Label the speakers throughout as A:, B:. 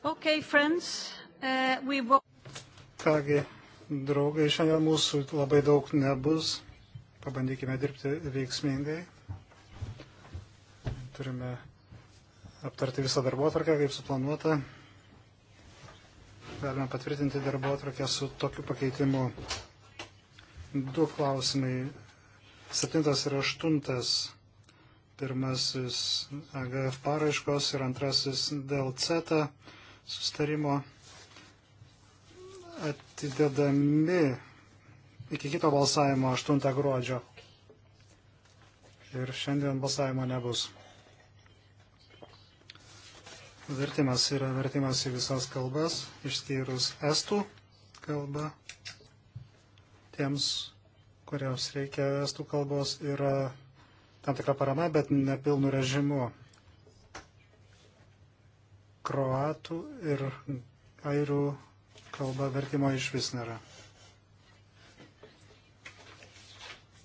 A: Okay, friends, uh, we will...
B: Kągi, draugai, šiandien mūsų labai daug nebus. Pabandykime dirbti veiksmingai. Turime aptarti visą darbo atvarkę, kaip suplanuota. Galime patvirtinti darbo atvarkę su tokiu pakeitimu. Du klausimai. Septintas ir aštuntas pirmasis AGF paraiškos ir antrasis dėl CETA sustarimo atidedami iki kito balsavimo 8 gruodžio. Ir šiandien balsavimo nebus. Vertimas yra vertimas į visas kalbas, išskyrus estų kalbą. Tiems, kuriems reikia estų kalbos, yra tam tikra parama, bet nepilnų režimu kroatų ir airų kalba vertimo iš vis nėra.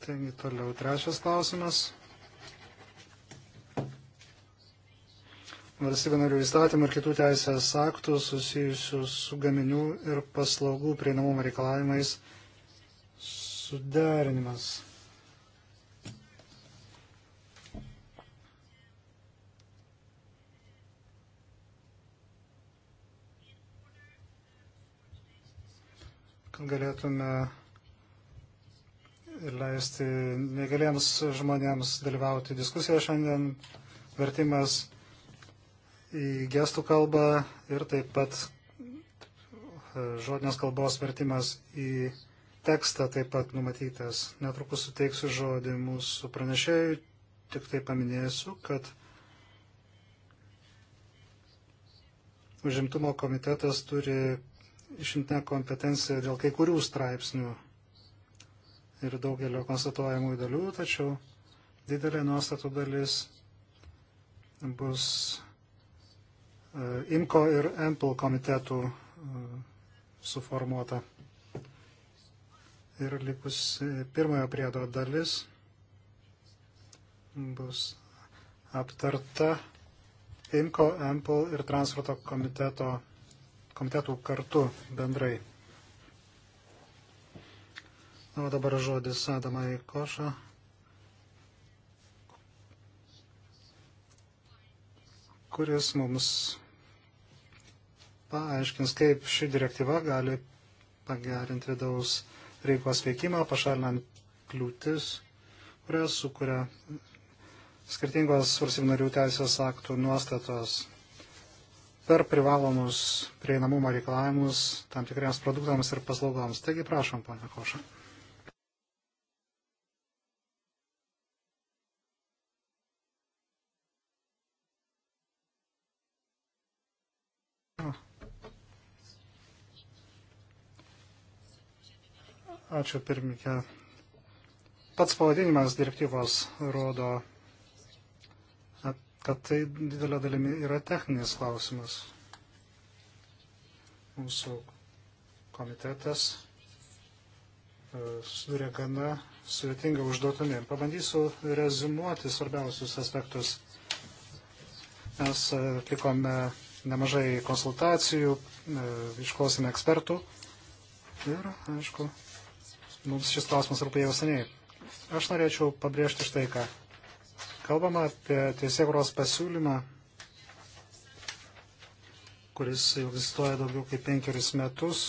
B: Taigi toliau trečias klausimas. Valstybė narių įstatymų ir kitų teisės aktų susijusių su gaminių ir paslaugų prieinamumo reikalavimais suderinimas. kad galėtume leisti negaliems žmonėms dalyvauti diskusijoje šiandien. Vertimas į gestų kalbą ir taip pat e, žodinės kalbos vertimas į tekstą taip pat numatytas. Netrukus suteiksiu žodį mūsų pranešėjui, tik tai paminėsiu, kad užimtumo komitetas turi išimtinę kompetenciją dėl kai kurių straipsnių ir daugelio konstatuojamų dalių, tačiau didelė nuostatų dalis bus e, IMCO ir EMPL komitetų e, suformuota. Ir likus e, pirmojo priedo dalis bus aptarta IMCO, EMPL ir transporto komiteto komitetų kartu bendrai. Na, o dabar žodis Adamai Koša. kuris mums paaiškins, kaip ši direktyva gali pagerinti vidaus rinkos veikimą, pašalinant kliūtis, kurias sukuria skirtingos valstybių narių teisės aktų nuostatos per privalomus prieinamumo reikalavimus tam tikriams produktams ir paslaugoms. Taigi prašom, pana Koša. Ačiū pirmininkė. Pats pavadinimas direktyvos rodo kad tai didelio dalimi yra techninis klausimas. Mūsų komitetas e, susidūrė gana sudėtinga užduotumi. Pabandysiu rezumuoti svarbiausius aspektus. Mes e, atlikome nemažai konsultacijų, e, išklausėme ekspertų ir, aišku, mums šis klausimas rūpėjo seniai. Aš norėčiau pabrėžti štai ką. Kalbama apie teisėkuros pasiūlymą, kuris jau egzistuoja daugiau kaip penkeris metus.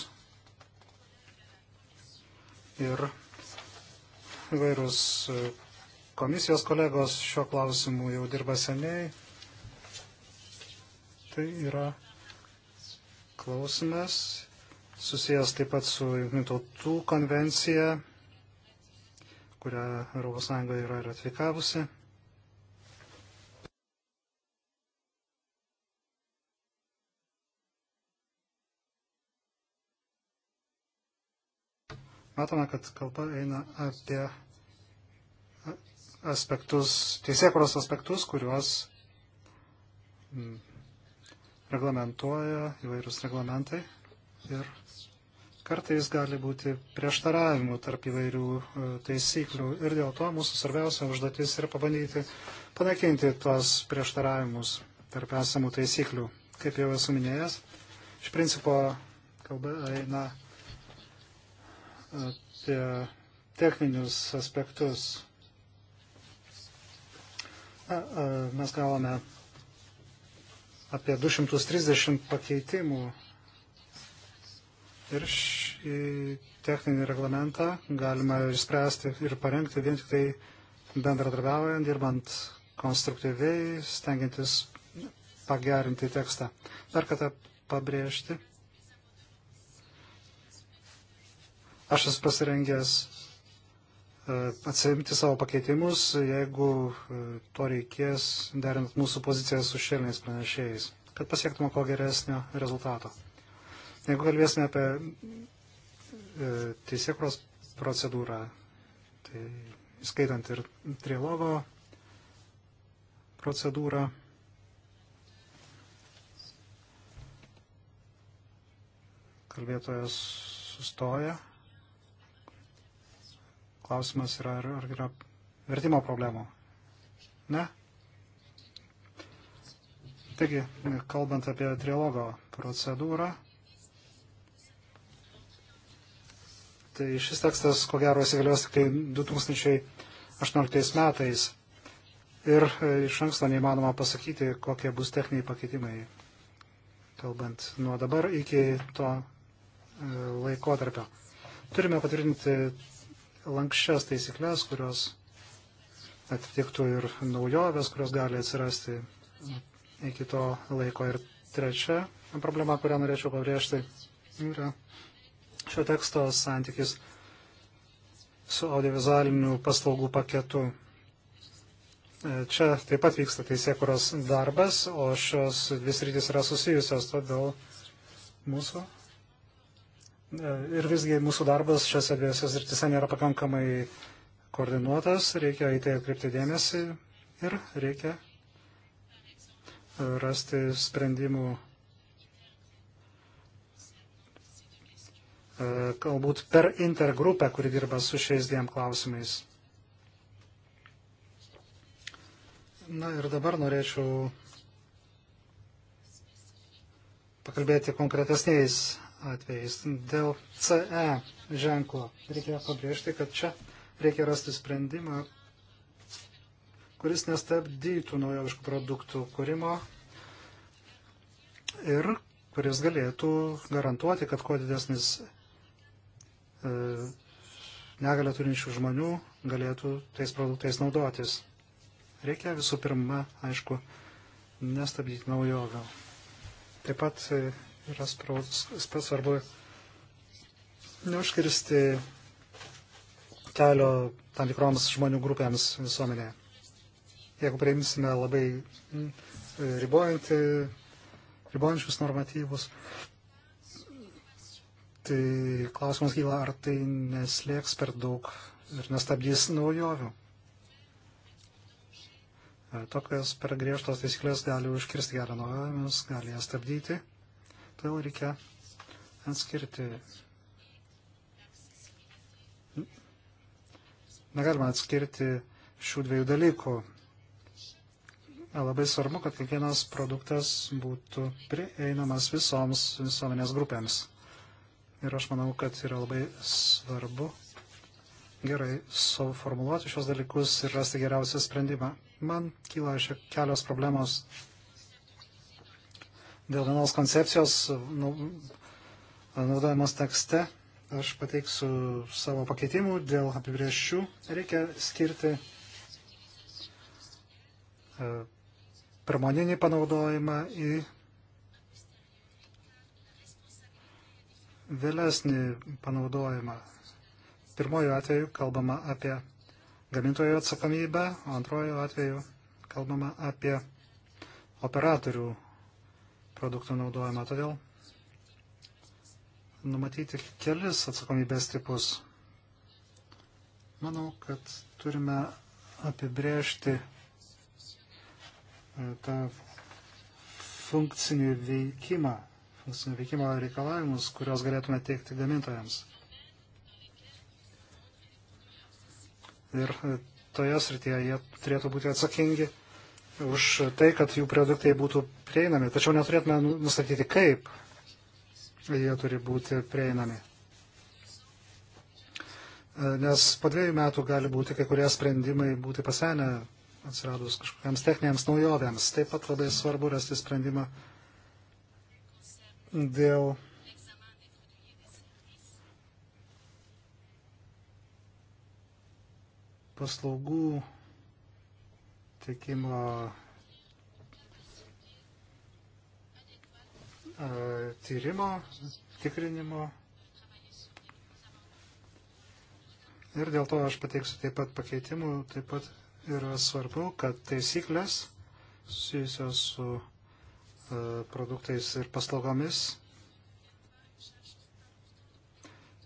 B: Ir įvairūs e, komisijos kolegos šiuo klausimu jau dirba seniai. Tai yra klausimas susijęs taip pat su Junktinių tautų konvencija, kurią ES yra ratifikavusi. Matome, kad kalba eina apie aspektus, teisėkuros aspektus, kuriuos mm, reglamentuoja įvairūs reglamentai ir kartais gali būti prieštaravimų tarp įvairių e, taisyklių ir dėl to mūsų svarbiausia užduotis yra pabandyti panaikinti tuos prieštaravimus tarp esamų taisyklių. Kaip jau esu minėjęs, iš principo kalba eina apie techninius aspektus. Na, mes gavome apie 230 pakeitimų ir šį techninį reglamentą galima išspręsti ir parengti vien tik tai bendradarbiaujant, dirbant konstruktyviai, stengiantis pagerinti tekstą. Dar kartą pabrėžti, Aš esu pasirengęs e, atsiimti savo pakeitimus, jeigu e, to reikės, derint mūsų poziciją su šelniais pranešėjais, kad pasiektume ko geresnio rezultato. Jeigu kalbėsime apie e, teisėkros procedūrą, tai įskaitant ir trilogo procedūrą, kalbėtojas sustoja. Klausimas yra, ar, ar yra vertimo problemų. Ne? Taigi, kalbant apie trilogo procedūrą, tai šis tekstas, ko gero, įsigalios tik 2018 tai metais. Ir e, iš anksto neįmanoma pasakyti, kokie bus techniniai pakeitimai, kalbant nuo dabar iki to e, laikotarpio. Turime patvirtinti lankščias taisyklės, kurios atitiktų ir naujoves, kurios gali atsirasti iki to laiko. Ir trečia problema, kurią norėčiau pabrėžti, yra šio teksto santykis su audiovizualiniu paslaugų paketu. Čia taip pat vyksta teisėkuros darbas, o šios dvi sritys yra susijusios, todėl mūsų E, ir visgi mūsų darbas šiose dviejose srityse nėra pakankamai koordinuotas, reikia į tai atkreipti dėmesį ir reikia rasti sprendimų e, galbūt per intergrupę, kuri dirba su šiais dviem klausimais. Na ir dabar norėčiau pakalbėti konkretesniais atvejais. Dėl CE ženklo reikia pabrėžti, kad čia reikia rasti sprendimą, kuris nestabdytų naujoviškų produktų kūrimo ir kuris galėtų garantuoti, kad kuo didesnis e, negalę turinčių žmonių galėtų tais produktais naudotis. Reikia visų pirma, aišku, nestabdyti naujovių. Taip pat e, yra svarbu neužkirsti kelio tam tikroms žmonių grupėms visuomenėje. Jeigu priimsime labai ribojantį, ribojančius normatyvus, tai klausimas kyla, ar tai neslėgs per daug ir nestabdys naujovių. Tokios per griežtos taisyklės gali užkirsti gerą naujovėmis, gali ją stabdyti. Todėl reikia atskirti. Negalima atskirti šių dviejų dalykų. Labai svarbu, kad kiekvienas produktas būtų prieinamas visoms visuomenės grupėms. Ir aš manau, kad yra labai svarbu gerai suformuluoti šios dalykus ir rasti geriausią sprendimą. Man kyla šiek kelios problemos dėl vienos koncepcijos nu, naudojamos tekste. Aš pateiksiu savo pakeitimų dėl apibrieščių. Reikia skirti e, pramoninį panaudojimą į vėlesnį panaudojimą. Pirmojų atveju kalbama apie gamintojų atsakomybę, o antrojų atveju kalbama apie operatorių produktų naudojimą. Todėl numatyti kelis atsakomybės tipus. Manau, kad turime apibrėžti e, tą funkcinį veikimą, funkcinio veikimo reikalavimus, kuriuos galėtume teikti gamintojams. Ir e, toje srityje jie turėtų būti atsakingi už tai, kad jų produktai būtų prieinami, tačiau neturėtume nu- nustatyti, kaip jie turi būti prieinami. E, nes po dviejų metų gali būti kai kurie sprendimai būti pasenę atsiradus kažkokiams techniniams naujovėms. Taip pat labai svarbu rasti sprendimą dėl paslaugų sutikimo e, tyrimo, tikrinimo. Ir dėl to aš pateiksiu taip pat pakeitimų, taip pat yra svarbu, kad taisyklės susijusios su e, produktais ir paslaugomis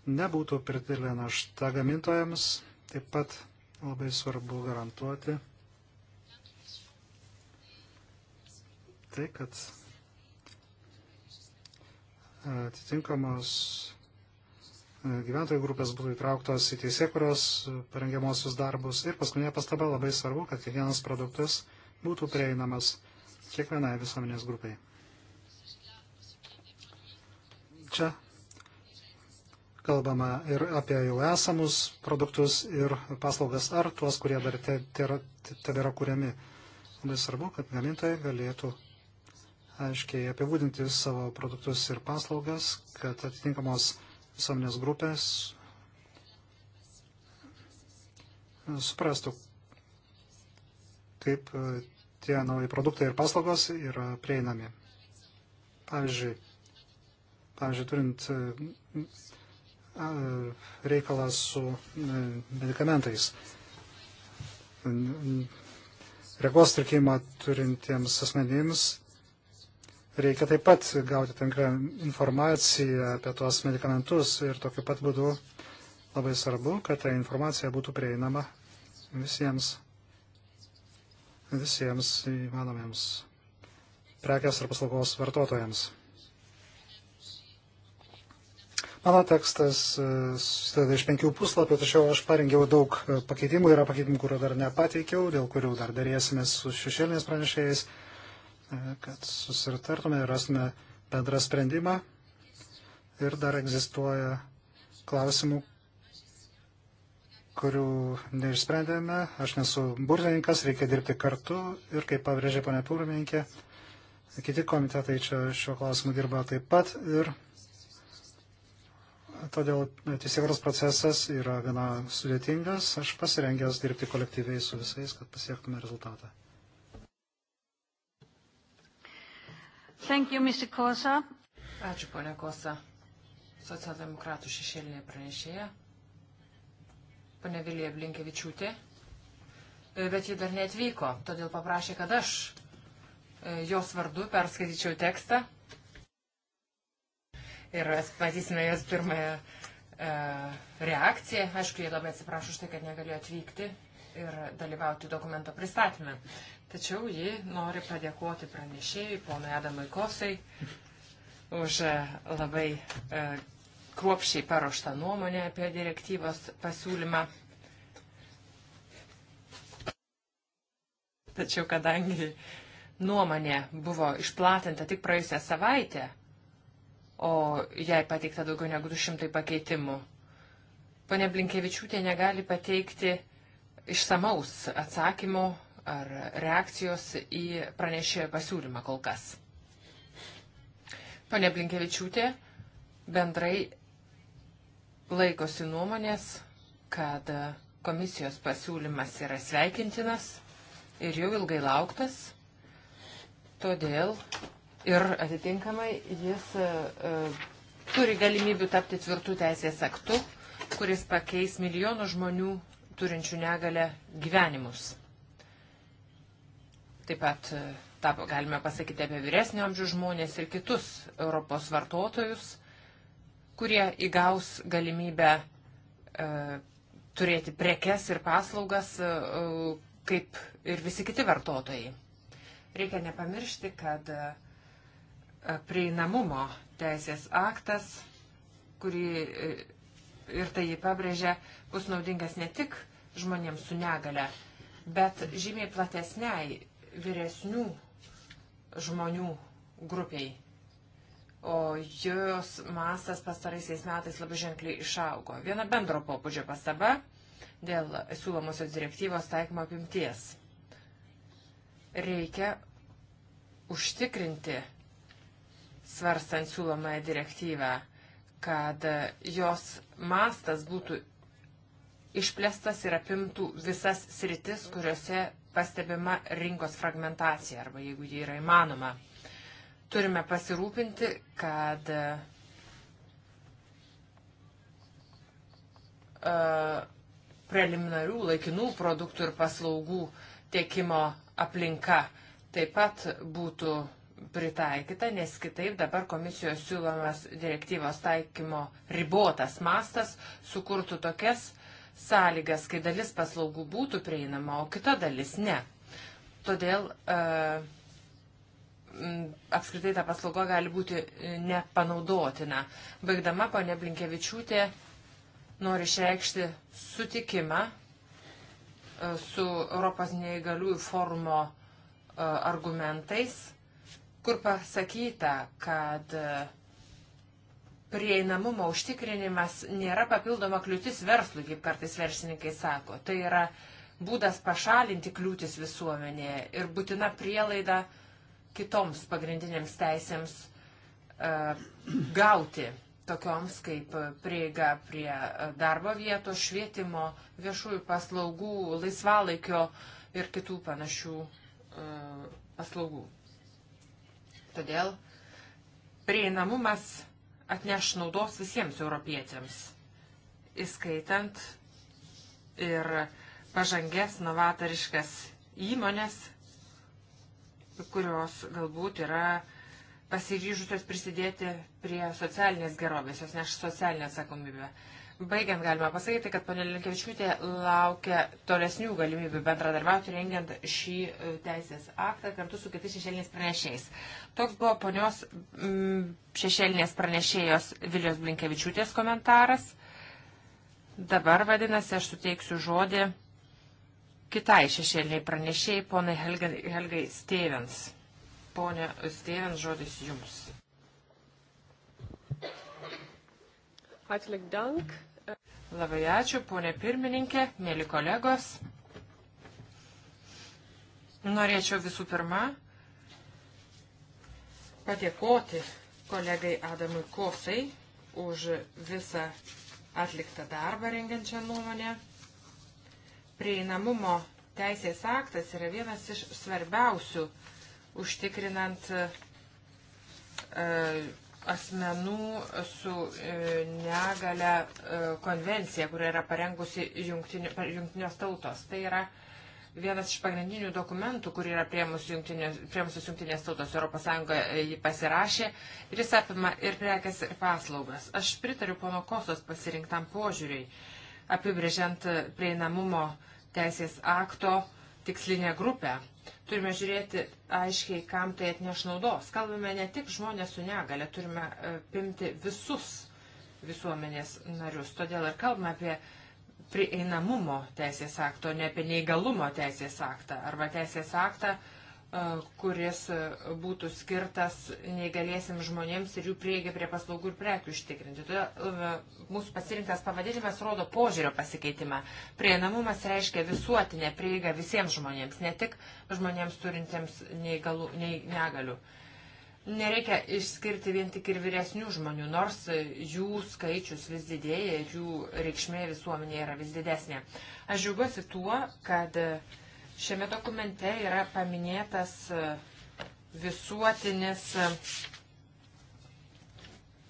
B: nebūtų per didelė našta gamintojams. Taip pat labai svarbu garantuoti tai, kad atitinkamos e, gyventojų grupės būtų įtrauktos į teisėkuros e, parengiamosius darbus. Ir paskutinė pastaba labai svarbu, kad kiekvienas produktas būtų prieinamas kiekvienai visuomenės grupiai. Čia kalbama ir apie jau esamus produktus ir paslaugas, ar tuos, kurie dar tebėra te, te, te, te, te, te, te, te, te, kuriami. Labai svarbu, kad gamintojai galėtų aiškiai apibūdinti savo produktus ir paslaugas, kad atitinkamos visuomenės grupės suprastų, kaip e, tie nauji produktai ir paslaugos yra prieinami. Pavyzdžiui, pavyzdžiui turint e, reikalą su e, medikamentais, regos trikimą turintiems asmenims reikia taip pat gauti tinkrą informaciją apie tuos medikamentus ir tokiu pat būdu labai svarbu, kad ta informacija būtų prieinama visiems, visiems įmanomiems prekės ar paslaugos vartotojams. Mano tekstas e, susideda iš penkių puslapių, tačiau aš parengiau daug e, pakeitimų, yra pakeitimų, kurių dar nepateikiau, dėl kurių dar dėrėsime su šešėliniais pranešėjais kad susitartume ir rastume bendrą sprendimą. Ir dar egzistuoja klausimų, kurių neišsprendėme. Aš nesu burtininkas, reikia dirbti kartu ir, kaip pabrėžė ponė Pūrmininkė, kiti komitetai čia šiuo klausimu dirba taip pat ir todėl teisėkros procesas yra gana sudėtingas. Aš pasirengęs dirbti kolektyviai su visais, kad pasiektume rezultatą.
A: Thank you, Mr. Kosa. Ačiū, ponė Kosa.
C: Socialdemokratų šešėlinė pranešėja. Pane Vilija Blinkevičiūtė. E, bet ji dar neatvyko, todėl paprašė, kad aš e, jos vardu perskaityčiau tekstą. Ir matysime jos pirmąją e, reakciją. Aišku, jie labai atsiprašo už tai, kad negalėjo atvykti ir dalyvauti dokumento pristatymę. Tačiau ji nori padėkoti pranešėjai, ponui Adamui Kosai, už e, labai e, kruopšiai paruoštą nuomonę apie direktyvos pasiūlymą. Tačiau kadangi nuomonė buvo išplatinta tik praėjusią savaitę, o jai pateikta daugiau negu 200 pakeitimų, ponia Blinkevičiūtė negali pateikti išsamaus atsakymo ar reakcijos į pranešėjo pasiūlymą kol kas. Pane Blinkevičiūtė bendrai laikosi nuomonės, kad komisijos pasiūlymas yra sveikintinas ir jau ilgai lauktas, todėl ir atitinkamai jis uh, turi galimybių tapti tvirtų teisės aktu, kuris pakeis milijonų žmonių turinčių negalę gyvenimus. Taip pat e, tą galime pasakyti apie vyresnio amžiaus žmonės ir kitus Europos vartotojus, kurie įgaus galimybę e, turėti prekes ir paslaugas e, kaip ir visi kiti vartotojai. Reikia nepamiršti, kad e, prieinamumo teisės aktas, kurį e, ir tai jį pabrėžia, bus naudingas ne tik žmonėms su negale, bet žymiai platesniai vyresnių žmonių grupiai. O jos masas pastaraisiais metais labai ženkliai išaugo. Viena bendro pobūdžio pastaba dėl siūlomosios direktyvos taikymo apimties. Reikia užtikrinti, svarstant siūlomąją direktyvą, kad jos mastas būtų išplėstas ir apimtų visas sritis, kuriuose pastebima rinkos fragmentacija arba jeigu ji yra įmanoma. Turime pasirūpinti, kad uh, preliminarių laikinų produktų ir paslaugų tiekimo aplinka taip pat būtų pritaikyta, nes kitaip dabar komisijos siūlomas direktyvos taikymo ribotas mastas sukurtų tokias sąlygas, kai dalis paslaugų būtų prieinama, o kita dalis ne. Todėl uh, apskritai ta paslauga gali būti e, nepanaudotina. Baigdama, ponė Blinkevičiūtė nori išreikšti sutikimą e, su Europos neįgaliųjų forumo argumentais, kur pasakyta, kad uh, prieinamumo užtikrinimas nėra papildoma kliūtis verslui, kaip kartais verslininkai sako. Tai yra būdas pašalinti kliūtis visuomenėje ir būtina prielaida kitoms pagrindinėms teisėms uh, gauti, tokioms kaip prieiga prie e, darbo vietos, švietimo, viešųjų paslaugų, laisvalaikio ir kitų panašių uh, paslaugų. Todėl prieinamumas atneš naudos visiems europiečiams, įskaitant ir pažangės novatariškas įmonės, kurios galbūt yra pasiryžusios prisidėti prie socialinės gerovės, jos neš socialinę atsakomybę. Baigiant galima pasakyti, kad ponė Linkevičiūtė laukia tolesnių galimybių bendradarbiauti rengiant šį e, teisės aktą kartu su kitais šešėliniais pranešėjais. Toks buvo ponios mm, šešėlinės pranešėjos Vilijos Blinkevičiūtės komentaras. Dabar, vadinasi, aš suteiksiu žodį kitai šešėliniai pranešėjai, ponai Helgai, Helgai Stevens. Pone Stevens, žodis jums. Hartelijk dank. Labai ačiū, ponė pirmininkė, mėly kolegos. Norėčiau visų pirma padėkoti kolegai Adamui Kosai už visą atliktą darbą rengiančią nuomonę. Prieinamumo teisės aktas yra vienas iš svarbiausių užtikrinant e, asmenų su e, negale e, konvencija, kurią yra parengusi jungtinio, jungtinės tautos. Tai yra vienas iš pagrindinių dokumentų, kurį yra priemusios jungtinės, priemusios jungtinės tautos Europos Sąjungoje jį pasirašė ir jis apima ir prekes, ir paslaugas. Aš pritariu pono Kosos pasirinktam požiūriui, apibrėžiant prieinamumo teisės akto uh, tikslinę grupę. Turime žiūrėti aiškiai, kam tai atneš naudos. Kalbame ne tik žmonės su negale, turime e, pimti visus visuomenės narius. Todėl ir kalbame apie prieinamumo teisės aktą, o ne apie neįgalumo teisės aktą arba teisės aktą, kuris būtų skirtas neįgalėsim žmonėms ir jų prieigia prie paslaugų ir prekių ištikrinti. Todėl mūsų pasirinktas pavadinimas rodo požiūrio pasikeitimą. Prieinamumas reiškia visuotinę prieigą visiems žmonėms, ne tik žmonėms turintiems neįgalų, ne, negalių. Nereikia išskirti vien tik ir vyresnių žmonių, nors jų skaičius vis didėja ir jų reikšmė visuomenėje yra vis didesnė. Aš džiaugiuosi tuo, kad uh, Šiame dokumente yra paminėtas e, visuotinis e,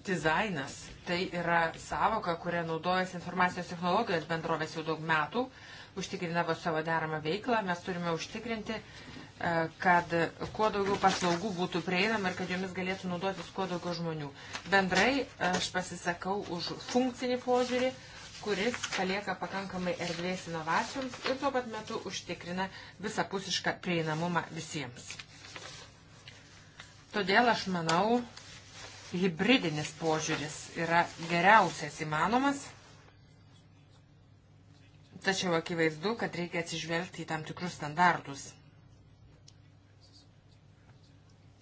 C: dizainas. Tai yra savoka, kurią naudojasi informacijos technologijos bendrovės jau daug metų, užtikrinavo savo deramą veiklą. Mes turime užtikrinti, e, kad kuo daugiau paslaugų būtų prieinama ir kad jomis galėtų naudotis kuo daugiau žmonių. Bendrai aš pasisakau už funkcinį požiūrį, kuris palieka pakankamai erdvės inovacijoms ir tuo pat metu užtikrina visapusišką prieinamumą visiems. Todėl aš manau, hybridinis požiūris yra geriausias įmanomas, tačiau akivaizdu, kad reikia atsižvelgti į tam tikrus standartus.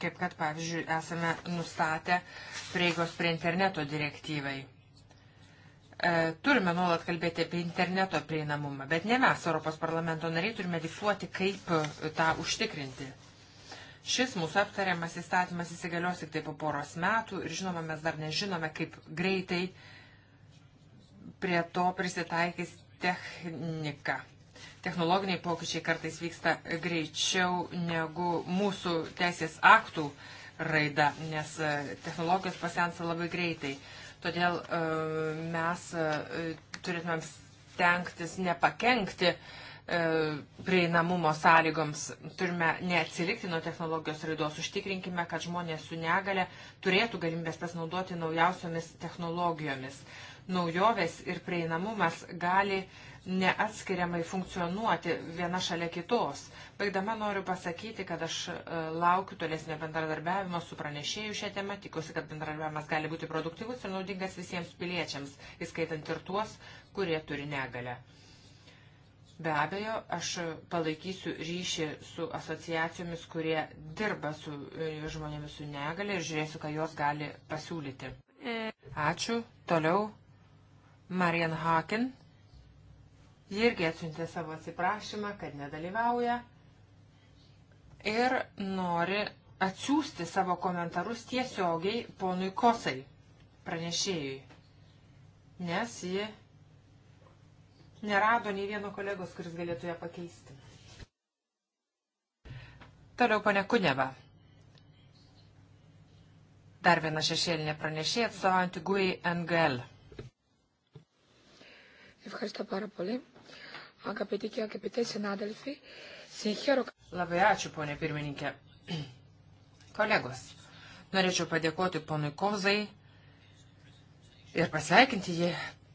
C: Kaip kad, pavyzdžiui, esame nustatę prieigos prie interneto direktyvai E, turime nuolat kalbėti apie interneto prieinamumą, bet ne mes, Europos parlamento nariai, turime diktuoti, kaip e, tą užtikrinti. Šis mūsų aptariamas įstatymas įsigalios tik tai po poros metų ir žinoma, mes dar nežinome, kaip greitai prie to prisitaikys technika. Technologiniai pokyčiai kartais vyksta greičiau negu mūsų teisės aktų raida, nes e, technologijos pasensa labai greitai. Uh, Todėl e, mes e, turėtumėm stengtis nepakenkti e, prieinamumo sąlygoms. Turime neatsilikti nuo technologijos raidos. Užtikrinkime, kad žmonės su negale turėtų galimybės pasinaudoti naujausiomis technologijomis. Naujovės ir prieinamumas gali uh, neatskiriamai funkcionuoti viena šalia kitos. Baigdama noriu pasakyti, kad aš e, laukiu tolesnio bendradarbiavimo su pranešėjų šią temą. Tikiuosi, kad bendradarbiavimas gali būti produktyvus ir naudingas visiems piliečiams, įskaitant ir tuos, kurie turi negalę. Be abejo, aš palaikysiu ryšį su asociacijomis, kurie dirba su e, žmonėmis su negale ir žiūrėsiu, ką jos gali pasiūlyti. E. Ačiū. Toliau. Marian Haken. Ji irgi atsiuntė savo atsiprašymą, kad nedalyvauja ir nori atsiųsti savo komentarus tiesiogiai ponui Kosai, pranešėjui, nes ji nerado nei vieno kolegos, kuris galėtų ją pakeisti. Toliau pane Kuneva. Dar viena šešėlinė pranešėja atstovaujanti GUI NGL. Ευχαριστώ πάρα πολύ. Αγαπητοί και αγαπητές συνάδελφοι, συγχαίρω... Labai ačiū, ponė pirmininkė. Kolegos, norėčiau padėkoti ponui Kozai ir pasveikinti jį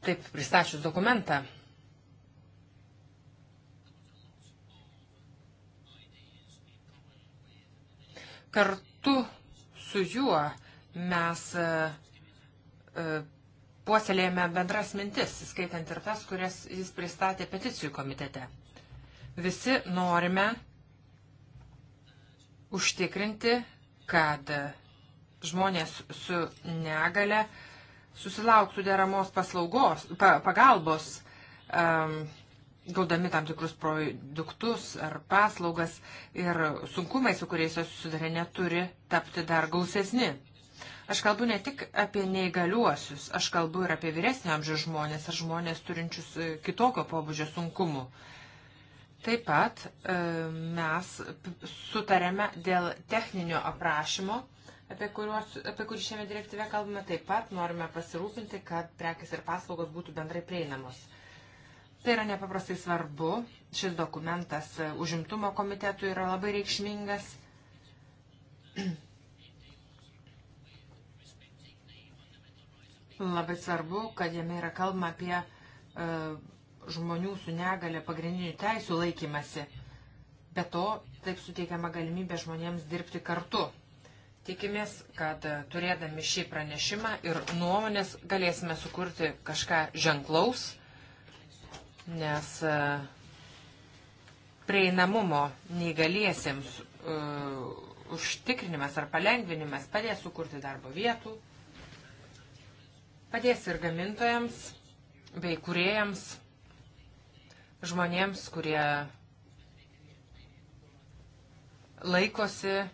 C: taip pristačius dokumentą. Kartu su juo mes e, e, puoselėjame bendras mintis, skaitant ir tas, kurias jis pristatė peticijų komitete. Visi norime užtikrinti, kad žmonės su negale susilauktų deramos paslaugos, pa, pagalbos, um, gaudami tam tikrus produktus ar paslaugas ir sunkumai, su kuriais jos susidarė, neturi tapti dar gausesni. Aš kalbu ne tik apie neįgaliuosius, aš kalbu ir apie vyresnio amžiaus žmonės ar žmonės turinčius e, kitokio pobūdžio sunkumų. Taip pat e, mes sutarėme dėl techninio aprašymo, apie, kuriuos, apie kurį šiame direktyve kalbame. Taip pat norime pasirūpinti, kad prekis ir paslaugos būtų bendrai prieinamos. Tai yra nepaprastai svarbu. Šis dokumentas e, užimtumo komitetui yra labai reikšmingas. Labai svarbu, kad jame yra kalbama apie uh, žmonių su negale pagrindinių teisų laikymasi. Be to, taip suteikiama galimybė žmonėms dirbti kartu. Tikimės, kad e, turėdami šį pranešimą ir nuomonės galėsime sukurti kažką ženklaus, nes uh, prieinamumo neįgaliesiems uh, užtikrinimas ar palengvinimas padės sukurti darbo vietų Padės ir gamintojams, bei kuriejams, žmonėms, kurie laikosi e,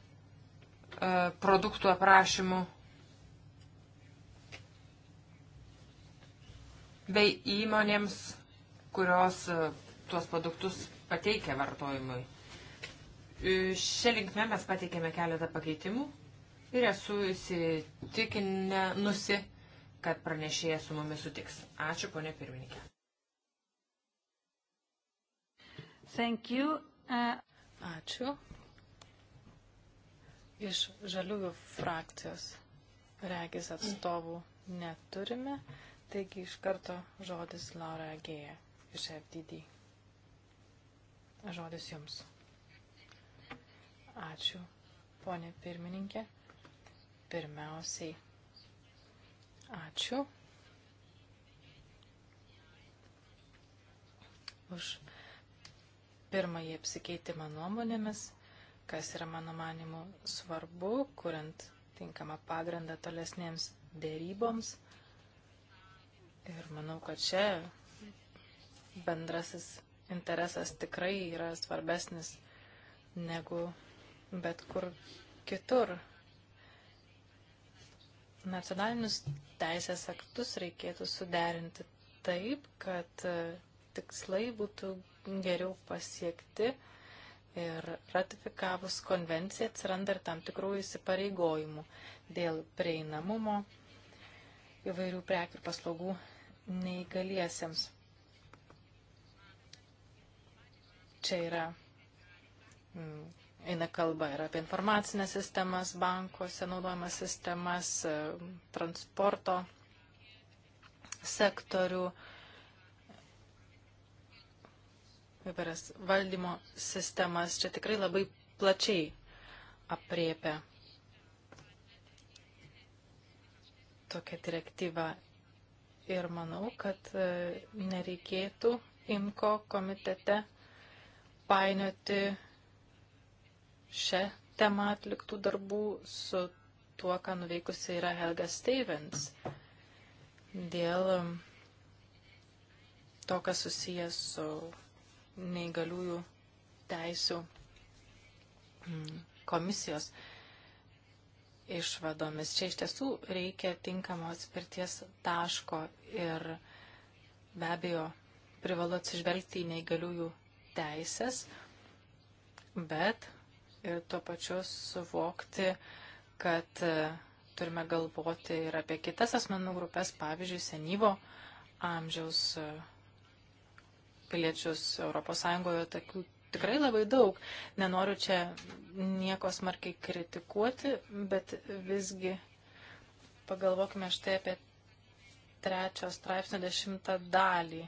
C: produktų aprašymų, bei įmonėms, kurios e, tuos produktus pateikia vartojimui. E, Šią linkmę mes pateikėme keletą pakeitimų ir esu įsitikinusi, kad pranešėjas su mumis sutiks. Ačiū, ponė pirmininkė.
A: Thank you. Uh... Ačiū.
D: Iš žaliųjų frakcijos
A: regis atstovų
D: neturime, taigi iš karto žodis Laura Agėja iš FDD. Žodis jums. Ačiū, ponė pirmininkė. Pirmiausiai Ačiū. Už pirmąjį apsikeitimą nuomonėmis, kas yra mano manimu svarbu, kuriant tinkamą pagrindą tolesnėms dėryboms. Ir manau, kad čia bendrasis interesas tikrai yra svarbesnis negu bet kur kitur nacionalinius teisės aktus reikėtų suderinti taip, kad e, tikslai būtų geriau pasiekti ir ratifikavus konvenciją atsiranda ir tam tikrų įsipareigojimų dėl prieinamumo įvairių prekių ir paslaugų neįgaliesiems. Čia yra mm, eina kalba ir apie informacinės sistemas, bankuose naudojamas sistemas, e, transporto sektorių, įvairias valdymo sistemas. Čia tikrai labai plačiai apriepia tokią direktyvą. Ir manau, kad e, nereikėtų IMKO komitete painioti šią temą atliktų darbų su tuo, ką nuveikusi yra Helga Stevens dėl um, to, kas susijęs su neįgaliųjų teisų mm, komisijos išvadomis. Čia iš tiesų reikia tinkamo atspirties taško ir be abejo privalu atsižvelgti į neįgaliųjų teisės, bet ir tuo pačiu suvokti, kad e, turime galvoti ir apie kitas asmenų grupės, pavyzdžiui, senyvo amžiaus e, piliečius ES, tokių tikrai labai daug. Nenoriu čia nieko smarkiai kritikuoti, bet visgi pagalvokime štai apie trečio straipsnio dešimtą dalį.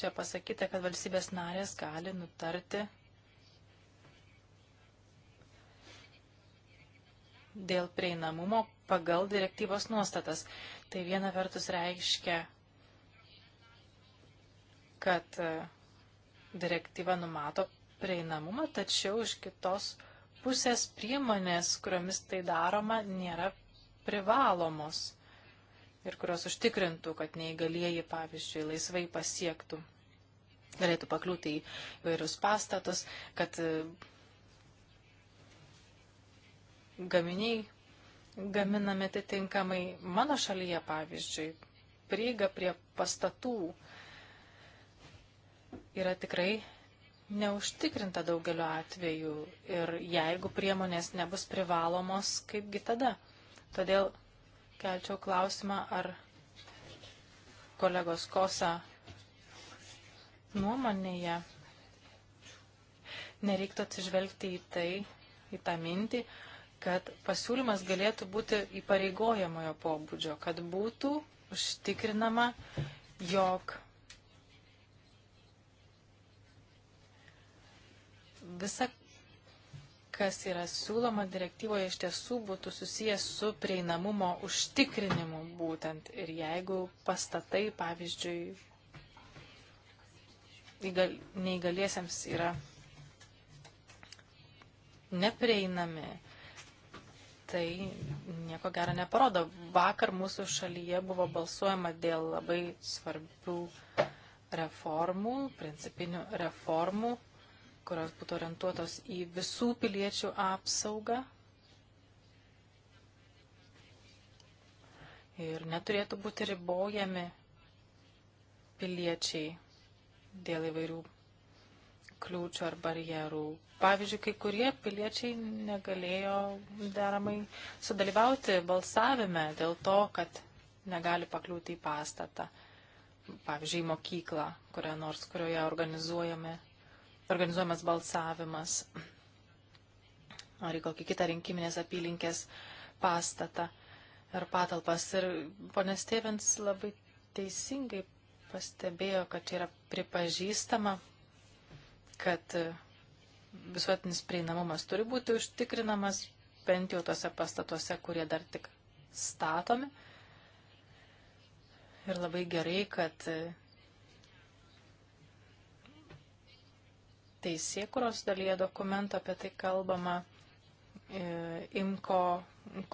D: Čia pasakyta, kad valstybės narės gali nutarti dėl prieinamumo pagal direktyvos nuostatas. Tai viena vertus reiškia, kad e, direktyva numato prieinamumą, tačiau iš kitos pusės priemonės, kuriomis tai daroma, nėra privalomos ir kurios užtikrintų, kad neįgalieji, pavyzdžiui, laisvai pasiektų, galėtų pakliūti į vairius pastatus, kad e, gaminiai gaminami atitinkamai. Mano šalyje, pavyzdžiui, prieiga prie pastatų yra tikrai neužtikrinta daugeliu atveju ir jeigu priemonės nebus privalomos, kaipgi tada. Todėl kelčiau klausimą, ar kolegos Kosa nuomonėje nereiktų atsižvelgti į tai, į tą mintį, kad pasiūlymas galėtų būti įpareigojamojo pobūdžio, kad būtų užtikrinama, jog visa, kas yra siūloma direktyvoje, iš tiesų būtų susijęs su prieinamumo užtikrinimu būtent. Ir jeigu pastatai, pavyzdžiui, neįgaliesiems yra neprieinami, tai nieko gero neparodo. Vakar mūsų šalyje buvo balsuojama dėl labai svarbių reformų, principinių reformų, kurios būtų orientuotos į visų piliečių apsaugą. Ir neturėtų būti ribojami piliečiai dėl įvairių kliūčių ar barjerų. Pavyzdžiui, kai kurie piliečiai negalėjo deramai sudalyvauti balsavime dėl to, kad negali pakliūti į pastatą. Pavyzdžiui, mokyklą, kurioje nors, kurioje organizuojamas balsavimas. Ar į kokį kitą rinkiminės apylinkės pastatą ar patalpas. Ir ponės Stevens labai teisingai pastebėjo, kad yra pripažįstama kad visuotinis prieinamumas turi būti užtikrinamas bent jau tose pastatuose, kurie dar tik statomi. Ir labai gerai, kad teisėkuros dalyje dokumento apie tai kalbama e, imko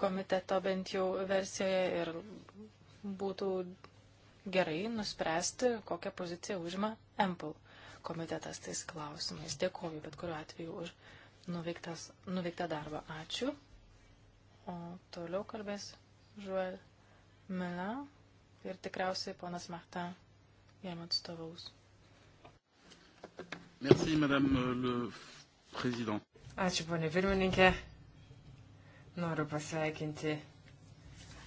D: komiteto bent jau versijoje ir būtų gerai nuspręsti, kokią poziciją užima Apple komitetas tais klausimais. Dėkoju bet kuriuo atveju už nuveiktas, nuveiktą darbą. Ačiū. O toliau kalbės Žuel Mela ir tikriausiai ponas Marta jam atstovaus.
B: Merci, madame le président.
C: Ačiū, ponė pirmininkė. Noriu pasveikinti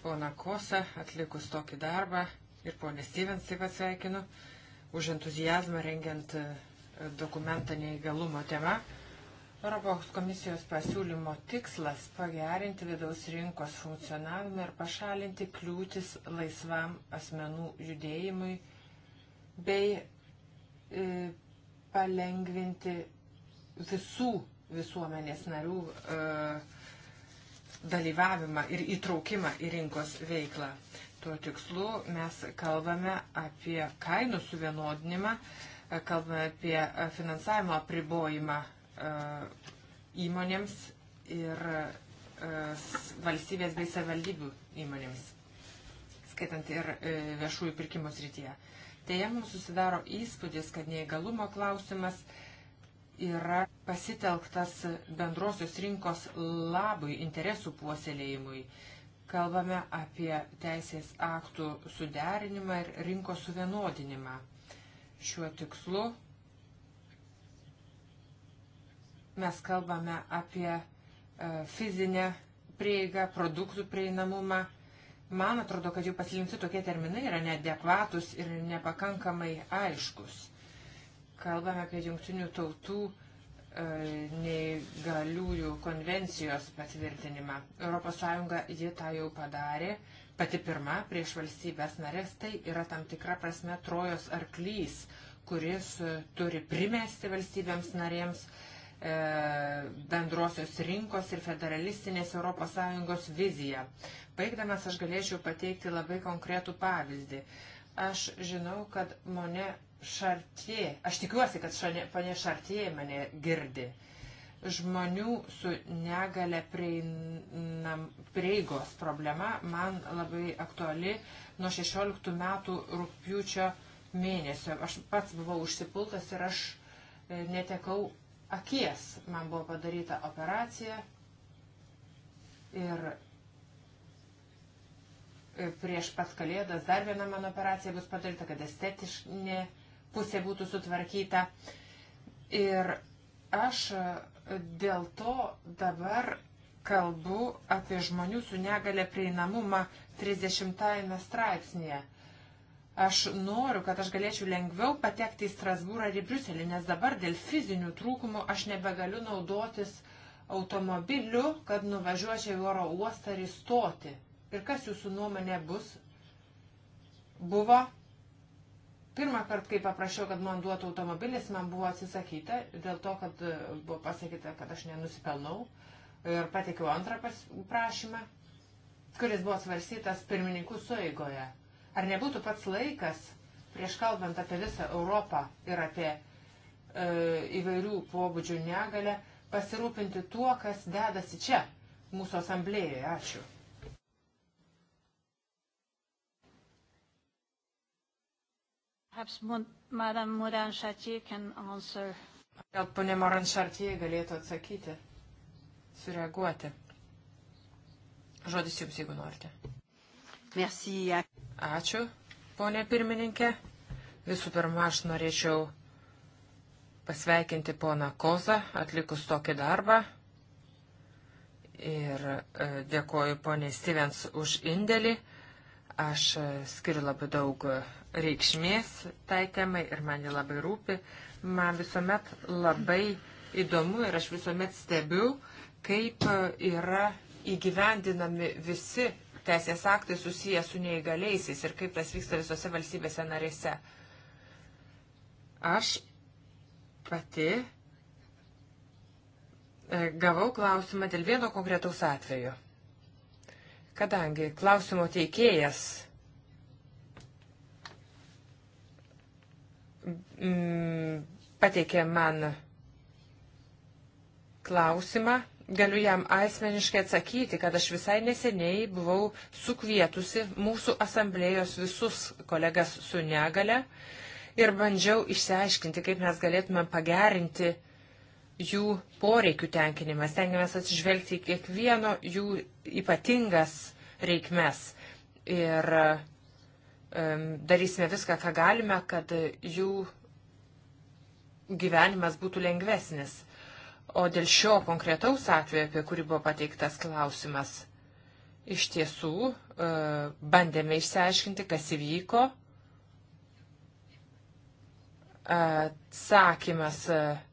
C: poną Kosą atlikus tokį darbą ir ponę Stevens taip pat sveikinu. Uh, už entuzijazmą rengiant e, dokumentą neįgalumo tema. Europos komisijos pasiūlymo tikslas - pagerinti vidaus rinkos funkcionavimą ir pašalinti kliūtis laisvam asmenų judėjimui bei e, palengvinti visų visuomenės narių e, dalyvavimą ir įtraukimą į rinkos veiklą. Tuo tikslu mes kalbame apie kainų suvienodinimą, e, kalbame apie e, finansavimo apribojimą e, įmonėms ir valstybės bei savivaldybių įmonėms, skaitant ir viešųjų pirkimų srityje. Deja, mums susidaro įspūdis, kad neįgalumo klausimas yra pasitelktas bendrosios rinkos labui, interesų puoselėjimui. Uh, Kalbame apie teisės aktų suderinimą ir rinkos suvienodinimą. Šiuo tikslu mes kalbame apie e, fizinę prieigą, produktų prieinamumą. Man atrodo, kad jau pasirinkti tokie terminai yra neadekvatus ir nepakankamai aiškus. Kalbame apie jungtinių tautų uh, E, neįgaliųjų konvencijos patvirtinimą. ES ji tą jau padarė pati pirma prieš valstybės narės, tai yra tam tikra prasme trojos arklys, kuris turi primesti valstybėms narėms e, bendrosios rinkos ir federalistinės ES viziją. Baigdamas aš galėčiau pateikti labai konkretų pavyzdį. Aš žinau, kad mane Šartie, aš tikiuosi, kad šanė, panė Šartie mane girdi, žmonių su negale prieinam, prieigos problema man labai aktuali nuo 16 metų rūpjūčio mėnesio. Aš pats buvau užsipultas ir aš e, netekau akies. Man buvo padaryta operacija ir e, prieš pat kalėdas dar viena mano operacija bus padaryta, kad estetiškai pusė būtų sutvarkyta. Ir aš dėl to dabar kalbu apie žmonių su negale prieinamumą 30 straipsnėje. Aš noriu, kad aš galėčiau lengviau patekti į Strasbūrą ir į Briuselį, nes dabar dėl fizinių trūkumų aš nebegaliu naudotis automobiliu, kad nuvažiuočiau į oro uostą ir įstoti. Ir kas jūsų nuomonė bus? Buvo Pirmą kartą, kai paprašiau, kad man duotų automobilis, man buvo atsisakyta dėl to, kad e, buvo pasakyta, kad aš nenusipelnau. Ir pateikiau antrą prašymą, kuris buvo svarstytas pirmininkų sueigoje. Ar nebūtų pats laikas, prieš kalbant apie visą Europą ir apie e, įvairių pobūdžių negalę, pasirūpinti tuo, kas dedasi čia, mūsų asamblėjoje. Ačiū.
A: Gal
C: ponė Moranšartie galėtų atsakyti, sureaguoti. Žodis jums, jeigu norite. Merci. Ačiū, ponė pirmininkė. Visų pirma, aš norėčiau pasveikinti poną Kozą, atlikus tokį darbą. Ir e, dėkoju ponė Stevens už indėlį. Aš skiriu labai daug reikšmės tai temai ir man ji labai rūpi. Man visuomet labai įdomu ir aš visuomet stebiu, kaip yra įgyvendinami visi teisės aktai susiję su neįgaliaisiais ir kaip tas vyksta visose valstybėse narėse. Aš pati e, gavau klausimą dėl vieno konkretaus atveju. Kadangi klausimo teikėjas mm, pateikė man klausimą, galiu jam asmeniškai atsakyti, kad aš visai neseniai buvau sukvietusi mūsų asamblėjos visus kolegas su negale ir bandžiau išsiaiškinti, kaip mes galėtume pagerinti uh, jų poreikių tenkinimas. Tengiamės atsižvelgti į kiekvieno jų ypatingas reikmes. Ir darysime viską, ką galime, kad jų gyvenimas būtų lengvesnis. O dėl šio konkretaus atveju, apie kurį buvo pateiktas klausimas, iš tiesų e, bandėme išsiaiškinti, kas įvyko. Atsakymas. E, uh, e,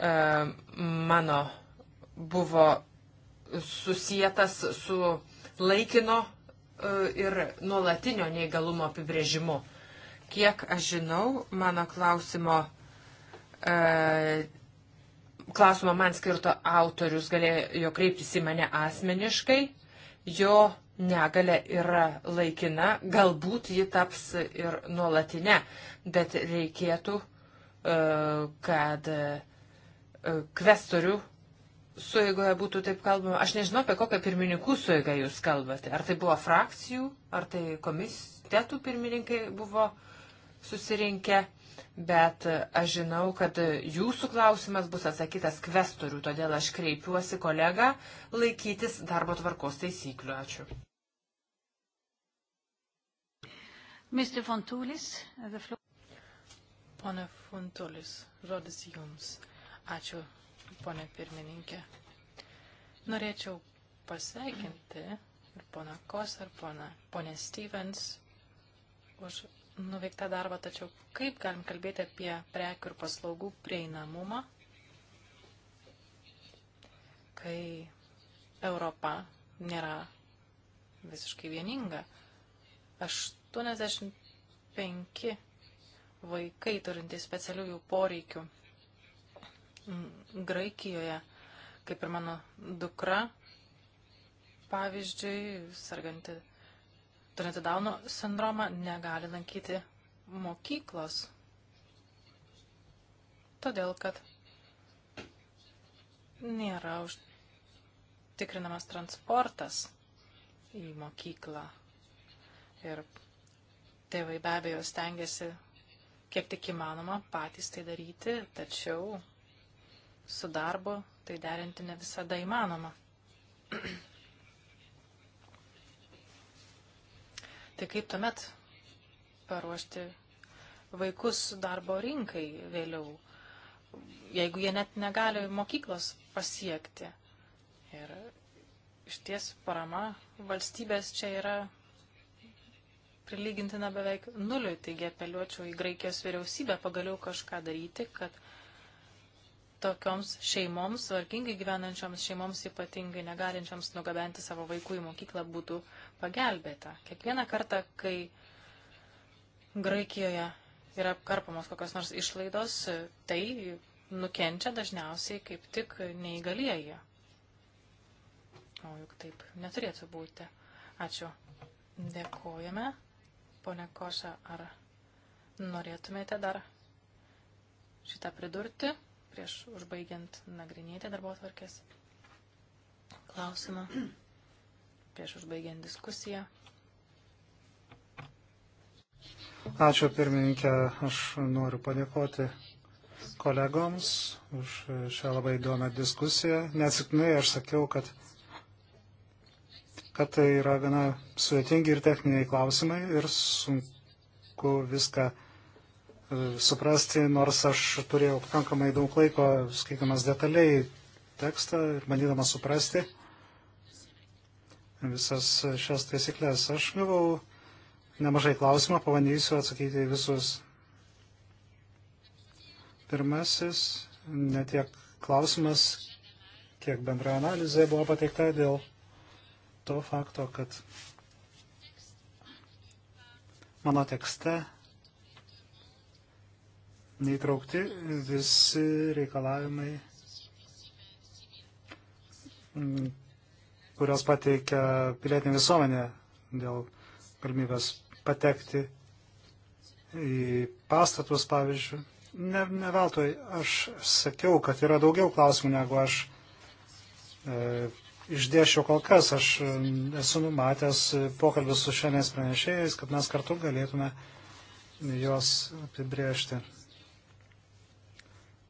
C: E, mano buvo susijęs su laikino e, ir nuolatinio neįgalumo apibrėžimu. Kiek aš žinau, mano klausimo, e, klausimo man skirto autorius galėjo kreiptis į mane asmeniškai, jo negalė yra laikina, galbūt ji taps ir nuolatinė, bet reikėtų, e, kad e, E, kvestorių suėgoje būtų taip kalbama. Aš nežinau, apie kokią pirmininkų suėgą jūs kalbate. Ar tai buvo frakcijų, ar tai komitetų pirmininkai buvo susirinkę. Bet e, aš žinau, kad jūsų klausimas bus atsakytas kvestorių, todėl aš kreipiuosi kolegą laikytis darbo tvarkos taisyklių. Ačiū.
A: Mr. Fontulis, the floor. Pone Fontulis, žodis
D: jums. Uh, Ačiū, ponė pirmininkė. Norėčiau pasveikinti ir poną Kos, ir poną, ponę Stevens už nuveiktą darbą, tačiau kaip galim kalbėti apie prekių ir paslaugų prieinamumą, kai Europa nėra visiškai vieninga. 85 vaikai turintys specialiųjų poreikių Mm, Graikijoje, kaip ir mano dukra, pavyzdžiui, sarganti, turinti Dauno sindromą, negali lankyti mokyklos. Todėl, kad nėra užtikrinamas transportas į mokyklą. Ir tėvai be abejo stengiasi kiek tik įmanoma patys tai daryti, tačiau su darbu tai derinti ne visada įmanoma. tai kaip tuomet paruošti vaikus darbo rinkai vėliau, jeigu jie net negali mokyklos pasiekti. Ir iš ties parama valstybės čia yra prilygintina beveik nuliui, taigi apeliuočiau į Graikijos vyriausybę pagaliau kažką daryti, kad tokioms šeimoms, vargingai gyvenančioms šeimoms, ypatingai negalinčioms nugabenti savo vaikų į mokyklą, būtų pagelbėta. Kiekvieną kartą, kai Graikijoje yra apkarpamos kokios nors išlaidos, tai nukenčia dažniausiai kaip tik neįgalieji. O juk taip neturėtų būti. Ačiū. Dėkojame. Pone Koša, ar norėtumėte dar šitą pridurti? prieš užbaigiant nagrinėti darbo tvarkės klausimą, prieš užbaigiant diskusiją.
B: Ačiū pirmininkė, aš noriu padėkoti kolegoms už šią labai įdomią diskusiją. Nesiknai aš sakiau, kad, kad tai yra gana sudėtingi ir techniniai klausimai ir sunku viską suprasti, nors aš turėjau pakankamai daug laiko skaitamas detaliai tekstą ir bandydamas suprasti visas šias taisyklės. Aš gavau nemažai klausimą, pabandysiu atsakyti visus. Pirmasis, ne tiek klausimas, kiek bendra analizė buvo pateikta dėl to fakto, kad mano tekste neįtraukti visi reikalavimai, kurios pateikia pilietinė visuomenė dėl galimybės patekti į pastatus, pavyzdžiui. Ne, ne veltui aš sakiau, kad yra daugiau klausimų, negu aš e, išdėšiau kol kas. Aš e, esu numatęs pokalbį su šiandienis pranešėjais, kad mes kartu galėtume juos apibriežti.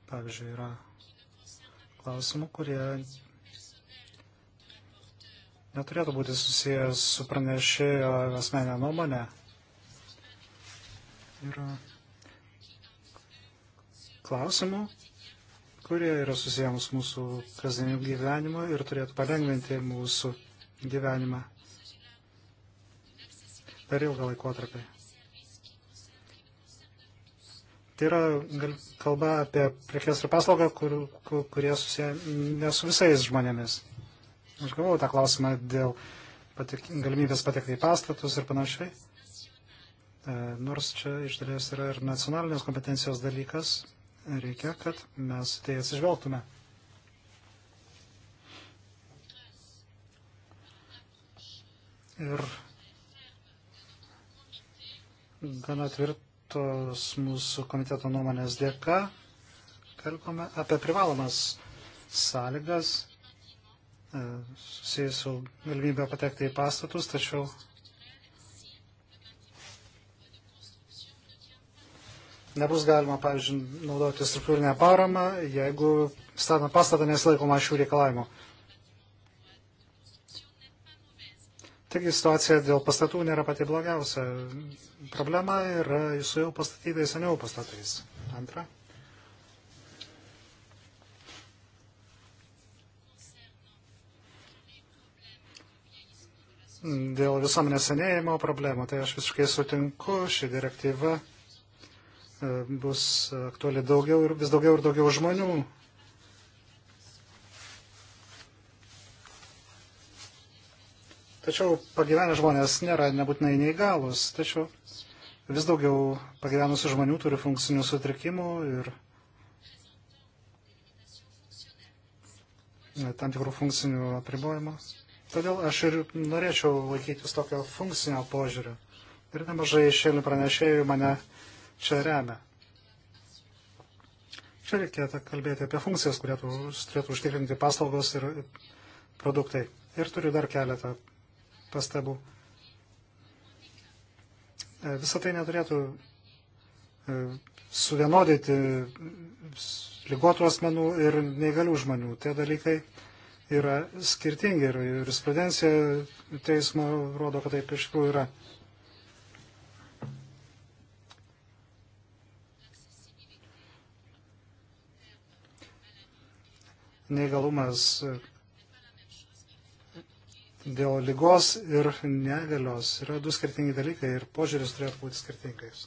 B: Pavyzdžiui, yra klausimų, kurie neturėtų būti susijęs su pranešėjo asmenė nuomonė. Yra klausimų, kurie yra susijęs mūsų kasdieniu gyvenimu ir turėtų palengventi mūsų gyvenimą per ilgą laikotarpį. Tai yra kalba apie prekes ir paslaugą, kur, kur, kurie susiję ne su visais žmonėmis. Aš gavau tą klausimą dėl patik, galimybės patekti į pastatus ir panašiai. E, nors čia iš dalies yra ir nacionalinės kompetencijos dalykas, reikia, kad mes tai atsižvelgtume. Ir gana tvirtai parengtos mūsų komiteto nuomonės dėka kalbame apie privalomas sąlygas e, susijusių galimybę patekti į pastatus, tačiau nebus galima, pavyzdžiui, naudoti struktūrinę paramą, jeigu statant pastatą nesilaikoma šių reikalavimų. Taigi situacija dėl pastatų nėra pati blogiausia. Problema yra su jau pastatytais seniau pastatais. Antra. Dėl visuomenės senėjimo problemų, tai aš visiškai sutinku, ši direktyva e, bus aktuali daugiau ir vis daugiau ir daugiau žmonių Tačiau pagyvenę žmonės nėra nebūtinai neįgalus, tačiau vis daugiau pagyvenusių žmonių turi funkcinių sutrikimų ir e, tam tikrų funkcinių apribojimų. Todėl aš ir norėčiau laikytis tokio funkcinio požiūrio. Ir nemažai šėlių pranešėjų mane čia remia. Čia reikėtų kalbėti apie funkcijas, kurie turėtų užtikrinti paslaugos ir produktai. Ir turiu dar keletą pastabų. E, Visą tai neturėtų e, suvienodyti ligotų asmenų ir neįgalių žmonių. Tie dalykai yra skirtingi ir jurisprudencija teismo rodo, kad taip iš tikrųjų yra. Neįgalumas dėl lygos ir negalios yra du skirtingi dalykai ir požiūris turėtų būti skirtingais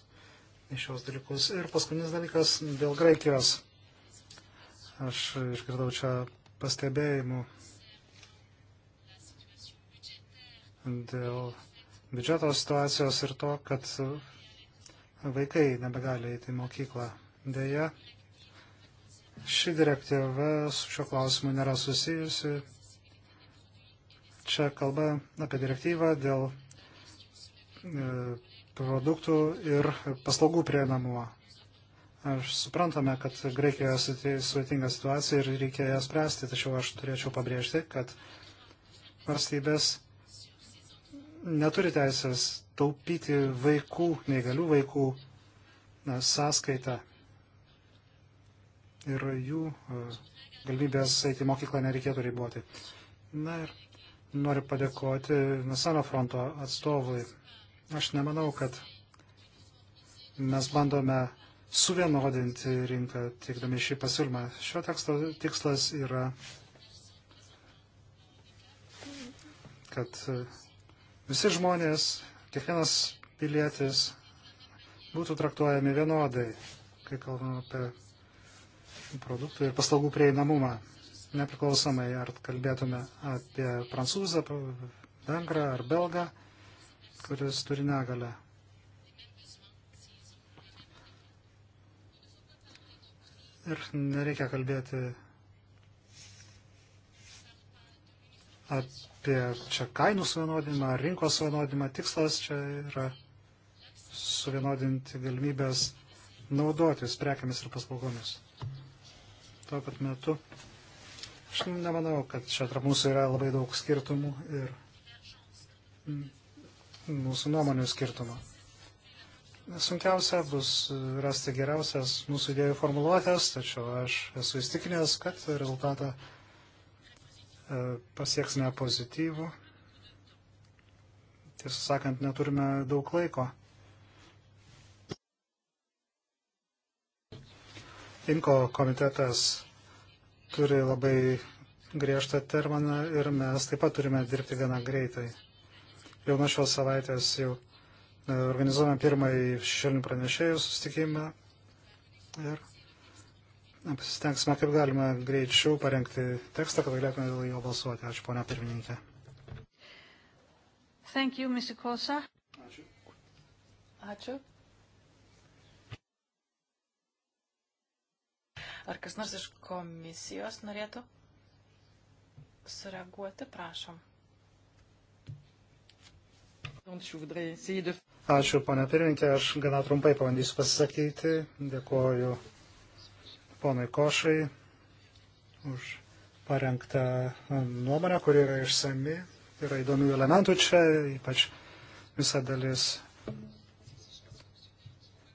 B: į šios dalykus. Ir paskutinis dalykas dėl Graikijos. Aš išgirdau čia pastebėjimų dėl biudžeto situacijos ir to, kad vaikai nebegali eiti į mokyklą. Deja, ši direktyva su šio klausimu nėra susijusi Čia kalba apie direktyvą dėl e, produktų ir paslaugų prieinamumo. Aš suprantame, kad Graikijoje sudėtinga situacija ir reikia ją spręsti, tačiau aš turėčiau pabrėžti, kad valstybės neturi teisės taupyti vaikų, neįgalių vaikų na, sąskaitą ir jų e, galimybės eiti į mokyklą nereikėtų riboti. Na ir noriu padėkoti Nasano fronto atstovui. Aš nemanau, kad mes bandome suvienodinti rinką, teikdami šį pasiūlymą. Šio teksto tikslas yra, kad visi žmonės, kiekvienas pilietis būtų traktuojami vienodai, kai kalbame apie produktų ir paslaugų prieinamumą nepriklausomai ar kalbėtume apie prancūzą, vengrą ar belgą, kuris turi negalę. Ir nereikia kalbėti apie čia kainų suvienodinimą, rinkos suvienodinimą. Tikslas čia yra suvienodinti galimybės naudotis prekiamis ir paslaugomis. Tuo pat metu Aš nemanau, kad čia tarp mūsų yra labai daug skirtumų ir mūsų nuomonių skirtumų. Sunkiausia bus rasti geriausias mūsų idėjų formuluotės, tačiau aš esu įstikinęs, kad rezultatą e, pasieksime pozityvų. Tiesą sakant, neturime daug laiko. Inko komitetas turi labai griežtą terminą ir mes taip pat turime dirbti gana greitai. Jau nuo šios savaitės jau e, organizuojame pirmąjį šešėlinių pranešėjų sustikimą ir pasistengsime kaip galima greičiau parengti tekstą, kad galėtume dėl jo balsuoti. Ačiū, ponia pirmininkė.
A: Thank you, Mr. Kosa. Ačiū. Ačiū.
D: Ar kas nors iš komisijos norėtų sureaguoti, prašom.
C: Ačiū,
B: pana pirmininkė, aš gana trumpai pabandysiu pasisakyti. Dėkuoju ponui Košai už parengtą nuomonę, kuri yra išsami. Yra įdomių elementų čia, ypač visa dalis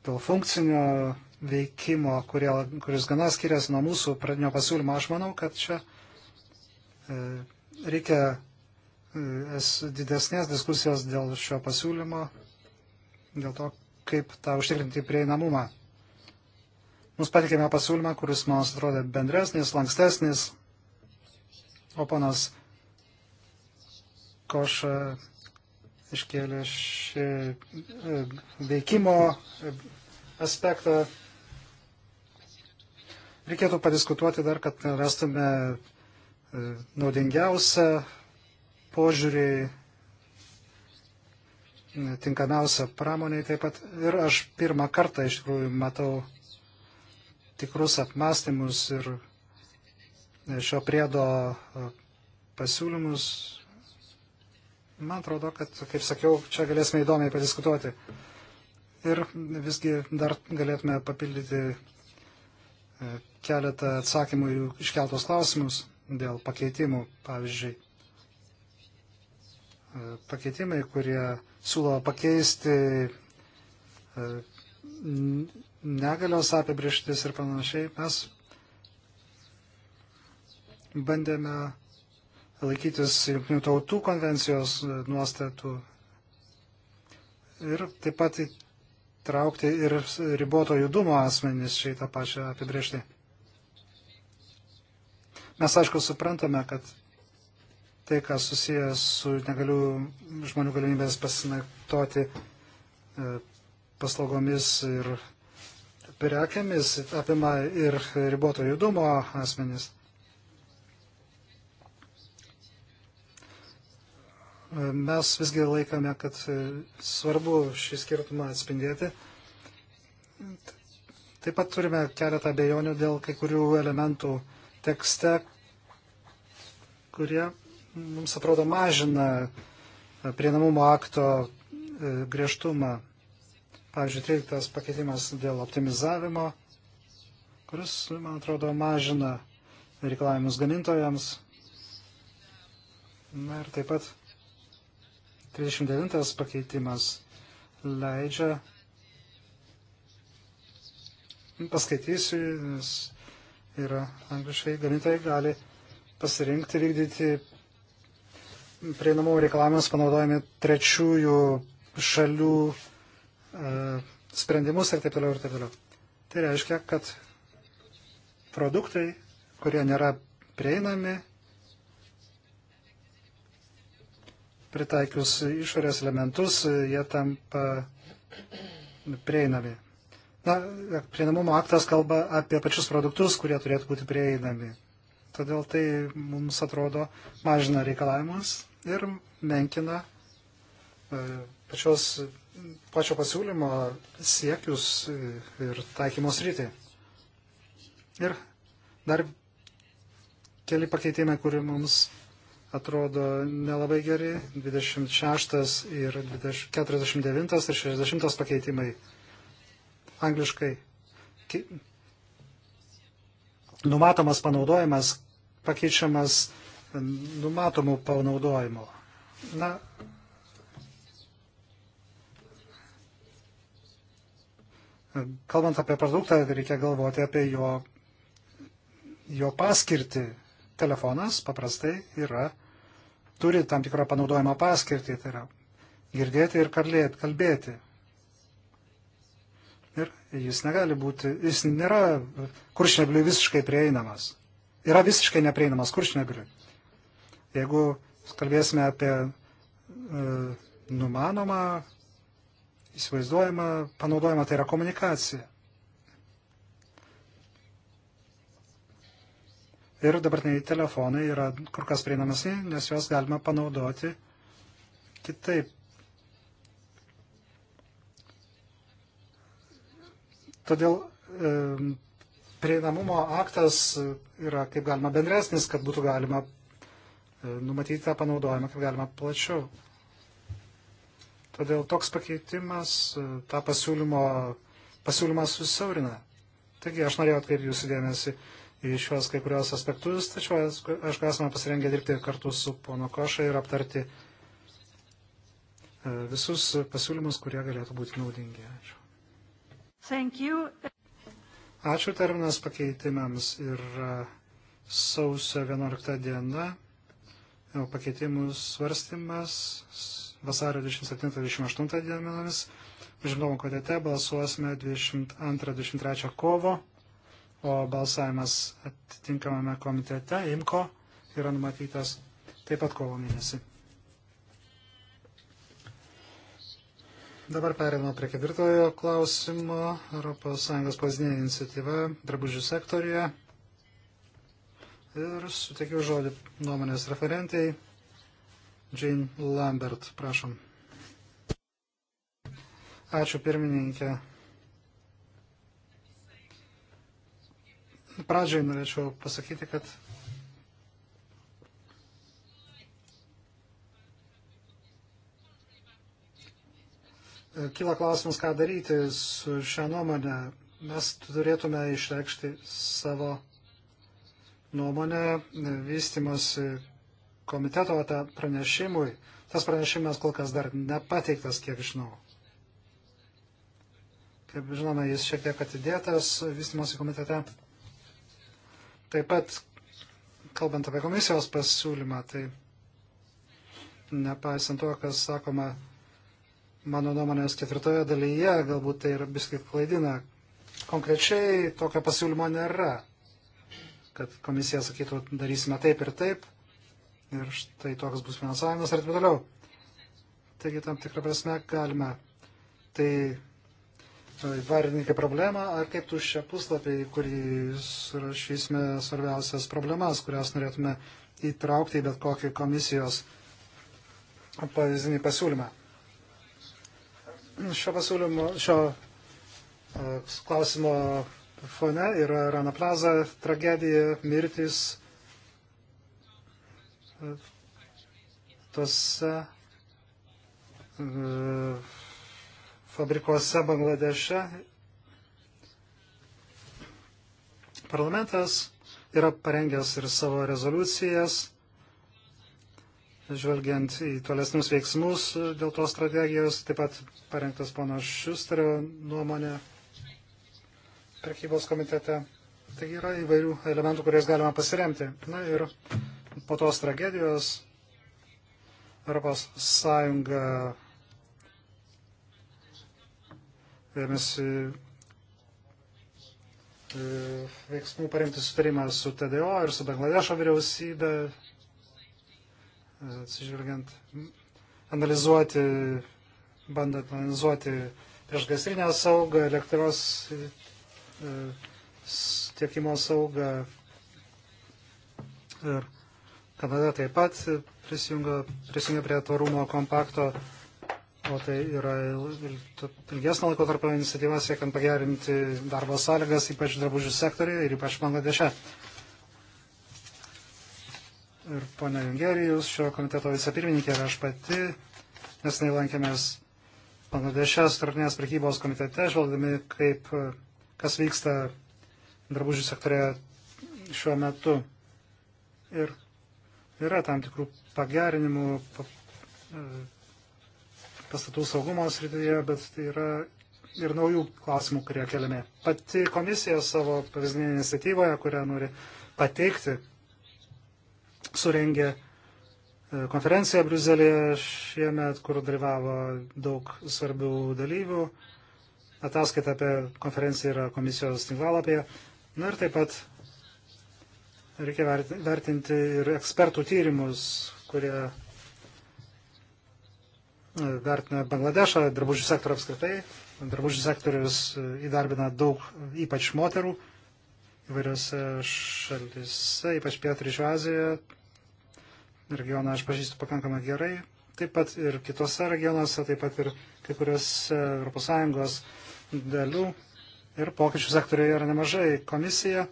B: dėl funkcinio veikimo, kurie, kuris gana skiriasi nuo mūsų pradinio pasiūlymo. Aš manau, kad čia e, reikia e, didesnės diskusijos dėl šio pasiūlymo, dėl to, kaip tą užtikrinti prieinamumą. Mums patikėme pasiūlymą, kuris man atrodė bendresnis, lankstesnis, o panas Koš iškėlė šį e, veikimo aspektą Reikėtų padiskutuoti dar, kad rastume e, naudingiausią požiūrį, tinkamiausią pramoniai taip pat. Ir aš pirmą kartą iš tikrųjų matau tikrus apmastymus ir e, šio priedo e, pasiūlymus. Man atrodo, kad, kaip sakiau, čia galėsime įdomiai padiskutuoti. Ir visgi dar galėtume papildyti keletą atsakymų į iškeltos klausimus dėl pakeitimų. Pavyzdžiui, e, pakeitimai, kurie siūlo pakeisti e, negalios apibrieštis ir panašiai, mes bandėme laikytis Junktinių tautų konvencijos e, nuostatų ir taip pat traukti ir riboto judumo asmenys šiai tą pačią apibriežtį. Mes aišku suprantame, kad tai, kas susijęs su negalių žmonių galimybės pasinaktoti e, paslaugomis ir prekiamis, apima ir riboto judumo asmenys. Mes visgi laikome, kad e, svarbu šį skirtumą atspindėti. Taip pat turime keletą bejonių dėl kai kurių elementų tekste, kurie mums atrodo mažina e, prieinamumo akto e, griežtumą. Pavyzdžiui, 13 pakeitimas dėl optimizavimo, kuris, man atrodo, mažina reikalavimus gamintojams. Na ir taip pat 39 pakeitimas leidžia. Paskaitysiu, nes yra angliškai gamintojai gali pasirinkti vykdyti prieinamų reikalavimus panaudojami trečiųjų šalių e, sprendimus ir taip toliau ir taip toliau. Tai reiškia, kad produktai, kurie nėra prieinami, pritaikius išorės elementus, jie tampa prieinami. Na, prieinamumo aktas kalba apie pačius produktus, kurie turėtų būti prieinami. Todėl tai mums atrodo mažina reikalavimus ir menkina e, pačios, pačio pasiūlymo siekius e, ir taikymos rytį. Ir dar keli pakeitimai, kurie mums atrodo nelabai geri, 26 ir 20, 49 ir 60 pakeitimai angliškai. Numatomas panaudojimas pakeičiamas numatomų panaudojimų. Na, kalbant apie produktą, reikia galvoti apie jo, jo paskirtį telefonas paprastai yra, turi tam tikrą panaudojimo paskirtį, tai yra girdėti ir kalbėti. kalbėti. Ir jis negali būti, jis nėra kuršnebliui visiškai prieinamas. Yra visiškai neprieinamas kuršnebliui. Jeigu kalbėsime apie e, numanomą, įsivaizduojamą panaudojimą, tai yra komunikacija. Ir dabartiniai telefonai yra kur kas prieinamasi, nes juos galima panaudoti kitaip. Todėl e, prieinamumo aktas yra kaip galima bendresnis, kad būtų galima e, numatyti tą panaudojimą kaip galima plačiau. Todėl toks pakeitimas e, tą pasiūlymo, pasiūlymą susiaurina. Taigi aš norėjau atkreipti jūsų dėmesį į šios kai kurios aspektus, tačiau aišku esame pasirengę dirbti kartu su pono Koša ir aptarti e, visus pasiūlymus, kurie galėtų būti naudingi.
A: Ačiū.
B: Ačiū terminas pakeitimams ir sausio 11 diena, pakeitimų svarstymas vasario 27-28 dienomis, žinomo kodėte balsuosime 22-23 kovo o balsavimas atitinkamame komitete, IMKO, yra numatytas taip pat kovo mėnesį. Dabar perėmė prie ketvirtojo klausimo. ES pazinė iniciatyva drabužių sektorija. Ir suteikiu žodį nuomonės referentai. Jane Lambert, prašom. Ačiū pirmininkė. Pradžiai norėčiau pasakyti, kad kyla klausimas, ką daryti su šią nuomonę. Mes turėtume išreikšti savo nuomonę vystimosi komiteto pranešimui. Tas pranešimas kol kas dar nepateiktas, kiek žinau. Kaip žinome, jis šiek tiek atidėtas vystimosi komitete. Taip pat, kalbant apie komisijos pasiūlymą, tai nepaisant to, kas sakoma mano nuomonės ketvirtoje dalyje, galbūt tai yra biskit klaidina. Konkrečiai tokio pasiūlymo nėra, kad komisija sakytų, darysime taip ir taip, ir štai toks bus finansavimas ir taip toliau. Taigi tam tikrą prasme galime tai įvardinti kaip problemą, ar kaip tuščią puslapį, į kurį surašysime svarbiausias problemas, kurias norėtume įtraukti į bet kokį komisijos pavyzdinį pasiūlymą. Šio pasiūlymo, šio e, klausimo fone yra Rana Plaza tragedija, mirtis. E, Tos e, fabrikuose Bangladeše. Parlamentas yra parengęs ir savo rezoliucijas, žvelgiant į tolesnius veiksmus dėl tos strategijos, taip pat parengtas pono Šusterio nuomonė prekybos komitete. Tai yra įvairių elementų, kuriais galima pasiremti. Na ir po tos tragedijos Europos Sąjunga ėmėsi e, e, veiksmų paremti sutarimą su TDO ir su Bangladešo vyriausybė, atsižvelgiant, analizuoti, bandant analizuoti priešgaisrinę saugą, elektros e, tiekimo saugą. Ir Kanada taip pat prisijungia prie tvarumo kompakto o tai yra ilgesnio laiko tarp iniciatyva siekiant pagerinti darbo sąlygas, ypač drabužių sektoriai ir ypač Bangladeše. Ir ponia Jungerijus, šio komiteto vicepirmininkė ir aš pati, nes neilankėmės Bangladeše startinės prekybos komitete, žvelgdami, kaip, kas vyksta drabužių sektorėje šiuo metu. Ir yra tam tikrų pagerinimų, pastatų saugumo srityje, bet tai yra ir naujų klausimų, kurie keliami. Pati komisija savo pavyzdinėje iniciatyvoje, kurią nori pateikti, surengė e, konferenciją Bruselėje šiemet, kur dalyvavo daug svarbių dalyvių. Ataskaita apie konferenciją yra komisijos tinklalapyje. Na ir taip pat reikia vertinti ir ekspertų tyrimus, kurie vertina Bangladešą, drabužių sektorių apskritai. Drabužių sektorius e, įdarbina daug, ypač moterų, įvairiose šalise, ypač Pietryčio Azijoje. Regioną aš pažįstu pakankamai gerai. Taip pat ir kitose regionuose, taip pat ir kai kuriuose ES dalių. Ir pokyčių sektoriuje yra nemažai. Komisija,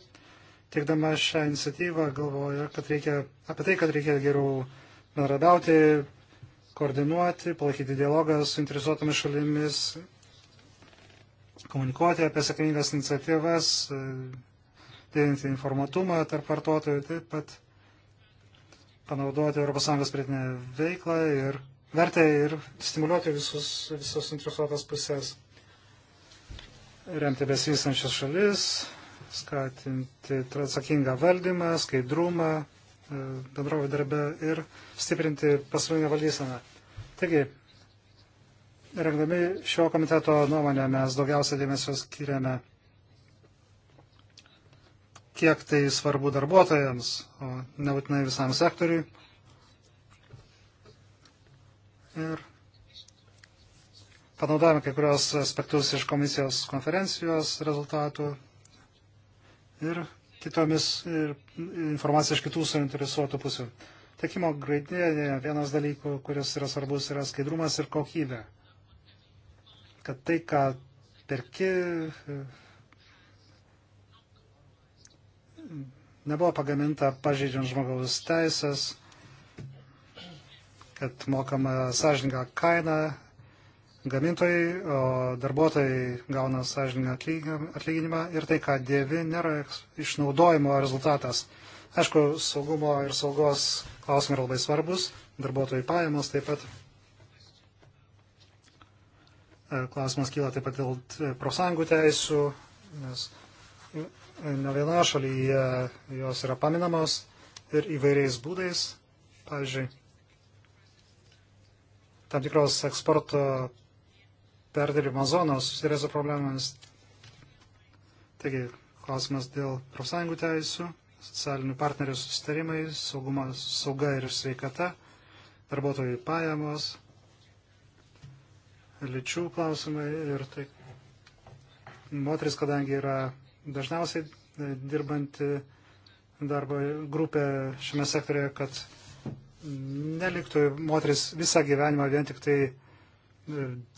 B: teikdama šią iniciatyvą, galvoja, kad reikia, apie tai, kad reikia geriau bendradauti, koordinuoti, palaikyti dialogą su interesuotomis šalimis, komunikuoti apie sėkmingas iniciatyvas, e, didinti informatumą tarp vartotojų, taip pat panaudoti ES pritinę veiklą ir vertę ir stimuliuoti visus, visus interesuotas pusės, remti besivystančias šalis, skatinti atsakingą valdymą, skaidrumą, E, bendrovų darbe ir stiprinti pasaulinę valdyseną. Taigi, rengdami šio komiteto nuomonę mes daugiausia dėmesio skiriame, kiek tai svarbu darbuotojams, o nebūtinai visam sektoriui. Ir panaudojame kai kurios aspektus iš komisijos konferencijos rezultatų ir kitomis informacija iš kitų suinteresuotų pusių. Tekimo graidinėje vienas dalykų, kuris yra svarbus, yra skaidrumas ir kokybė. Kad tai, ką perki, nebuvo pagaminta pažeidžiant žmogaus teisės, kad mokama sąžininką kainą gamintojai, o darbuotojai gauna sąžininką atlyginimą ir tai, ką dėvi, nėra išnaudojimo rezultatas. Aišku, saugumo ir saugos klausimai yra labai svarbus, darbuotojų pajamos taip pat. E, klausimas kyla taip pat dėl e, prosangų teisų, nes ne vienoje šalyje jos yra paminamos ir įvairiais būdais. Pavyzdžiui, tam tikros eksporto perdirbimo zonos susiduria su problemomis. Taigi, klausimas dėl profsąjungų teisų, socialinių partnerių susitarimai, saugumas, sauga ir sveikata, darbuotojų pajamos, lyčių klausimai ir tai. Moteris, kadangi yra dažniausiai e, dirbanti darbo grupė šiame sektorėje, kad neliktų moteris visą gyvenimą vien tik tai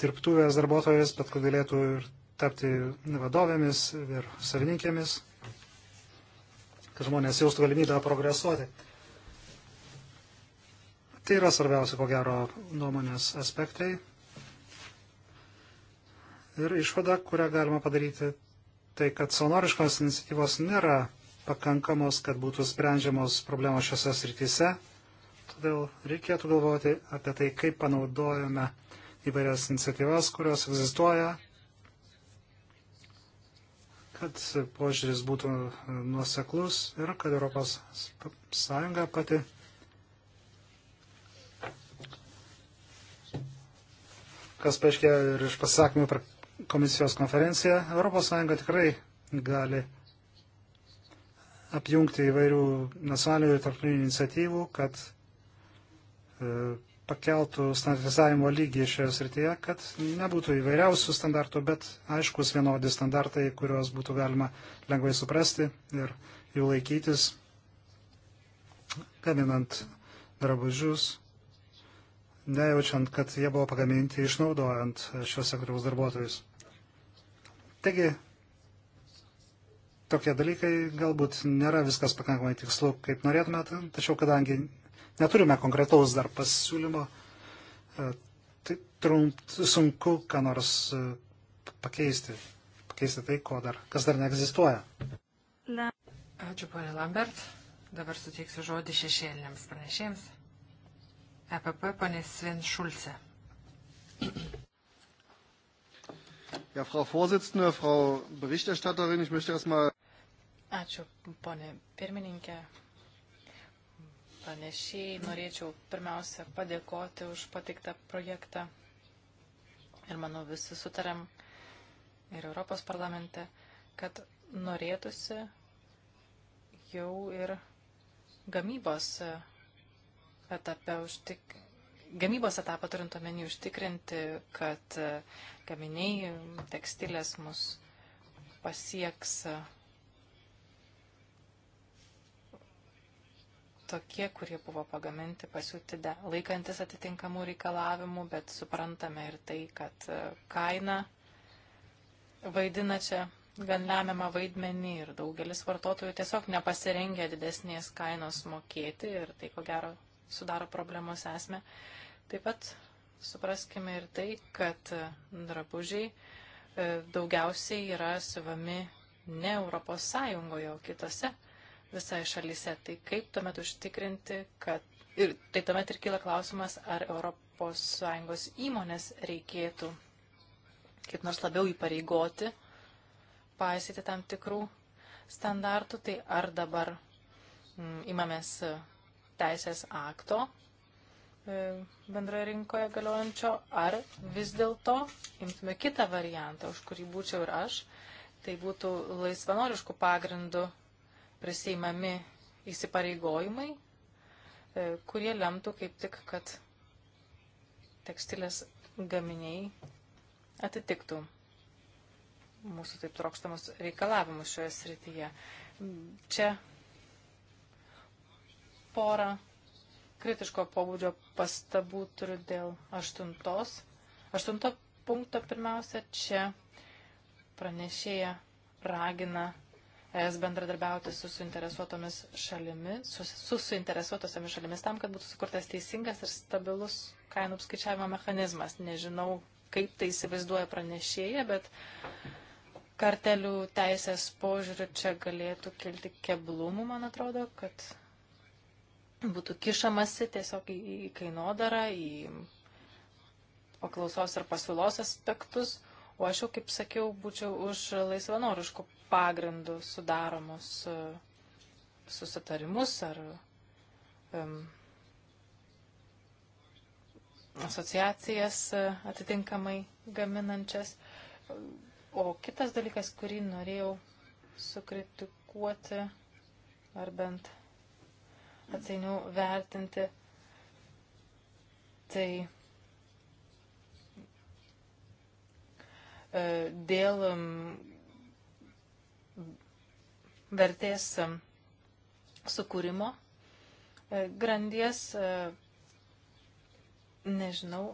B: dirbtuvės darbuotojas, bet kad galėtų ir tapti vadovėmis ir savininkėmis, kad žmonės jaustų galimybę progresuoti. Tai yra svarbiausia, ko gero, nuomonės aspektai. Ir išvada, kurią galima padaryti, tai kad savanoriškos iniciatyvos nėra pakankamos, kad būtų sprendžiamos problemos šiose srityse. Todėl reikėtų galvoti apie tai, kaip panaudojame uh, įvairias iniciatyvas, kurios egzistuoja, kad požiūris būtų nuoseklus ir kad Europos Sąjunga pati kas paaiškėjo ir iš pasakymų per komisijos konferenciją, Europos Sąjunga tikrai gali apjungti įvairių nacionalinių ir tarptautinių iniciatyvų, kad e, pakeltų standartizavimo lygį šioje srityje, kad nebūtų įvairiausių standartų, bet aiškus vienodi standartai, kuriuos būtų galima lengvai suprasti ir jų laikytis, gaminant drabužius, nejaučiant, kad jie buvo pagaminti išnaudojant šios sektoriaus darbuotojus. Taigi, tokie dalykai galbūt nėra viskas pakankamai tikslu, kaip norėtume, tačiau kadangi Neturime konkretaus dar pasiūlymo. E, tai trump, sunku, ką nors e, pakeisti. Pakeisti tai, ko dar, kas dar neegzistuoja.
C: Ačiū, ponė Lambert. Dabar suteiksiu žodį šešėliniams pranešėjams. EPP, ponė Sven Šulce.
B: Ja, Frau Vorsitzende, Frau Berichterstatterin, ich möchte erstmal.
D: Ačiū, ponė pirmininkė, pranešėjai. Norėčiau pirmiausia padėkoti už patiktą projektą. Ir manau, visi sutarėm ir Europos parlamente, kad norėtųsi jau ir gamybos etape užtik... Gamybos etapą turint omeny užtikrinti, kad gaminiai tekstilės mus pasieks tokie, kurie buvo pagaminti, pasiūti laikantis atitinkamų reikalavimų, bet suprantame ir tai, kad e, kaina vaidina čia gan lemiamą vaidmenį ir daugelis vartotojų tiesiog nepasirengia didesnės kainos mokėti ir tai, ko gero, sudaro problemos esmę. Taip pat supraskime ir tai, kad e, drabužiai e, daugiausiai yra siuvami ne Europos Sąjungoje, o kitose visai šalyse. Tai kaip tuomet užtikrinti, kad ir tai tuomet ir kyla klausimas, ar ES įmonės reikėtų kaip nors labiau įpareigoti, paisyti tam tikrų standartų, tai ar dabar mm, imamės teisės akto e, bendroje rinkoje galiojančio, ar vis dėlto imtume kitą variantą, už kurį būčiau ir aš, tai būtų laisvanoriškų pagrindų priseimami įsipareigojimai, e, kurie lemtų kaip tik, kad tekstilės gaminiai atitiktų mūsų taip trokštamus reikalavimus šioje srityje. Čia porą kritiško pobūdžio pastabų turiu dėl aštuntos. Aštunto punkto pirmiausia, čia pranešėja ragina es bendradarbiauti su suinteresuotomis šalimis, su, su suinteresuotosiamis šalimis tam, kad būtų sukurtas teisingas ir stabilus kainų apskaičiavimo mechanizmas. Nežinau, kaip tai įsivaizduoja pranešėja, bet kartelių teisės požiūriu čia galėtų kilti keblumų, man atrodo, kad būtų kišamasi tiesiog į, į kainodarą, į paklausos ir pasiūlos aspektus. O aš jau, kaip sakiau, būčiau už laisvanoriškų pagrindų sudaromus e, susitarimus ar um, asociacijas e, atitinkamai gaminančias. O kitas dalykas, kurį norėjau sukritikuoti ar bent atsainiau vertinti, tai E, dėl vertės sukūrimo e, grandies, e, nežinau,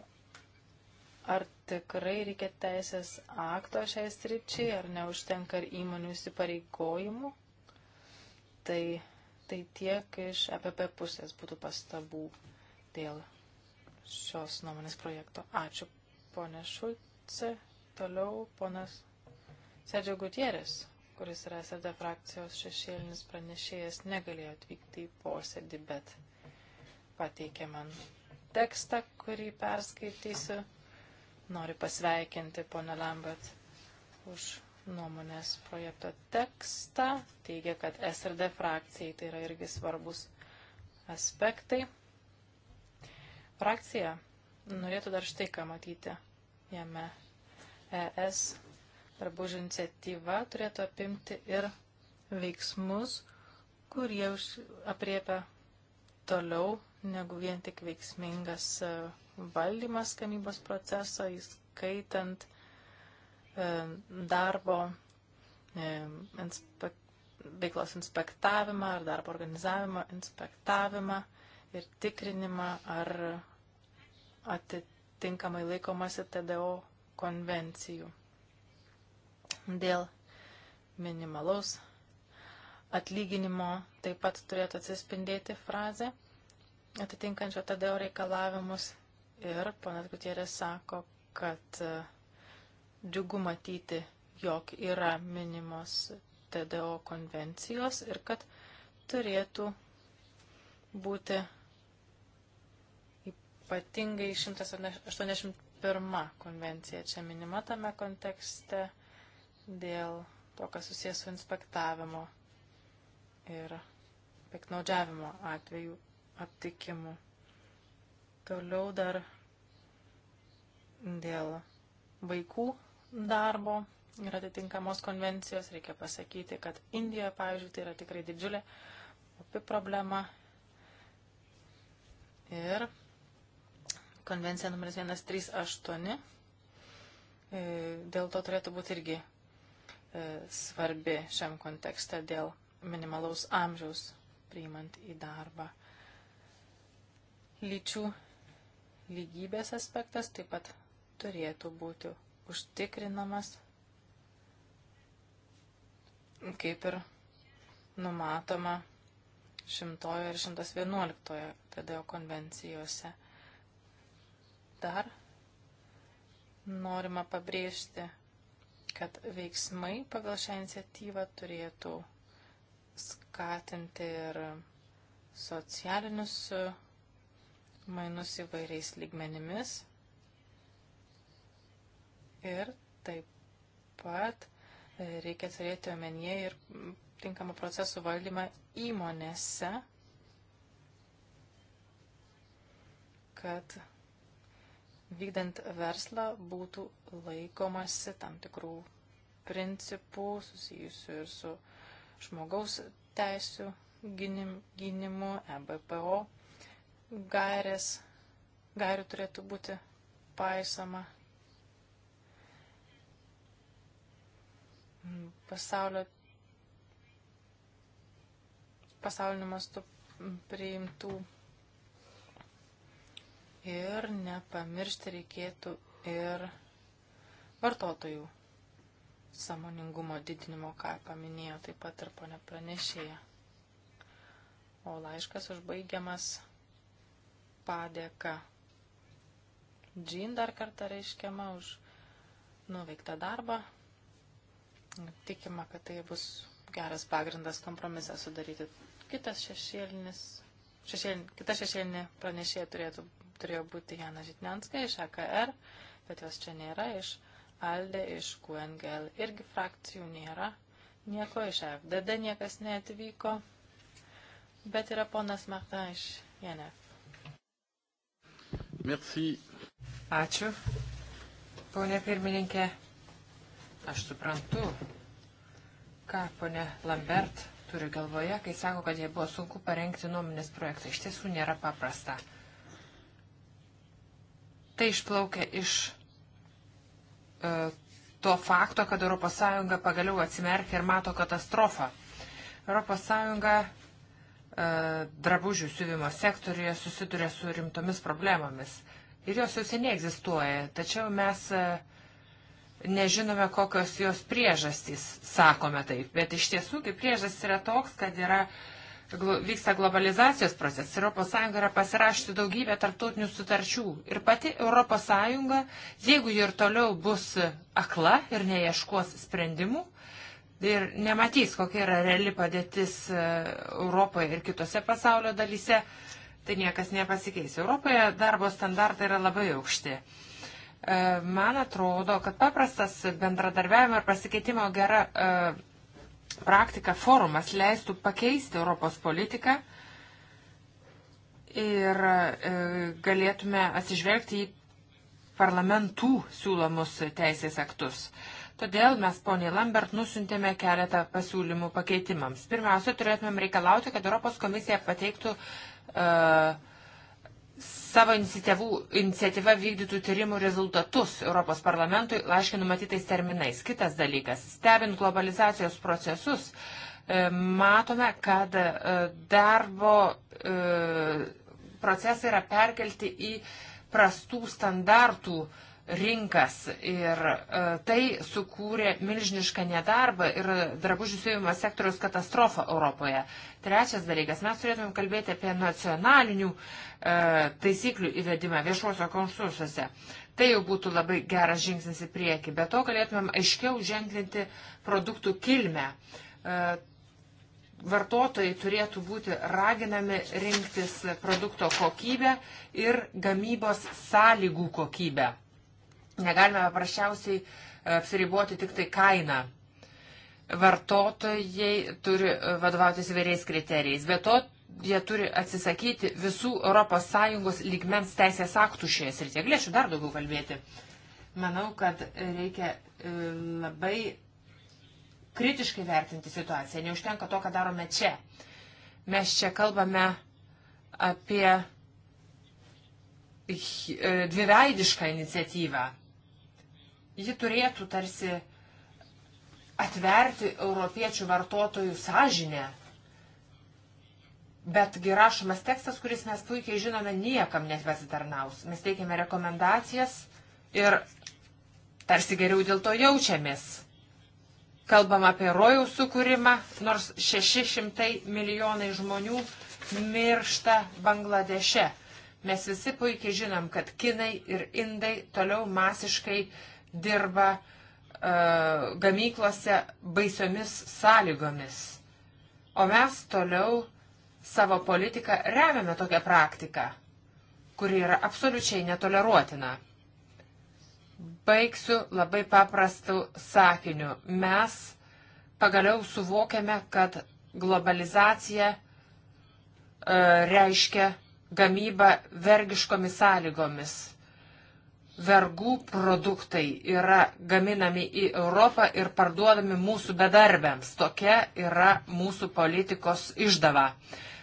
D: ar tikrai reikia teisės akto šiai sričiai, ar neužtenka ir įmonių įsipareigojimų. Tai, tai tiek iš EPP pusės būtų pastabų dėl šios nuomonės projekto. Ačiū, ponė Šulce. Toliau ponas Sedžio Gutieris, kuris yra SD frakcijos šešėlinis pranešėjas, negalėjo atvykti į posėdį, bet pateikė man tekstą, kurį perskaitysiu. Noriu pasveikinti ponę Lambert už nuomonės projekto tekstą. Teigia, kad SRD frakcijai tai yra irgi svarbus aspektai. Frakcija norėtų dar štai ką matyti jame ES darbužių iniciatyva turėtų apimti ir veiksmus, kurie apriepia toliau negu vien tik veiksmingas e, valdymas gamybos proceso, įskaitant e, darbo e, inspek veiklos inspektavimą ar darbo organizavimą, inspektavimą ir tikrinimą, ar atitinkamai laikomasi TDO konvencijų dėl minimalaus atlyginimo taip pat turėtų atsispindėti frazė atitinkančio tada reikalavimus ir ponas Gutierės sako, kad e, džiugu matyti, jog yra minimos TDO konvencijos ir kad turėtų būti ypatingai 181 konvencija čia minima tame kontekste dėl to, kas susijęs su inspektavimo ir piknaudžiavimo atveju aptikimu. Toliau dar dėl vaikų darbo ir atitinkamos konvencijos reikia pasakyti, kad Indijoje, pavyzdžiui, tai yra tikrai didžiulė opi problema. Ir konvencija numeris 138. E, dėl to turėtų būti irgi e, svarbi šiam kontekste dėl minimalaus amžiaus priimant į darbą. Lyčių lygybės aspektas taip pat turėtų būti užtikrinamas, kaip ir numatoma 100 ir 111 TDO konvencijose. Dar norima pabrėžti, kad veiksmai pagal šią iniciatyvą turėtų skatinti ir socialinius mainus įvairiais lygmenimis ir taip pat reikia turėti omenyje ir tinkamą procesų valdymą įmonėse, kad vykdant verslą būtų laikomasi tam tikrų principų susijusių ir su žmogaus teisų gynimu, EBPO gairės, gairių turėtų būti paisoma. Pasaulio, pasauliniu mastu priimtų Ir nepamiršti reikėtų ir vartotojų samoningumo didinimo, ką paminėjo taip pat ir ponė pranešėja. O laiškas užbaigiamas padėka. Džin dar kartą reiškiama už nuveiktą darbą. Tikima, kad tai bus geras pagrindas kompromisą sudaryti. Kitas šešėlinis, šešėlin, kita šešėlinė pranešėja turėtų turėjo būti Jana Žitnenska iš AKR, bet jos čia nėra, iš ALDE, iš QNGL irgi frakcijų nėra, nieko iš FDD niekas neatvyko, bet yra ponas Marta iš JNF.
A: Merci.
C: Ačiū.
D: Pone pirmininkė, aš
C: suprantu, ką ponė Lambert turi galvoje, kai sako, kad jie buvo sunku parengti nuomonės projektą. Iš tiesų nėra paprasta. Tai išplaukia iš e, to fakto, kad ES pagaliau atsimerkia ir mato katastrofą. ES e, drabužių siuvimo sektoriuje susiduria su rimtomis problemomis. Ir jos jau seniai egzistuoja, tačiau mes e, nežinome, kokios jos priežastys, sakome taip. Bet iš tiesų, tai priežastys yra toks, kad yra uh, vyksta globalizacijos procesas. ES yra pasirašyti daugybę tarptautinių sutarčių. Ir pati ES, jeigu ji ir toliau bus akla ir neieškos sprendimų, ir nematys, kokia yra reali padėtis e, Europoje ir kitose pasaulio dalyse, tai niekas nepasikeis. Europoje darbo standartai yra labai aukšti. E, man atrodo, kad paprastas bendradarbiavimo ir pasikeitimo gera e, praktika forumas leistų pakeisti Europos politiką ir e, galėtume atsižvelgti į parlamentų siūlomus teisės aktus. Todėl mes poniai Lambert nusintėme keletą pasiūlymų pakeitimams. Pirmiausia, turėtumėm reikalauti, kad Europos komisija pateiktų uh, savo iniciatyvų, iniciatyvą vykdytų tyrimų rezultatus Europos parlamentui laiškė numatytais terminais. Kitas dalykas, stebint globalizacijos procesus, e, matome, kad e, darbo e, procesai yra perkelti į prastų standartų rinkas ir e, tai sukūrė milžinišką nedarbą ir drabužių siuvimo sektoriaus katastrofą Europoje. Trečias dalykas, mes turėtumėm kalbėti apie nacionalinių e, taisyklių įvedimą viešuose konkursuose. Tai jau būtų labai geras žingsnis į priekį. Be to galėtumėm aiškiau ženklinti produktų kilmę. E, vartotojai turėtų būti raginami rinktis produkto kokybę ir gamybos sąlygų kokybę. Negalime paprasčiausiai e, apsiriboti tik tai kainą. Vartotojai turi e, vadovautis įvairiais kriterijais. Be to, jie turi atsisakyti visų ES lygmens teisės aktų šioje srityje. Galėčiau dar daugiau kalbėti. Manau, kad reikia e, labai kritiškai vertinti situaciją. Neužtenka to, ką darome čia. Mes čia kalbame apie dviveidišką iniciatyvą ji turėtų tarsi atverti europiečių vartotojų sąžinę. Betgi rašomas tekstas, kuris mes puikiai žinome, niekam nepasitarnaus. Mes teikiame rekomendacijas ir tarsi geriau dėl to jaučiamės. Kalbam apie rojų sukūrimą, nors 600 milijonai žmonių miršta Bangladeše. Mes visi puikiai žinom, kad kinai ir indai toliau masiškai uh, dirba e, gamyklose baisiomis sąlygomis. O mes toliau savo politiką remiame tokią praktiką, kuri yra absoliučiai netoleruotina. Baigsiu labai paprastu sakiniu. Mes pagaliau suvokiame, kad globalizacija e, reiškia gamybą vergiškomis sąlygomis vergų produktai yra gaminami į Europą ir parduodami mūsų bedarbiams. Tokia yra mūsų politikos išdava.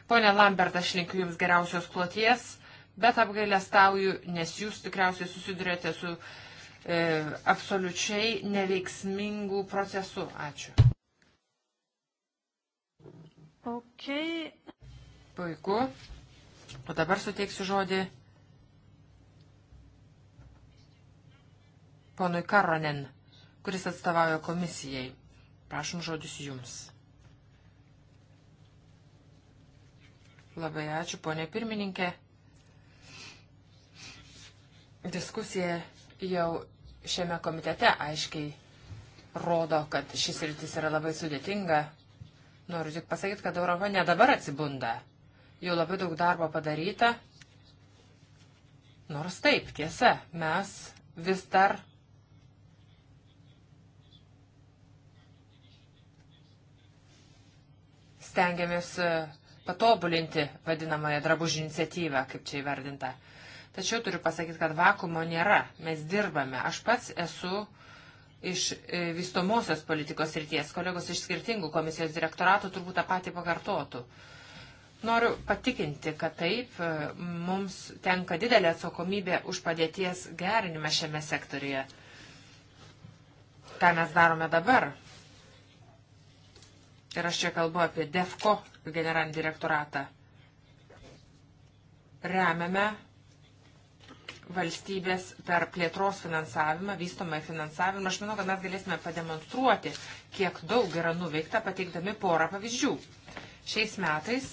C: Pone Lambert, aš linkiu Jums geriausios kloties, bet apgailestauju, nes Jūs tikriausiai susidurėte su e, absoliučiai neveiksmingų procesų. Ačiū. Okay. Puiku. O dabar suteiksiu žodį ponui Karonen, kuris atstovauja komisijai. Prašom žodis jums. Labai ačiū, ponė pirmininkė. Diskusija jau šiame komitete aiškiai rodo, kad šis rytis yra labai sudėtinga. Noriu tik pasakyti, kad Europa ne dabar atsibunda. Jau labai daug darbo padaryta. Nors taip, tiesa, mes vis dar stengiamės e, patobulinti vadinamąją drabužį iniciatyvą, kaip čia įvardinta. Tačiau turiu pasakyti, kad vakumo nėra, mes dirbame. Aš pats esu iš e, vystomosios politikos ryties, kolegos iš skirtingų komisijos direktoratų turbūt tą patį pakartotų. Noriu patikinti, kad taip, e, mums tenka didelė atsakomybė už padėties gerinimą šiame sektorije. Ką mes darome dabar? Ir aš čia kalbu apie DEFCO generalinį direktoratą. Remiame valstybės per plėtros finansavimą, vystomą finansavimą. Aš manau, kad mes galėsime pademonstruoti, kiek daug yra nuveikta, pateikdami porą pavyzdžių. Šiais metais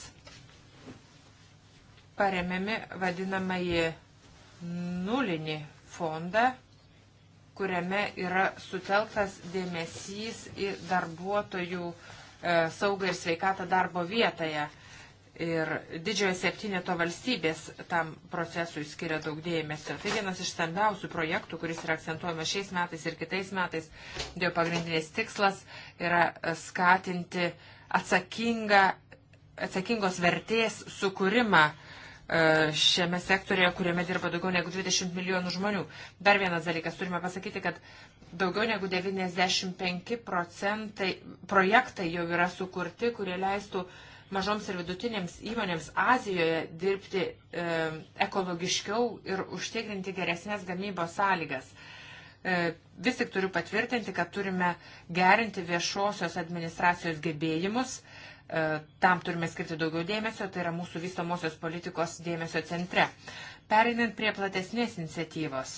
C: paremiami vadinamąjį nulinį fondą, kuriame yra sutelktas dėmesys į darbuotojų uh, E, saugą ir sveikatą darbo vietoje. Ir didžiojo septyneto valstybės tam procesui skiria daug dėmesio. Tai vienas iš stambiausių projektų, kuris yra akcentuojamas šiais metais ir kitais metais. Jo pagrindinės tikslas yra skatinti atsakingą, atsakingos vertės sukūrimą uh, E, šiame sektorėje, kuriame dirba daugiau negu 20 milijonų žmonių. Dar vienas dalykas, turime pasakyti, kad daugiau negu 95 procentai projektai jau yra sukurti, kurie leistų mažoms ir vidutinėms įmonėms Azijoje dirbti e, ekologiškiau ir užtikrinti geresnės gamybos sąlygas. E, vis tik turiu patvirtinti, kad turime gerinti viešosios administracijos gebėjimus E, tam turime skirti daugiau dėmesio, tai yra mūsų vystomosios politikos dėmesio centre. Pereinant prie platesnės iniciatyvos.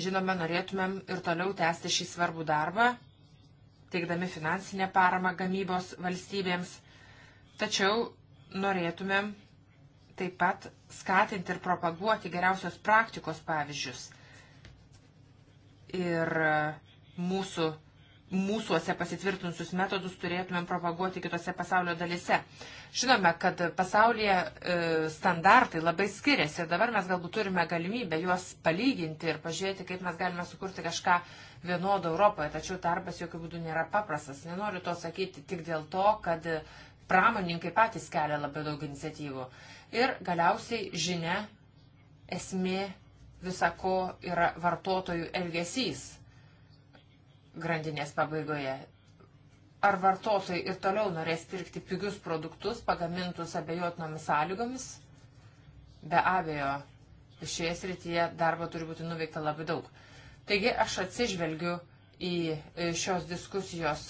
C: Žinoma, norėtumėm ir toliau tęsti šį svarbų darbą, teikdami finansinę paramą gamybos valstybėms, tačiau norėtumėm taip pat skatinti ir propaguoti geriausios praktikos pavyzdžius. Ir mūsų mūsųose pasitvirtinusius metodus turėtumėm propaguoti kitose pasaulio dalise. Žinome, kad pasaulyje e, standartai labai skiriasi ir dabar mes galbūt turime galimybę juos palyginti ir pažiūrėti, kaip mes galime sukurti kažką vienodo Europoje, tačiau darbas jokių būdų nėra paprastas. Nenoriu to sakyti tik dėl to, kad pramoninkai patys kelia labai daug iniciatyvų. Ir galiausiai žinia, esmė visako yra vartotojų elgesys grandinės pabaigoje. Ar vartotojai ir toliau norės pirkti pigius produktus pagamintus abejotinomis sąlygomis? Be abejo, šioje srityje darbo turi būti nuveikta labai daug. Taigi aš atsižvelgiu į šios diskusijos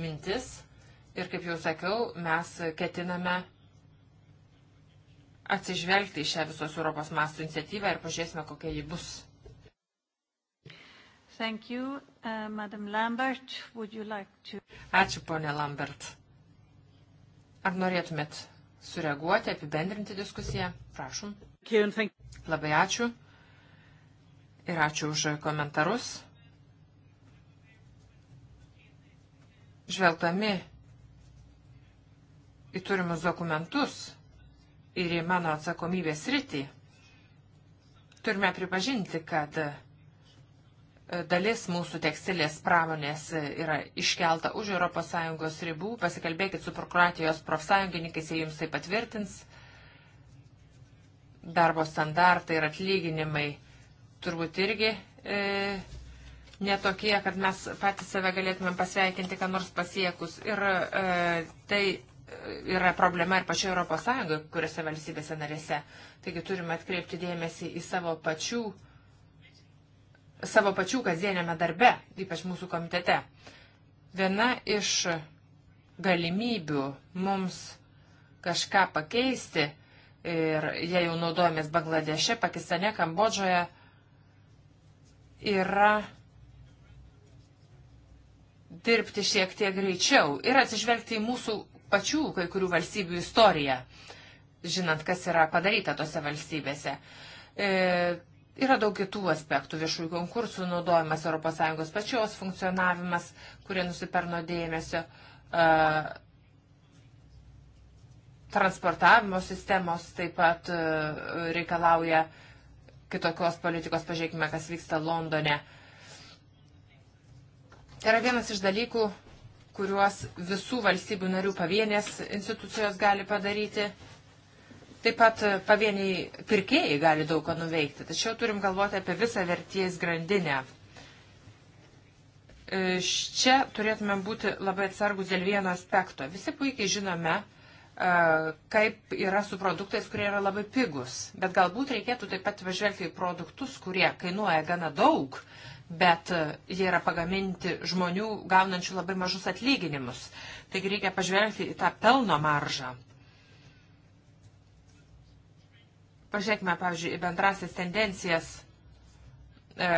C: mintis ir, kaip jau sakiau, mes ketiname atsižvelgti į šią visos Europos mastų iniciatyvą ir pažiūrėsime, kokia ji bus.
A: Thank you. Uh, Madam Lambert, would you like to...
C: Ačiū, ponė Lambert. Ar norėtumėt sureaguoti, apibendrinti diskusiją? Prašom. Labai ačiū. Ir ačiū už komentarus. Žvelgdami į turimus dokumentus ir į mano atsakomybės rytį, turime pripažinti, kad dalis mūsų tekstilės pramonės yra iškelta už ES ribų. Pasikalbėkit su Prokratijos profsąjungininkais, jie jums tai patvirtins. Darbo standartai ir atlyginimai turbūt irgi e, netokie, kad mes patys save galėtumėm pasveikinti, ką nors pasiekus. Ir e, tai yra problema ir pačioje ES, kuriuose valstybėse narėse. Taigi turime atkreipti dėmesį į savo pačių savo pačių kasdienėme darbe, ypač mūsų komitete. Viena iš galimybių mums kažką pakeisti, ir jie jau naudojamės Bangladeše, Pakistane, Kambodžoje, yra dirbti šiek tiek greičiau ir atsižvelgti į mūsų pačių kai kurių valstybių istoriją, žinant, kas yra padaryta tose valstybėse. E, Yra daug kitų aspektų - viešųjų konkursų naudojimas ES pačios funkcionavimas, kurie nusiperno dėmesio, uh, transportavimo sistemos taip pat uh, reikalauja kitokios politikos, pažiūrėkime, kas vyksta Londone. Tai yra vienas iš dalykų, kuriuos visų valstybių narių pavienės institucijos gali padaryti. Taip pat e, pavieniai pirkėjai gali daug ką nuveikti, tačiau turim galvoti apie visą verties grandinę. E, čia turėtume būti labai atsargus dėl vieno aspekto. Visi puikiai žinome, e, kaip yra su produktais, kurie yra labai pigus. Bet galbūt reikėtų taip pat važiuoti į produktus, kurie kainuoja gana daug, bet jie yra pagaminti žmonių gaunančių labai mažus atlyginimus. Taigi reikia pažvelgti į tą pelno maržą. Pažiūrėkime, pavyzdžiui, į bendrasias tendencijas e,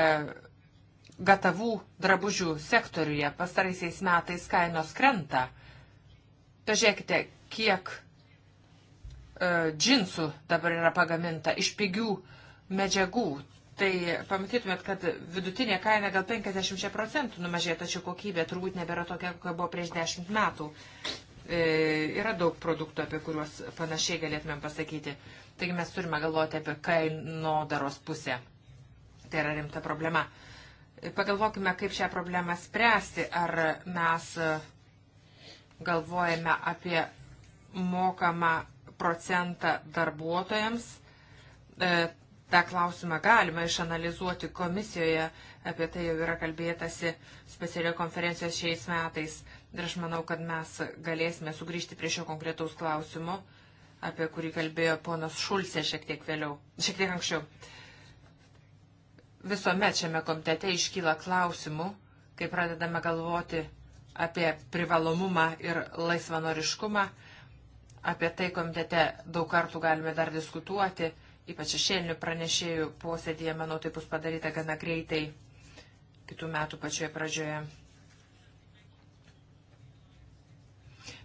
C: gatavų drabužių sektoriuje. Pastaraisiais metais kainos krenta. Pažiūrėkite, kiek e, džinsų dabar yra pagaminta iš pigių medžiagų. Tai pamatytumėt, kad vidutinė kaina gal 50 procentų numažėjo, tačiau kokybė turbūt nebėra tokia, kokia buvo prieš 10 metų. E, yra daug produktų, apie kuriuos panašiai galėtumėm pasakyti. Taigi mes turime galvoti apie kainodaros pusę. Tai yra rimta problema. E, pagalvokime, kaip šią problemą spręsti. Ar mes galvojame apie mokamą procentą darbuotojams. E, Ta klausimą galima išanalizuoti komisijoje, apie tai jau yra kalbėtasi specialioje konferencijos šiais metais. Ir aš manau, kad mes galėsime sugrįžti prie šio konkretaus klausimo, apie kurį kalbėjo ponas Šulcė šiek tiek vėliau, šiek tiek anksčiau. Visuomet šiame komitete iškyla klausimų, kai pradedame galvoti apie privalomumą ir laisvanoriškumą. Apie tai komitete daug kartų galime dar diskutuoti, ypač šešėlinių pranešėjų posėdėje, manau, tai bus padaryta gana greitai kitų metų pačioje pradžioje.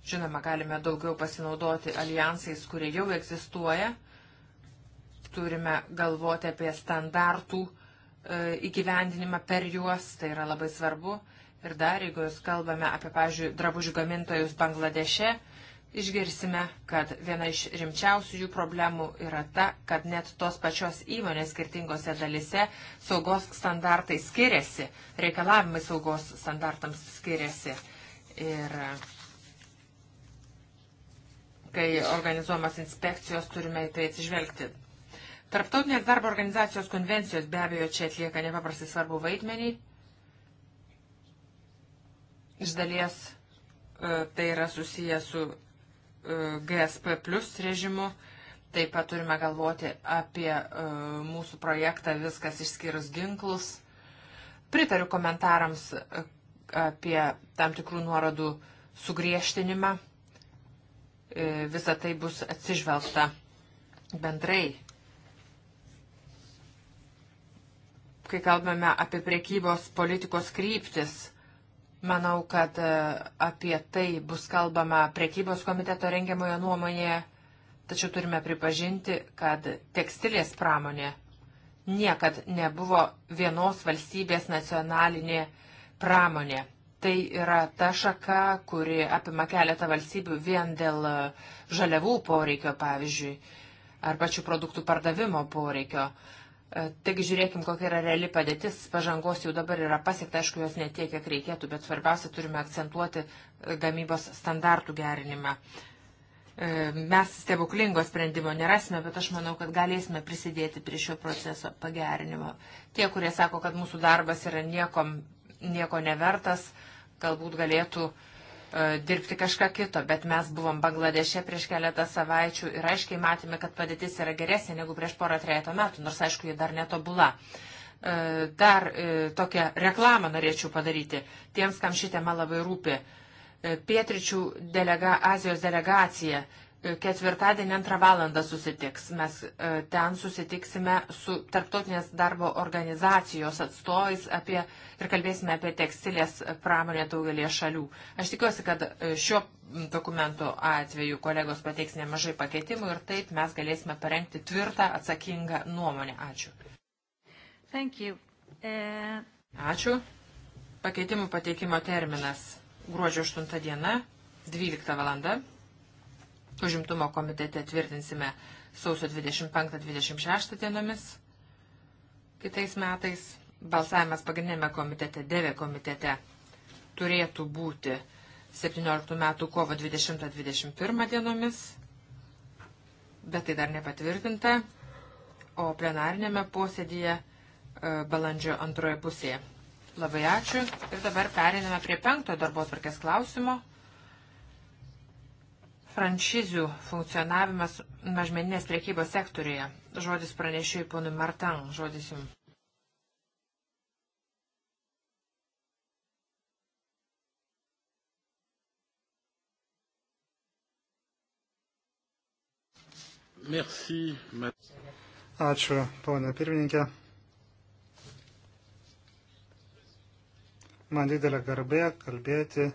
C: Žinoma, galime daugiau pasinaudoti alijansais, kurie jau egzistuoja. Turime galvoti apie standartų e, įgyvendinimą per juos, tai yra labai svarbu. Ir dar, jeigu jūs kalbame apie, pavyzdžiui, drabužių gamintojus Bangladeše, išgirsime, kad viena iš rimčiausių jų problemų yra ta, kad net tos pačios įmonės skirtingose dalise saugos standartai skiriasi, reikalavimai saugos standartams skiriasi. Ir uh, kai organizuomas inspekcijos turime į tai atsižvelgti. Tarptautinės darbo organizacijos konvencijos be abejo čia atlieka nepaprastai svarbu vaidmenį. Iš dalies e, tai yra susiję su e, GSP plus režimu. Taip pat turime galvoti apie e, mūsų projektą Viskas išskyrus ginklus. Pritariu komentarams apie tam tikrų nuorodų sugriežtinimą. E, visa tai bus atsižvelgta bendrai. Kai kalbame apie priekybos politikos kryptis, manau, kad e, apie tai bus kalbama priekybos komiteto rengiamoje nuomonėje, tačiau turime pripažinti, kad tekstilės pramonė niekad nebuvo vienos valstybės nacionalinė pramonė. Tai yra ta šaka, kuri apima keletą valstybių vien dėl e, žaliavų poreikio, pavyzdžiui, ar pačių produktų pardavimo poreikio. E, taigi žiūrėkim, kokia yra reali padėtis. Pažangos jau dabar yra pasiekta, aišku, jos netiek, kiek reikėtų, bet svarbiausia turime akcentuoti e, gamybos standartų gerinimą. Mes stebuklingo sprendimo nerasime, bet aš manau, kad galėsime prisidėti prie šio proceso pagerinimo. Tie, kurie sako, kad mūsų darbas yra niekom, nieko nevertas, galbūt galėtų e, dirbti kažką kito, bet mes buvom Bangladeše prieš keletą savaičių ir aiškiai matėme, kad padėtis yra geresnė negu prieš porą trejato metų, nors aišku, ji dar netobula. E, dar e, tokią reklamą norėčiau padaryti tiems, kam ši tema labai rūpi. Pietričių delega, Azijos delegacija ketvirtadienį antrą valandą susitiks. Mes e, ten susitiksime su tarptautinės darbo organizacijos atstovais apie, ir kalbėsime apie tekstilės pramonę daugelį šalių. Aš tikiuosi, kad e, šio dokumento atveju kolegos pateiks nemažai pakeitimų ir taip mes galėsime parengti tvirtą atsakingą nuomonę. Ačiū.
A: Uh...
C: Ačiū. Pakeitimų pateikimo terminas gruodžio 8 diena, 12 valanda užimtumo komitete tvirtinsime sausio 25-26 dienomis kitais metais. Balsavimas pagrindinėme komitete, dėvė komitete, turėtų būti 17 metų kovo 20-21 dienomis, bet tai dar nepatvirtinta, o plenarinėme posėdėje e, balandžio antroje pusėje. Labai ačiū ir dabar periname prie penktojo darbo tvarkės klausimo franšizių funkcionavimas mažmeninės priekybos sektoriuje. Žodis pranešėjai ponui Martan,
D: žodis jums.
B: Merci. Ačiū, ponė pirmininkė. Man didelė garbė kalbėti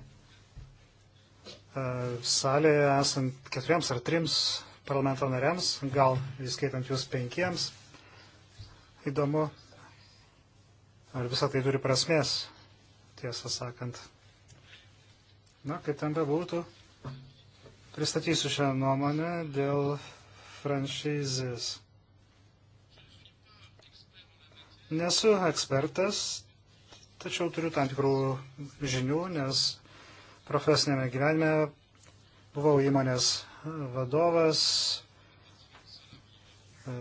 B: E, salėje esant keturiems ar trims parlamento nariams, gal įskaitant jūs penkiems. Įdomu, ar visą tai turi prasmės, tiesą sakant. Na, kaip ten bebūtų, pristatysiu šią nuomonę dėl franšizės. Nesu ekspertas, tačiau turiu tam tikrų žinių, nes profesinėme gyvenime. Buvau įmonės vadovas, e,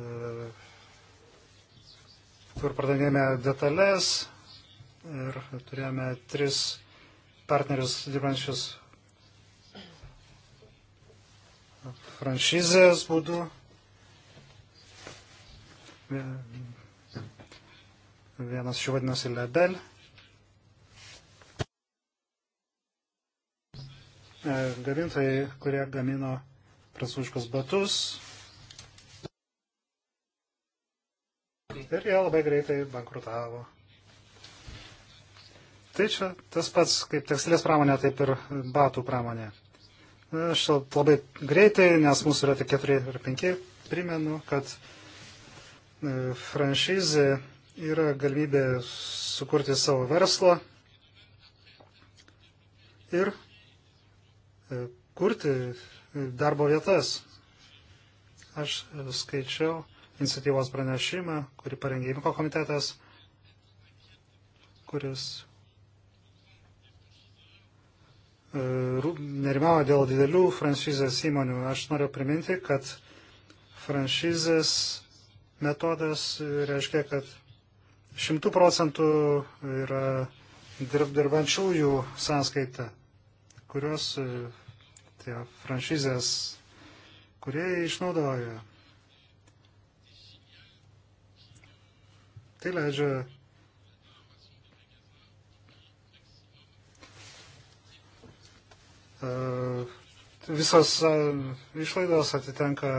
B: kur pardavinėjome detalės ir turėjome tris partnerius dirbančius franšizės būdu. Vienas šių vadinasi Ledel. E, gamintojai, kurie gamino prancūziškus batus. Ir jie labai greitai bankrutavo. Tai čia tas pats kaip tekstilės pramonė, taip ir batų pramonė. Aš labai greitai, nes mūsų yra tik 4 ir 5, primenu, kad e, franšizė yra galimybė sukurti savo verslą ir kurti darbo vietas. Aš skaičiau iniciatyvos pranešimą, kurį parengė Imko komitetas, kuris e, nerimavo dėl didelių franšizės įmonių. Aš noriu priminti, kad franšizės metodas reiškia, kad šimtų procentų yra dirb, dirbančiųjų sąskaita kuriuos e, tie franšizės kurie išnaudoja. Tai leidžia e, visos e, išlaidos atitenka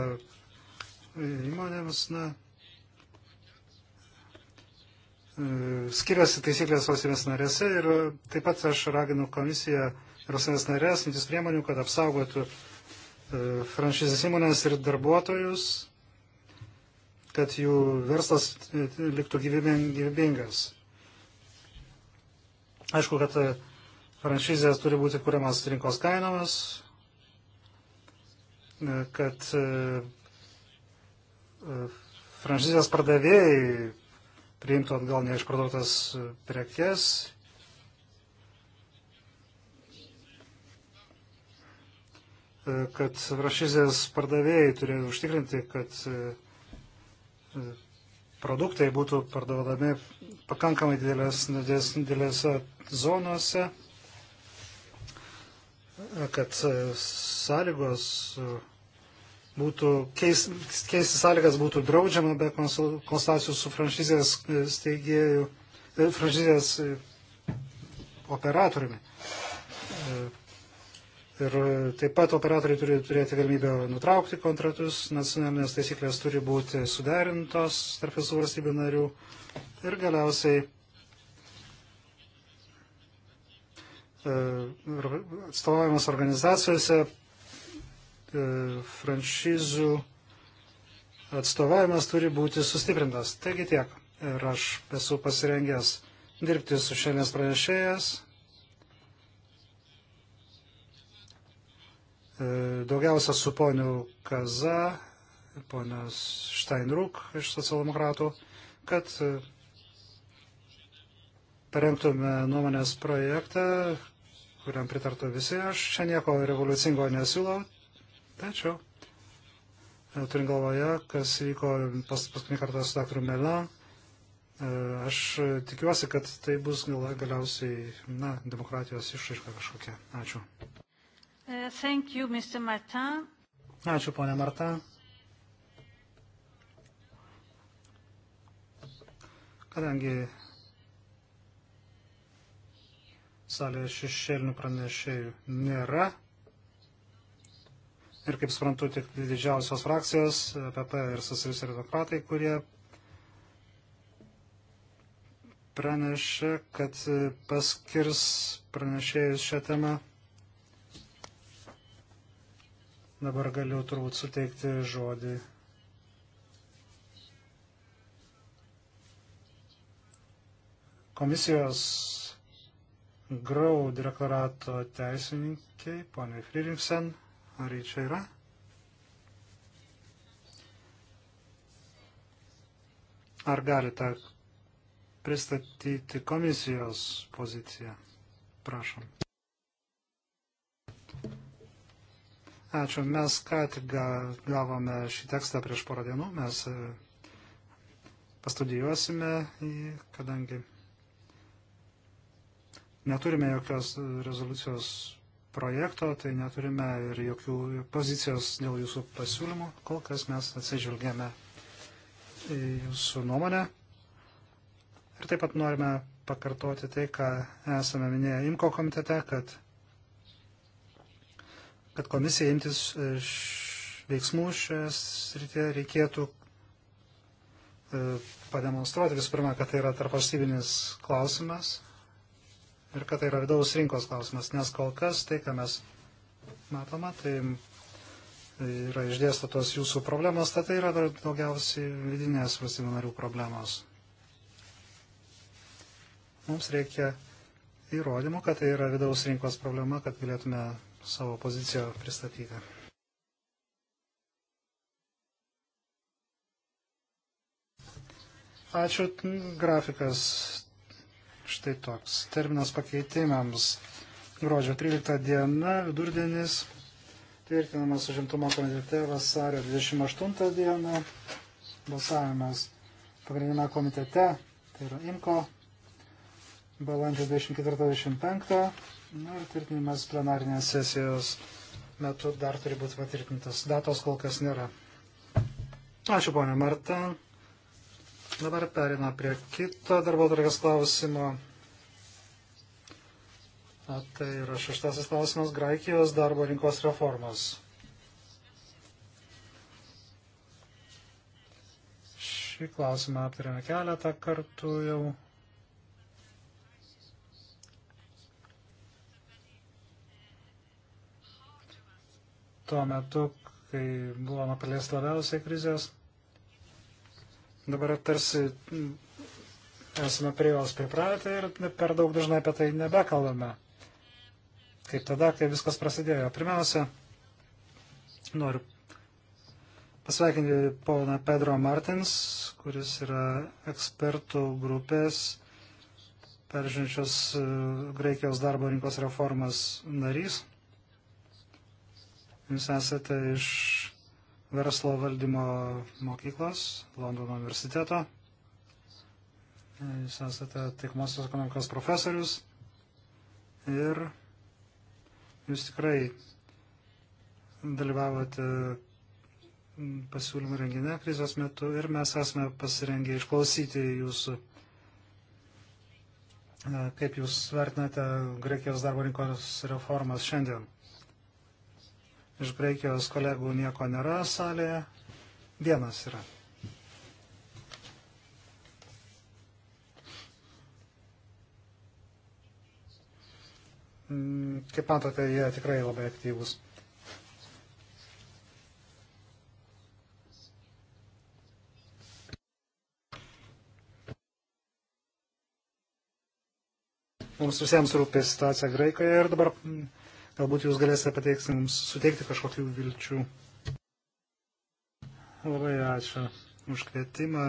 B: įmonėms, na, skiriasi taisyklės valstybės narėse ir taip pat aš raginu komisiją valstybės narės imtis priemonių, kad apsaugotų e, franšizės įmonės ir darbuotojus, kad jų verslas e, liktų gyvybingas. Aišku, kad e, franšizės turi būti kuriamas rinkos kainomis, kad franšizės pardavėjai priimtų atgal neišparduotas prekes E, kad franšizės pardavėjai turėjo užtikrinti, kad e, e, produktai būtų parduodami pakankamai didelės, didelėse zonose, kad sąlygos būtų, keis, keisti sąlygas būtų draudžiama be konsultacijų su franšizės steigėjų, franšizės operatoriumi Ir taip pat operatoriai turi turėti galimybę nutraukti kontratus, nacionalinės taisyklės turi būti suderintos tarp visų valstybių narių. Ir galiausiai e, atstovavimas organizacijose, e, franšizų atstovavimas turi būti sustiprintas. Taigi tiek. Ir aš esu pasirengęs dirbti su šiandienas pranešėjas E, daugiausia su poniu Kaza, ponios Steinruk iš socialdemokratų, kad e, parengtume nuomonės projektą, kuriam pritartų visi. Aš čia nieko revoliucingo nesiūlau, tačiau e, turint galvoje, kas vyko pas, paskutinį kartą su dr. Melan, aš tikiuosi, kad tai bus galiausiai na, demokratijos išraiška kažkokia. Ačiū.
A: Uh, thank you, Mr. Martin.
B: Ačiū, ponė Marta. Kadangi salėje šešėlinių pranešėjų nėra ir, kaip suprantu, tik didžiausios frakcijos, PP e ir socialistai ir demokratai, kurie pranešė, kad paskirs pranešėjus šią temą. Dabar galiu turbūt suteikti žodį komisijos Grau direktorato teisininkiai, poniai Friringsen. Ar jį čia yra? Ar galite pristatyti komisijos poziciją? Prašom. Ačiū. Mes ką tik gavome šį tekstą prieš porą dienų. Mes e, pastudijuosime, kadangi neturime jokios rezoliucijos projekto, tai neturime ir jokių pozicijos dėl jūsų pasiūlymų. Kol kas mes atsižvelgėme į jūsų nuomonę. Ir taip pat norime pakartoti tai, ką esame minėję IMKO komitete, kad kad komisija imtis e, veiksmų šioje srityje reikėtų e, pademonstruoti visų pirma, kad tai yra tarpvalstybinis klausimas ir kad tai yra vidaus rinkos klausimas, nes kol kas tai, ką mes matoma, tai, e, tai yra išdėstatos jūsų problemos, tai yra daugiausiai vidinės valstybių narių problemos. Mums reikia įrodymų, kad tai yra vidaus rinkos problema, kad galėtume savo poziciją pristatyti. Ačiū. Grafikas štai toks. Terminas pakeitimams gruodžio 13 diena, vidurdienis, tvirtinamas užimtumo komitete vasario 28 diena, balsavimas pagrindinėme komitete, tai yra IMKO, balandžio 24-25 Na ir tvirtinimas plenarinės sesijos metu dar turi būti patvirtintas. Datos kol kas nėra. Ačiū, ponia Marta. Dabar perina prie kito darbo tarkas klausimo. A, tai yra šeštasis klausimas Graikijos darbo rinkos reformos. Šį klausimą aptarėme keletą kartų jau. tuo metu, kai buvome paliesti labiausiai krizės. Dabar tarsi esame prie jos pripratę ir per daug dažnai apie tai nebekalbame. Kaip tada, kai viskas prasidėjo. Pirmiausia, noriu pasveikinti poną Pedro Martins, kuris yra ekspertų grupės peržiūrinčios e, Graikijos darbo rinkos reformas narys. Jūs esate iš verslo valdymo mokyklos Londono universiteto. Jūs esate taikmosios ekonomikos profesorius ir jūs tikrai dalyvavote pasiūlymų renginė krizės metu ir mes esame pasirengę išklausyti jūsų, kaip jūs vertinate Graikijos darbo rinkos reformas šiandien. Iš Graikijos kolegų nieko nėra salėje. Vienas yra. Mm, kaip matote, jie tikrai labai aktyvus. Mums visiems rūpi situacija Graikijoje ir dabar mm, Galbūt jūs galėsite pateikti mums, suteikti kažkokių vilčių. Labai ačiū už kvietimą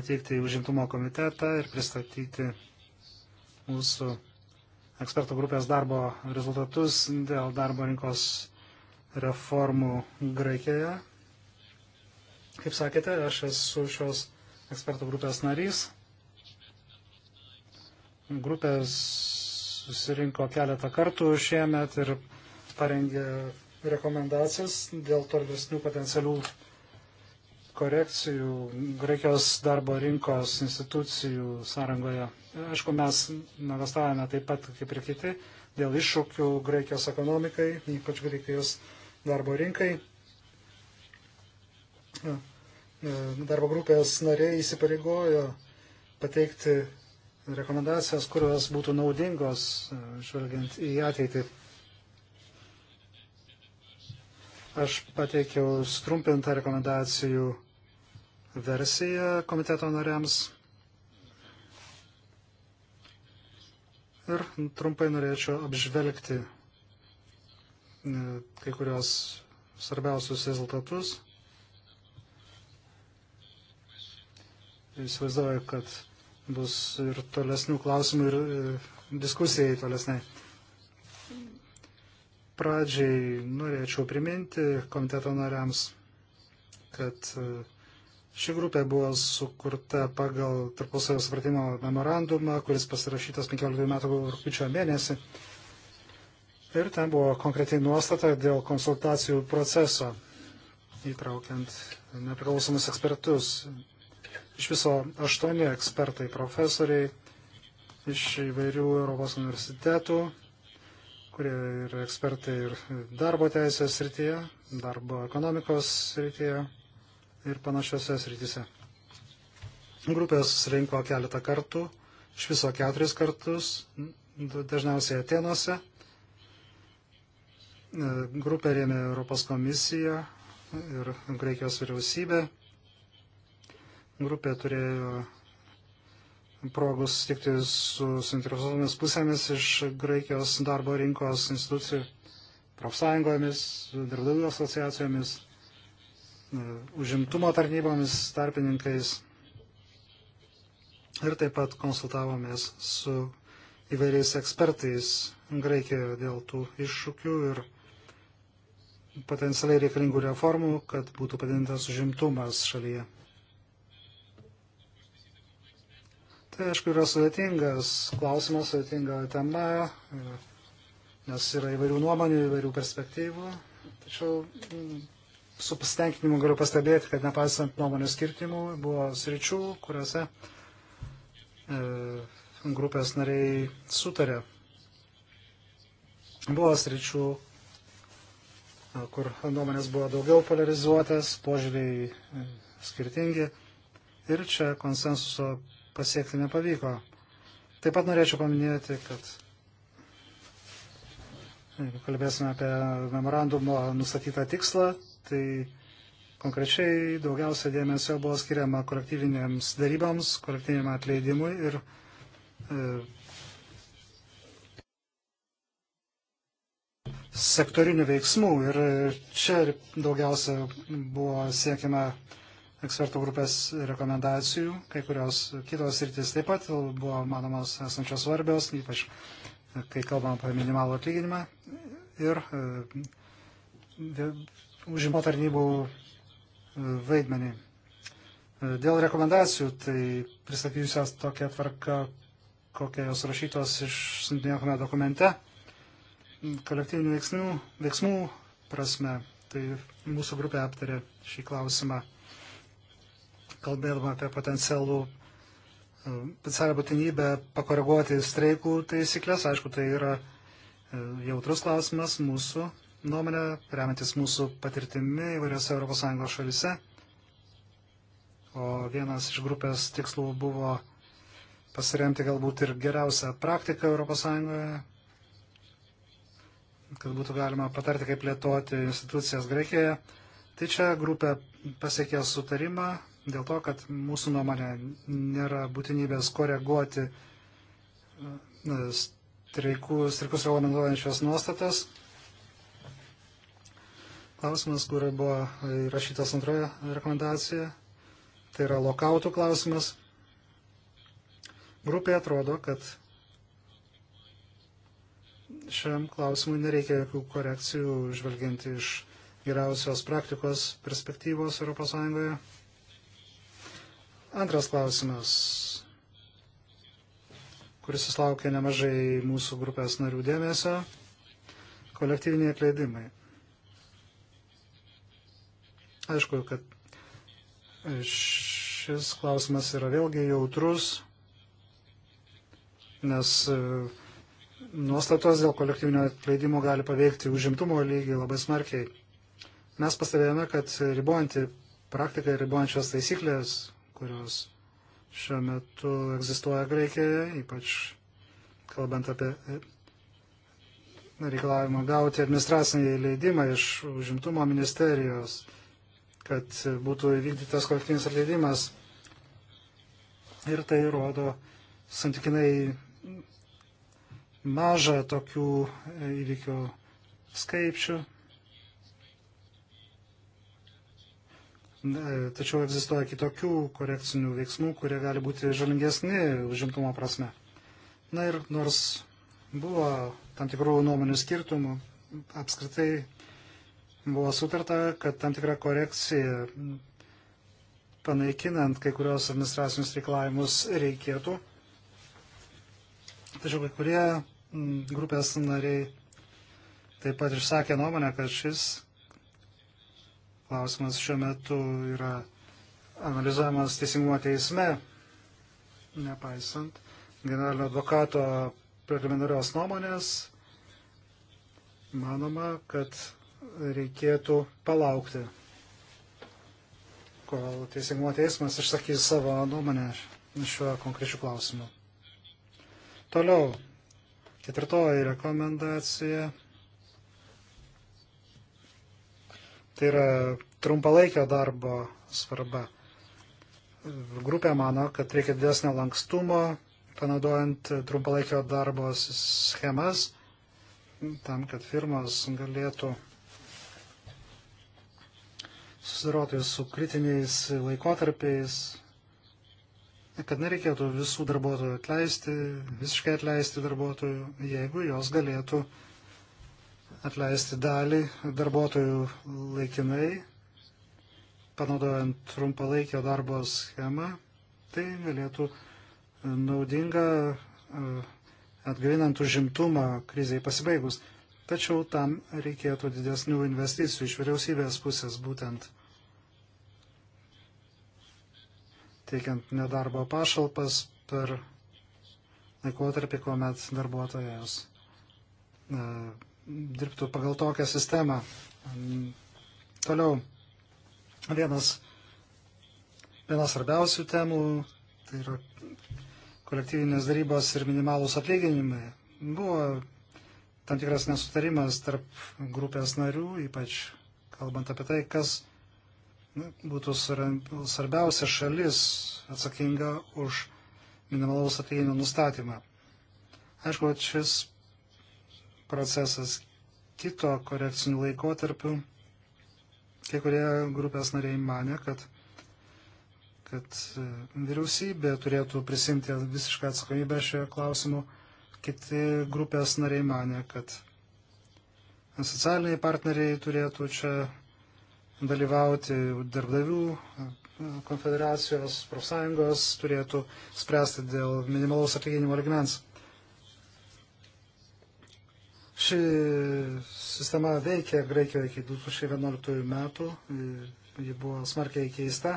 B: atvykti į užimtumo komitetą ir pristatyti mūsų ekspertų grupės darbo rezultatus dėl darbo rinkos reformų Graikijoje. Kaip sakėte, aš esu šios ekspertų grupės narys. Grupės susirinko keletą kartų šiemet ir parengė rekomendacijas dėl tolesnių potencialių korekcijų Graikijos darbo rinkos institucijų sąrangoje. Aišku, mes nuogastavome taip pat kaip ir kiti dėl iššūkių Graikijos ekonomikai, ypač Graikijos darbo rinkai. Darbo grupės nariai įsipareigojo pateikti rekomendacijas, kurios būtų naudingos, e, žvelgiant į ateitį. Aš pateikiau strumpintą rekomendacijų versiją komiteto nariams. Ir trumpai norėčiau apžvelgti e, kai kurios svarbiausius rezultatus. Įsivaizduoju, kad bus ir tolesnių klausimų ir e, diskusijai tolesnai. Pradžiai norėčiau priminti komiteto nariams, kad e, ši grupė buvo sukurta pagal tarpusavio supratimo memorandumą, kuris pasirašytas 15 metų rūpiučio mėnesį. Ir ten buvo konkretiai nuostata dėl konsultacijų proceso, įtraukiant nepriklausomus ekspertus. Iš viso aštuoni ekspertai profesoriai iš įvairių Europos universitetų, kurie yra ekspertai ir darbo teisės srityje, darbo ekonomikos srityje ir panašiose srityse. Grupė susirinko keletą kartų, iš viso keturis kartus, dažniausiai Atenose. Grupė rėmė Europos komisiją ir Graikijos vyriausybę grupė turėjo progus susitikti su suinteresuotomis pusėmis iš Graikijos darbo rinkos institucijų, profsąjungomis, darbdavių asociacijomis, e, užimtumo tarnybomis, tarpininkais. Ir taip pat konsultavomės su įvairiais ekspertais Graikijoje dėl tų iššūkių ir potencialiai reikalingų reformų, kad būtų padintas užimtumas šalyje. Tai aišku yra sudėtingas klausimas, sudėtinga tema, nes yra įvairių nuomonių, įvairių perspektyvų. Tačiau mm, su pasitenkinimu galiu pastebėti, kad nepaisant nuomonių skirtimų buvo sričių, kuriuose e, grupės nariai sutarė. Buvo sričių, e, kur nuomonės buvo daugiau polarizuotas, požiūriai e, skirtingi. Ir čia konsensuso pasiekti nepavyko. Taip pat norėčiau paminėti, kad jeigu kalbėsime apie memorandumo nustatytą tikslą, tai konkrečiai daugiausia dėmesio buvo skiriama kolektyvinėms daryboms, kolektyviniam atleidimui ir e, sektorinių veiksmų ir čia daugiausia buvo siekiama ekspertų grupės rekomendacijų, kai kurios kitos rytis taip pat buvo manomos esančios svarbios, ypač e, kai kalbam apie minimalų atlyginimą ir e, užimo tarnybų e, vaidmenį. Dėl rekomendacijų, tai pristatysios tokia tvarka, kokia jos rašytos išsintinėkime dokumente, kolektyvinių veiksmų, veiksmų prasme. Tai mūsų grupė aptarė šį klausimą kalbėdama apie potencialų specialią e, būtinybę pakoreguoti streikų taisyklės. Aišku, tai yra e, jautrus klausimas mūsų nuomonė, remiantis mūsų patirtimi įvairiose ES šalise. O vienas iš grupės tikslų buvo pasiremti galbūt ir geriausią praktiką ES, kad būtų galima patarti, kaip plėtoti institucijas Greikijoje. Tai čia grupė pasiekė sutarimą dėl to, kad mūsų nuomonė nėra būtinybės koreguoti e, streikus, streikus reglamentuojančios nuostatas. Klausimas, kur buvo įrašytas antroje rekomendacija, tai yra lokautų klausimas. Grupė atrodo, kad šiam klausimui nereikia jokių korekcijų žvelgiant iš geriausios praktikos perspektyvos ES. Antras klausimas, kuris susilaukė nemažai mūsų grupės narių dėmesio - kolektyviniai atleidimai. Aišku, kad šis klausimas yra vėlgi jautrus, nes e, nuostatos dėl kolektyvinio atleidimo gali paveikti užimtumo lygį labai smarkiai. Mes pastebėjome, kad ribojanti praktika ir ribojančios taisyklės kurios šiuo metu egzistuoja Graikijoje, ypač kalbant apie e, reikalavimą gauti administracinį leidimą iš užimtumo ministerijos, kad būtų įvykdytas kolektyvinis atleidimas. Ir tai rodo santykinai mažą tokių e, įvykių skaičių. tačiau egzistuoja kitokių korekcinių veiksmų, kurie gali būti žalingesni užimtumo prasme. Na ir nors buvo tam tikrų nuomonių skirtumų, apskritai buvo sutarta, kad tam tikra korekcija panaikinant kai kurios administracinius reikalavimus reikėtų. Tačiau kai kurie mm, grupės nariai taip pat išsakė nuomonę, kad šis Klausimas šiuo metu yra analizuojamas teisingumo teisme, nepaisant generalinio advokato preliminarios nuomonės. Manoma, kad reikėtų palaukti, kol teisingumo teismas išsakys savo nuomonę šiuo konkrečiu klausimu. Toliau, ketvirtoji rekomendacija Tai yra trumpalaikio darbo svarba. Grupė mano, kad reikia didesnio lankstumo, panaudojant trumpalaikio darbo schemas, tam, kad firmas galėtų susidoroti su kritiniais laikotarpiais, kad nereikėtų visų darbuotojų atleisti, visiškai atleisti darbuotojų, jeigu jos galėtų uh, atleisti dalį darbuotojų laikinai, panaudojant trumpalaikio darbo schemą, tai galėtų naudinga e, atgavinant užimtumą kriziai pasibaigus. Tačiau tam reikėtų didesnių investicijų iš vyriausybės pusės būtent teikiant nedarbo pašalpas per laikotarpį, kuomet darbuotojas e, dirbtų pagal tokią sistemą. Toliau, vienas, vienas svarbiausių temų, tai yra kolektyvinės darybos ir minimalūs atlyginimai. Buvo tam tikras nesutarimas tarp grupės narių, ypač kalbant apie tai, kas būtų svarbiausia šalis atsakinga už minimalaus atlyginimo nustatymą. Aišku, šis procesas kito korekcinių laikotarpių. Kai kurie grupės nariai mane, kad, kad e, vyriausybė turėtų prisimti visišką atsakomybę šioje klausimu. Kiti grupės nariai mane, kad socialiniai partneriai turėtų čia dalyvauti, darbdavių e, konfederacijos, profsąjungos turėtų spręsti dėl minimalaus atlyginimo lygmens. Ši sistema veikė Graikijoje iki 2011 metų, ji buvo smarkiai keista.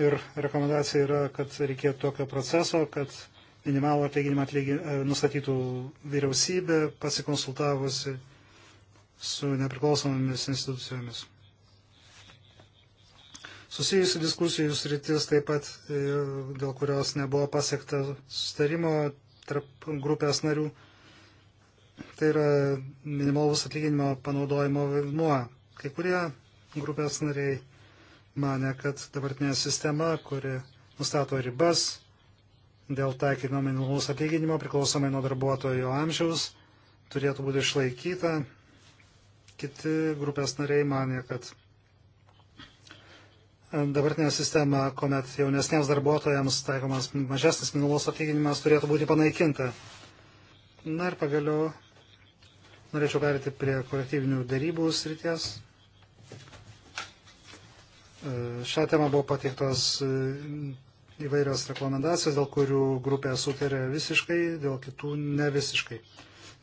B: Ir rekomendacija yra, kad reikėtų tokio proceso, kad minimalų atlyginimą atlygi, e, nustatytų vyriausybė pasikonsultavusi su nepriklausomomis institucijomis. Susijusi diskusijų sritis taip pat, e, dėl kurios nebuvo pasiekta sustarimo tarp grupės narių, tai yra minimalus atlyginimo panaudojimo vaidmuo. Kai kurie grupės nariai mane, kad dabartinė sistema, kuri nustato ribas dėl taikymo minimalaus atlyginimo priklausomai nuo darbuotojo amžiaus, turėtų būti išlaikyta. Kiti grupės nariai mane, kad dabartinę sistemą, kuomet jaunesniems darbuotojams taikomas mažesnis minimalus atlyginimas turėtų būti panaikinta. Na ir pagaliau norėčiau perėti prie kolektyvinių darybų srities. E, šią temą buvo pateiktos e, įvairios rekomendacijos, dėl kurių grupė sutarė visiškai, dėl kitų ne visiškai.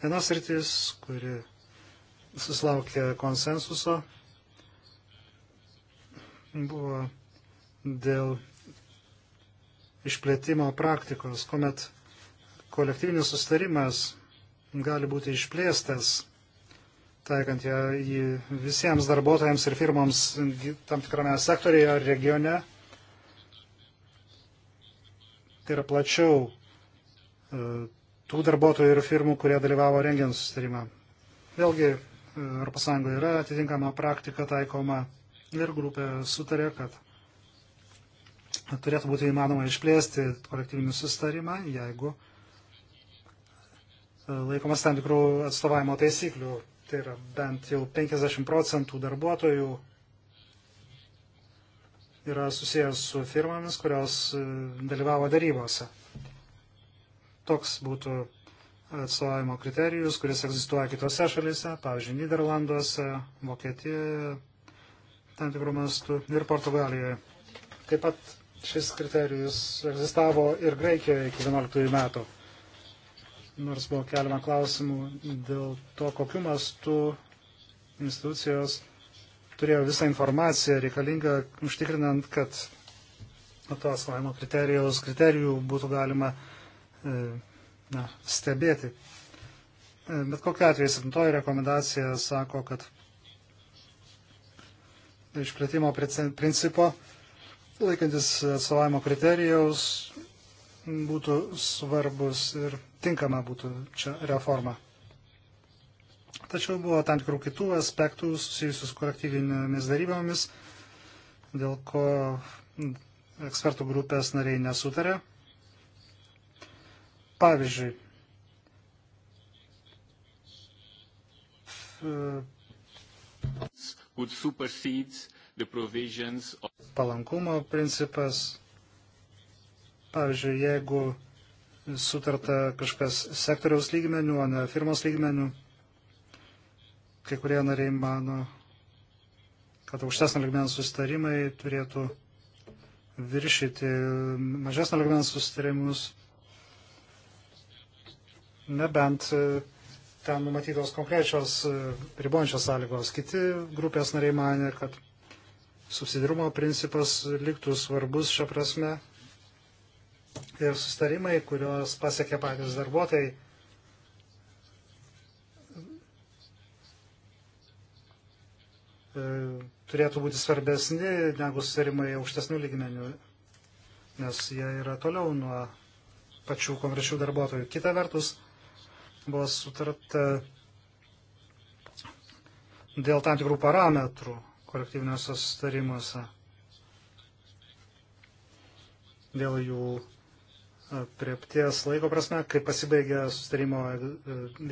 B: Vienas rytis, kuri susilaukė konsensuso, buvo dėl išplėtimo praktikos, kuomet kolektyvinis sustarimas gali būti išplėstas, taikant jį visiems darbuotojams ir firmoms tam tikrame sektorėje ar regione. Tai yra plačiau e, tų darbuotojų ir firmų, kurie dalyvavo rengiant sustarimą. Vėlgi, ES yra atitinkama praktika taikoma ir grupė sutarė, kad turėtų būti įmanoma išplėsti kolektyvinį sustarimą, jeigu e, laikomas tam tikrų atstovavimo taisyklių. Tai yra bent jau 50 procentų darbuotojų yra susijęs su firmomis, kurios e, dalyvavo darybose. Toks būtų atstovavimo kriterijus, kuris egzistuoja kitose šalise, pavyzdžiui, Niderlanduose, Vokietijoje, tam tikrų mastų ir Portugalijoje. Taip pat šis kriterijus egzistavo ir Graikijoje iki 11 metų. Nors buvo keliama klausimų dėl to, kokiu mastu institucijos turėjo visą informaciją reikalingą, užtikrinant, kad to atsvajimo kriterijos kriterijų būtų galima e, na, stebėti. E, bet kokia atveju septintoji rekomendacija sako, kad išplėtimo principo, laikantis atstovavimo kriterijaus, būtų svarbus ir tinkama būtų čia reforma. Tačiau buvo tam tikrų kitų aspektų susijusių su kolektyvinėmis darybomis, dėl ko ekspertų grupės nariai nesutarė. Pavyzdžiui,
D: would supersede the provisions of
B: palankumo principas. Pavyzdžiui, jeigu sutarta kažkas sektoriaus lygmenių, o ne firmos lygmenių, kai kurie nariai mano, kad aukštesnio lygmens sustarimai turėtų viršyti mažesnio lygmens sustarimus, nebent ten numatytos konkrečios e, ribojančios sąlygos. Kiti grupės nariai mane, kad subsidirumo principas liktų svarbus šią prasme. Ir sustarimai, kuriuos pasiekė patys darbuotojai, e, turėtų būti svarbesni negu sustarimai aukštesnių lygmenių, nes jie yra toliau nuo pačių konkrečių darbuotojų. Kita vertus, buvo sutarta dėl tam tikrų parametrų kolektyviniuose sustarimuose, dėl jų e, priepties laiko prasme, kai pasibaigia sustarimo e,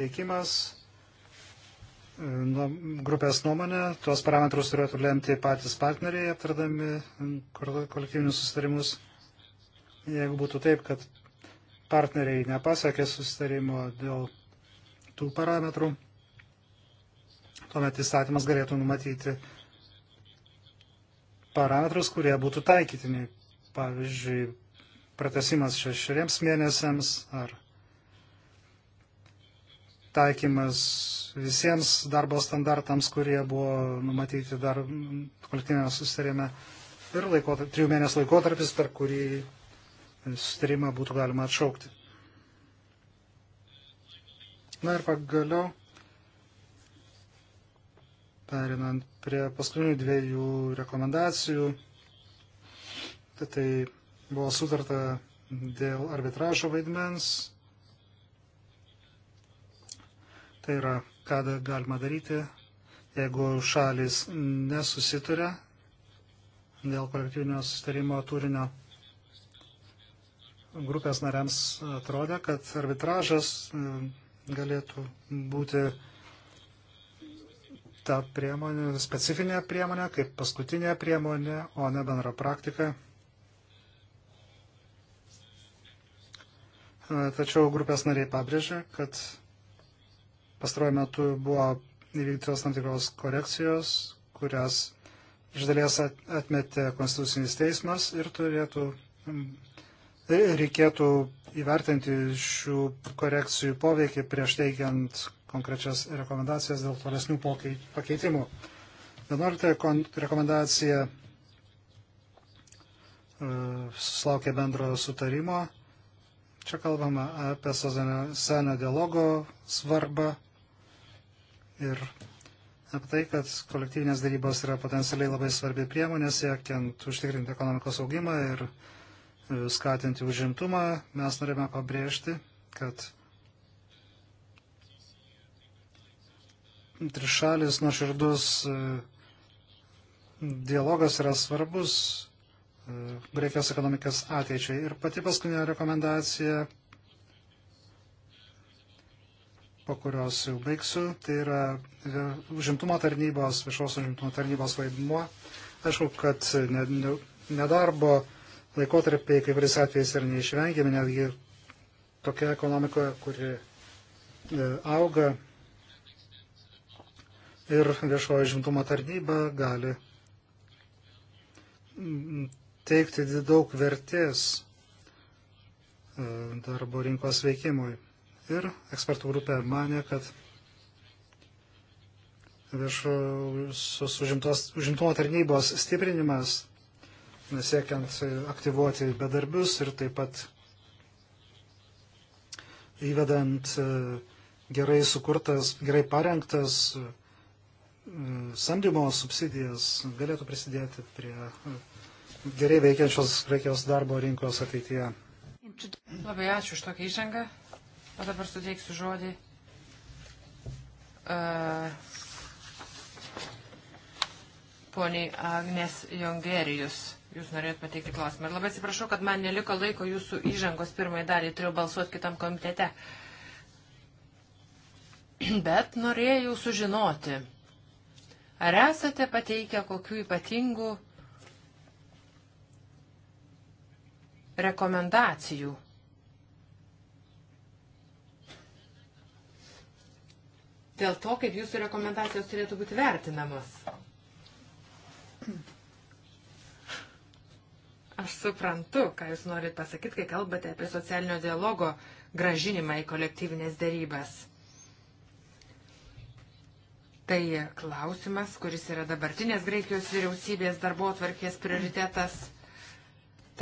B: veikimas, e, grupės nuomonė, tuos parametrus turėtų lemti patys partneriai, aptardami kolektyvinius sustarimus. Jeigu būtų taip, kad partneriai nepasakė sustarimo dėl tų parametrų. Tuomet įstatymas galėtų numatyti parametrus, kurie būtų taikytini. Pavyzdžiui, pratesimas šešeriems mėnesiams ar taikymas visiems darbo standartams, kurie buvo numatyti dar kolektyvinėme susitarime ir laikotarp, trijų mėnesių laikotarpis, per kurį susitarimą būtų galima atšaukti. Na ir pagaliau, perinant prie paskutinių dviejų rekomendacijų, tai, tai buvo sutarta dėl arbitražo vaidmens. Tai yra, ką galima daryti, jeigu šalis nesusituria dėl kolektyvinio sustarimo turinio. Grupės nariams atrodė, kad arbitražas galėtų būti ta priemonė, specifinė priemonė, kaip paskutinė priemonė, o ne bendra praktika. E, tačiau grupės nariai pabrėžė, kad pastaruoju metu buvo įvykdytos tam tikros korekcijos, kurias iš dalies atmetė Konstitucinis teismas ir turėtų Tai reikėtų įvertinti šių korekcijų poveikį prieš teikiant konkrečias rekomendacijas dėl tolesnių pakeitimų. 11 rekomendacija e, susilaukė bendro sutarimo. Čia kalbama apie seno dialogo svarbą ir apie tai, kad kolektyvinės darybos yra potencialiai labai svarbi priemonė siekiant užtikrinti ekonomikos augimą ir skatinti užimtumą, mes norime pabrėžti, kad trišalis nuoširdus e, dialogas yra svarbus e, Graikijos ekonomikas ateičiai. Ir pati paskutinė rekomendacija, po kurios jau baigsiu, tai yra užimtumo tarnybos, viešos užimtumo tarnybos vaidmuo. Aišku, kad nedarbo laikotarpiai kai kuris atvejais yra neišvengiami, netgi tokia ekonomika, kuri e, auga ir viešojo žimtumo tarnyba gali mm, teikti daug vertės e, darbo rinkos veikimui. Ir ekspertų grupė mane, kad viešos užimtumo tarnybos stiprinimas siekiant e, aktyvuoti bedarbius ir taip pat įvedant e, gerai sukurtas, gerai parengtas e, samdymo subsidijas galėtų prisidėti prie gerai veikiančios Graikijos darbo rinkos ateityje.
C: Labai ačiū už tokią įžangą. O dabar suteiksiu žodį uh, poniai Agnes Jongerijus. Jūs norėt pateikti klausimą. Ir labai atsiprašau, kad man neliko laiko jūsų įžangos pirmai daliai, turėjau balsuoti kitam komitete. Bet norėjau sužinoti, ar esate pateikę kokių ypatingų rekomendacijų dėl to, kaip jūsų rekomendacijos turėtų būti vertinamos. Aš suprantu, ką Jūs norit pasakyti, kai kalbate apie socialinio dialogo gražinimą į kolektyvinės dėrybas. Tai klausimas, kuris yra dabartinės Graikijos vyriausybės darbo atvarkės prioritetas.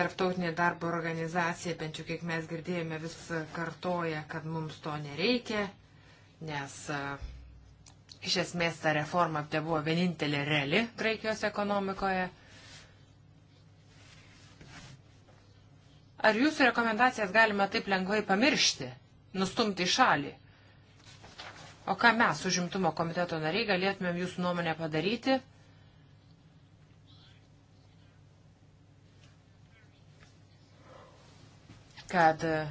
C: Tarptautinė darbo organizacija, bent jau kiek mes girdėjome, vis kartoja, kad mums to nereikia, nes e, iš esmės ta reforma tai buvo vienintelė reali Graikijos ekonomikoje Ar jūsų rekomendacijas galima taip lengvai pamiršti, nustumti į šalį? O ką mes, užimtumo komiteto nariai, galėtumėm jūsų nuomonę padaryti? kad e,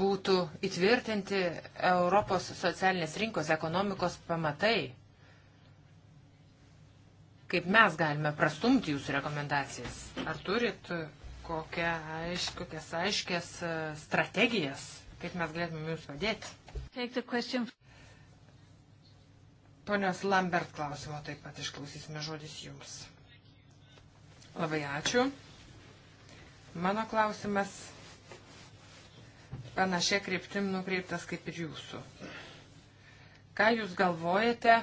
C: būtų įtvirtinti Europos socialinės rinkos ekonomikos pamatai. Kaip mes galime prastumti jūsų rekomendacijas? Ar turit kokia aiš, kokias aiškės e, strategijas, kaip mes galėtume jums
A: padėti.
C: Ponios Lambert klausimo taip pat išklausysime žodis jums. Labai ačiū. Mano klausimas panašia kryptim nukreiptas kaip ir jūsų. Ką jūs galvojate,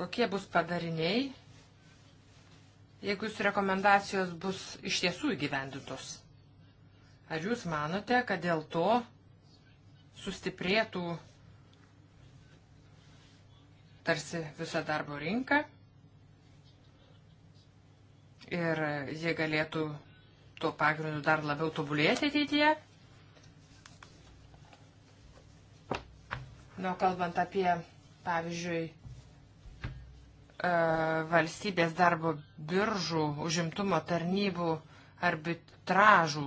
C: kokie bus padariniai jeigu jūsų rekomendacijos bus iš tiesų įgyvendintos? Ar jūs manote, kad dėl to sustiprėtų tarsi visa darbo rinka ir jie galėtų tuo pagrindu dar labiau tobulėti ateityje? Nu, kalbant apie, pavyzdžiui, E, valstybės darbo biržų, užimtumo tarnybų arbitražų.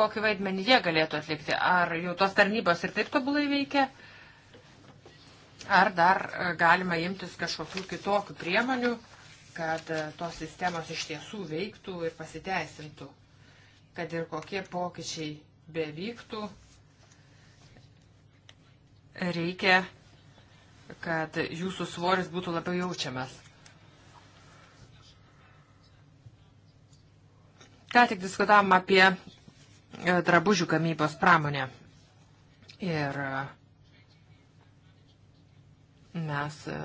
C: Kokį vaidmenį jie galėtų atlikti? Ar jau tos tarnybos ir taip tobulai veikia? Ar dar e, galima imtis kažkokių kitokių priemonių, kad e, tos sistemos iš tiesų veiktų ir pasiteisintų? Kad ir kokie pokyčiai bevyktų, reikia kad jūsų svoris būtų labiau jaučiamas. Ką tik diskutavom apie e, drabužių gamybos pramonę. Ir e, mes e,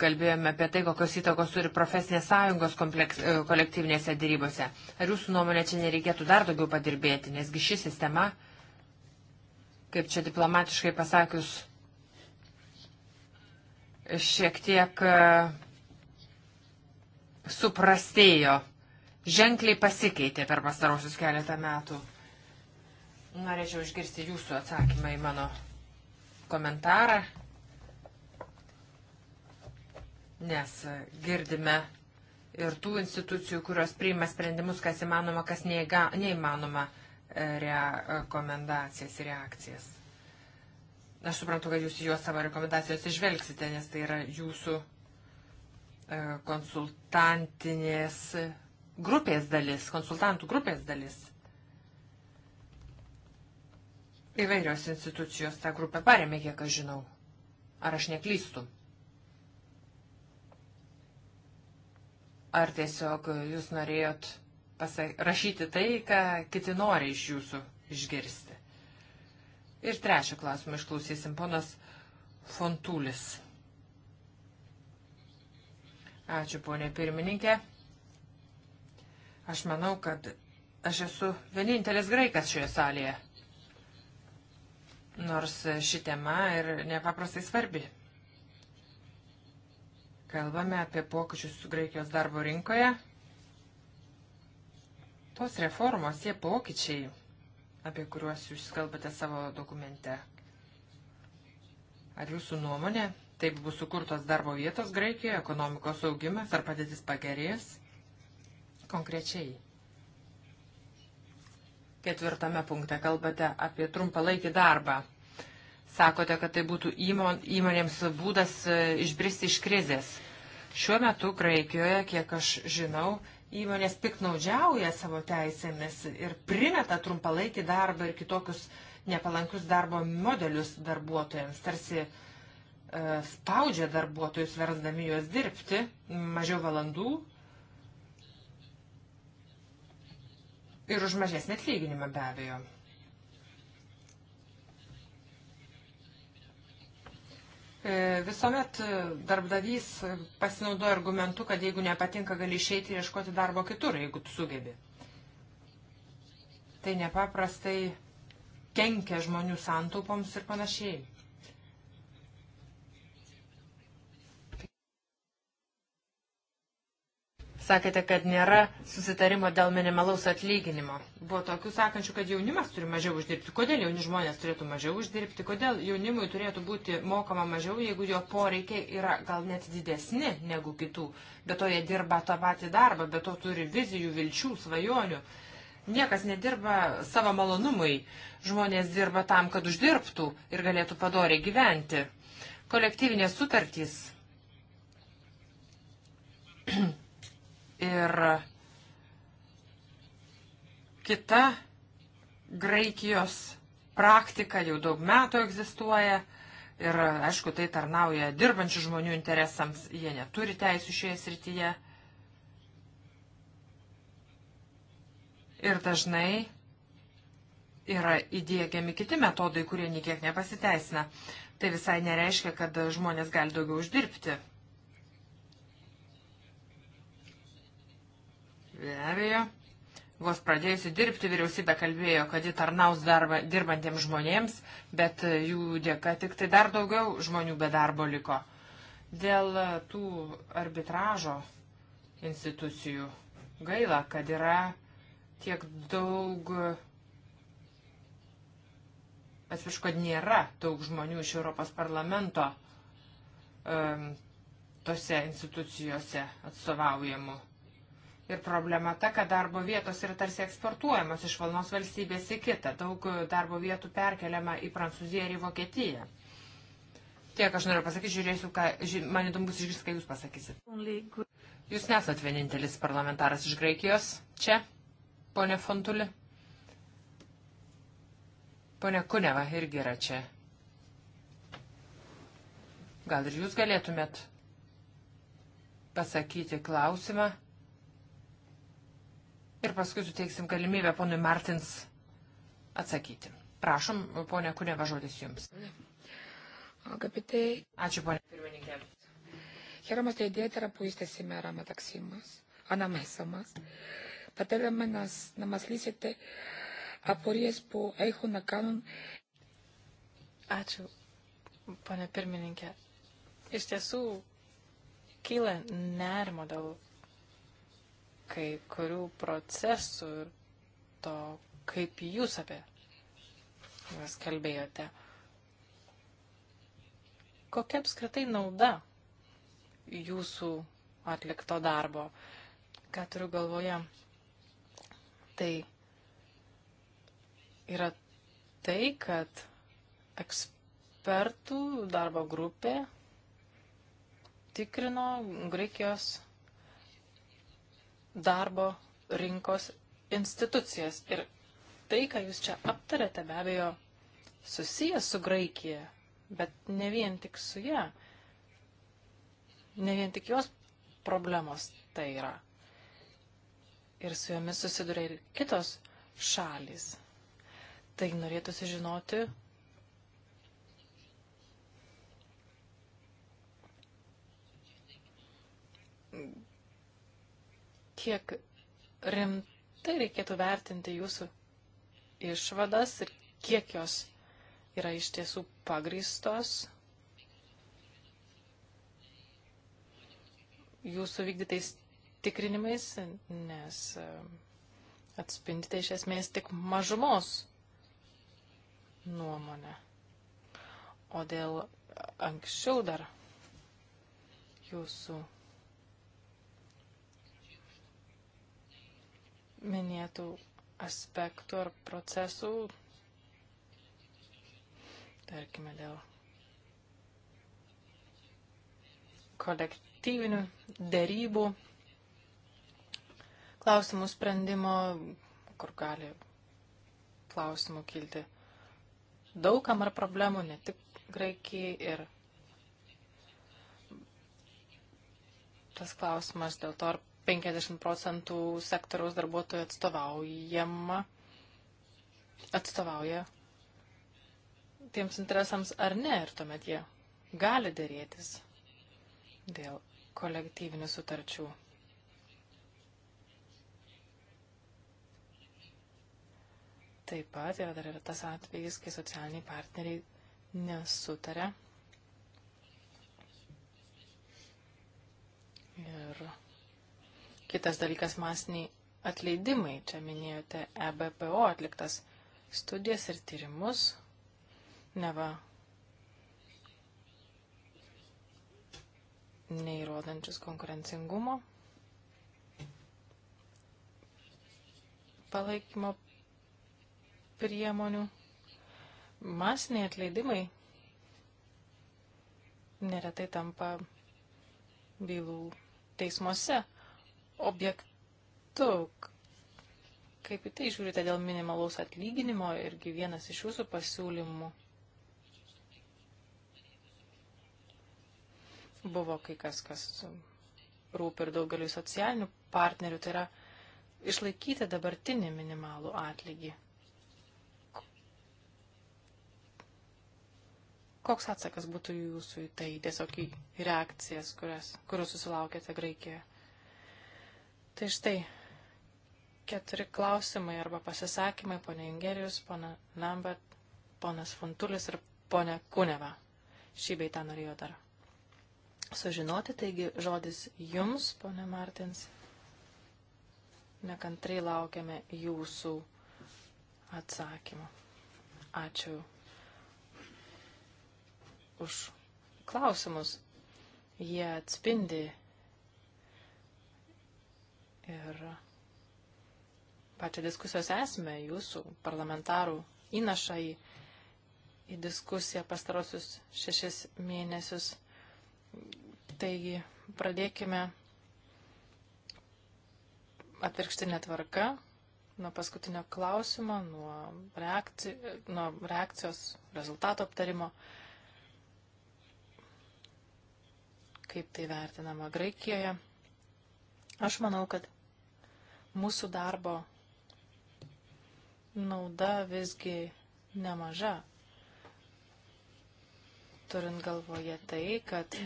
C: kalbėjome apie tai, kokios įtakos turi profesinės sąjungos kompleks, kolektyvinėse dėrybose. Ar jūsų nuomonė čia nereikėtų dar daugiau padirbėti, nesgi ši sistema, kaip čia diplomatiškai pasakius, šiek tiek suprastėjo ženkliai pasikeitė per pastarosius keletą metų. Norėčiau išgirsti jūsų atsakymą į mano komentarą, nes girdime ir tų institucijų, kurios priima sprendimus, kas įmanoma, kas neįga, neįmanoma e, rekomendacijas ir reakcijas. Aš suprantu, kad jūs juos savo rekomendacijos išvelgsite, nes tai yra jūsų e, konsultantinės grupės dalis, konsultantų grupės dalis. Įvairios institucijos tą grupę paremė, kiek aš žinau. Ar aš neklystu? Ar tiesiog jūs norėjot pasai, rašyti tai, ką kiti nori iš jūsų išgirsti? Ir trečią klausimą išklausysim ponas Fontulis. Ačiū, ponė pirmininkė. Aš manau, kad aš esu vienintelis graikas šioje salėje. Nors ši tema ir nepaprastai svarbi. Kalbame apie pokyčius Graikijos darbo rinkoje. Tos reformos, tie pokyčiai, apie kuriuos jūs kalbate savo dokumente. Ar jūsų nuomonė, taip bus sukurtos darbo vietos Graikijoje, ekonomikos augimas, ar padėtis pagerės? konkrečiai. Ketvirtame punkte kalbate apie trumpalaikį darbą. Sakote, kad tai būtų įmon, įmonėms būdas e, išbristi iš krizės. Šiuo metu Graikijoje, kiek aš žinau, įmonės piknaudžiauja savo teisėmis ir primeta trumpalaikį darbą ir kitokius nepalankius darbo modelius darbuotojams, tarsi e, spaudžia darbuotojus versdami juos dirbti mažiau valandų, Ir už mažesnį atlyginimą be abejo. E, visuomet darbdavys pasinaudoja argumentu, kad jeigu nepatinka, gali išeiti ir ieškoti darbo kitur, jeigu tu sugebi. Tai nepaprastai kenkia žmonių santaupoms ir panašiai. Sakėte, kad nėra susitarimo dėl minimalaus atlyginimo. Buvo tokių sakančių, kad jaunimas turi mažiau uždirbti. Kodėl jauni žmonės turėtų mažiau uždirbti? Kodėl jaunimui turėtų būti mokama mažiau, jeigu jo poreikiai yra gal net didesni negu kitų? Be to jie dirba tą patį darbą, be to turi vizijų, vilčių, svajonių. Niekas nedirba savo malonumui. Žmonės dirba tam, kad uždirbtų ir galėtų padoriai gyventi. Kolektyvinės sutartys ir kita Graikijos praktika jau daug metų egzistuoja ir, aišku, tai tarnauja dirbančių žmonių interesams, jie neturi teisų šioje srityje. Ir dažnai yra įdėgiami kiti metodai, kurie niekiek nepasiteisina. Tai visai nereiškia, kad žmonės gali daugiau uždirbti. Be abejo. Vos pradėjusi dirbti, vyriausybė kalbėjo, kad ji tarnaus darbą dirbantiems žmonėms, bet jų dėka tik tai dar daugiau žmonių be darbo liko. Dėl tų arbitražo institucijų gaila, kad yra tiek daug, atsiprašau, kad nėra daug žmonių iš Europos parlamento um, tose institucijose atstovaujamų Ir problema ta, kad darbo vietos yra tarsi eksportuojamos iš valnos valstybės į kitą. Daug e, darbo vietų perkeliama į Prancūziją ir į Vokietiją. Tiek aš noriu pasakyti, žiūrėsiu, ką, ži, man įdomu bus išgirsti, ką jūs pasakysit. Jūs nesat vienintelis parlamentaras iš Graikijos. Čia, ponė Fontuli. Pone Kuneva irgi yra čia. Gal ir jūs galėtumėt pasakyti klausimą? ir paskui suteiksim galimybę ponui Martins atsakyti. Prašom, ponė Kuneva, žodis jums. Agapitai. Ačiū, ponė pirmininkė. Χαίρομαι στην ιδιαίτερα που είστε σήμερα μεταξύ μας, ανάμεσα μας. Θα θέλαμε
D: να, να μας λύσετε απορίες που έχουν να κάνουν... Ačiū, ponė pirmininkė. Iš tiesų, kyla nerimo dėl kai kurių procesų ir to, kaip jūs apie juos kalbėjote. Kokia apskritai nauda jūsų atlikto darbo? Ką turiu galvoje? Tai yra tai, kad ekspertų darbo grupė tikrino Graikijos darbo rinkos institucijas. Ir tai, ką jūs čia aptarėte, be abejo, susijęs su Graikija, bet ne vien tik su ją. Ne vien tik jos problemos tai yra. Ir su jomis susiduria ir kitos šalys. Tai norėtųsi žinoti, kiek rimtai reikėtų vertinti jūsų išvadas ir kiek jos yra iš tiesų pagristos jūsų vykdytais tikrinimais, nes e, atspindite iš esmės tik mažumos nuomonę. O dėl anksčiau dar jūsų minėtų aspektų ar procesų, tarkime, dėl kolektyvinių dėrybų, klausimų sprendimo, kur gali klausimų kilti daugam ar problemų, ne tik Graikijai ir tas klausimas dėl to, ar 50 procentų sektoriaus darbuotojų atstovaujama, atstovauja tiems interesams ar ne, ir tuomet jie gali dėrėtis dėl kolektyvinių sutarčių. Taip pat yra dar ir tas atvejis, kai socialiniai partneriai nesutarė. Ir Kitas dalykas - masiniai atleidimai. Čia minėjote EBPO atliktas studijas ir tyrimus. Neva neįrodančius konkurencingumo palaikymo priemonių. Masiniai atleidimai neretai tampa bylų teismuose objektu. Kaip į tai žiūrite dėl minimalaus atlyginimo irgi vienas iš jūsų pasiūlymų buvo kai kas, kas rūpi ir daugeliu socialinių partnerių, tai yra išlaikyti dabartinį minimalų atlygį. Koks atsakas būtų jūsų į tai, tiesiog į reakcijas, kurias, kurių susilaukėte Graikijoje? Tai štai keturi klausimai arba pasisakymai, ponė Ingerijus, ponė Lambert, ponas Funtulis ir ponė Kuneva. Šį beitą norėjo dar sužinoti, taigi žodis jums, ponė Martins. Nekantrai laukiame jūsų atsakymų. Ačiū už klausimus. Jie atspindi ir pačią diskusijos esmę, jūsų parlamentarų įnašą į, į diskusiją pastarosius šešis mėnesius. Taigi pradėkime atvirkštinė tvarka nuo paskutinio klausimo, nuo, reakci nuo reakcijos rezultato aptarimo. Kaip tai vertinama Graikijoje? Aš manau, kad mūsų darbo nauda visgi nemaža, turint galvoje tai, kad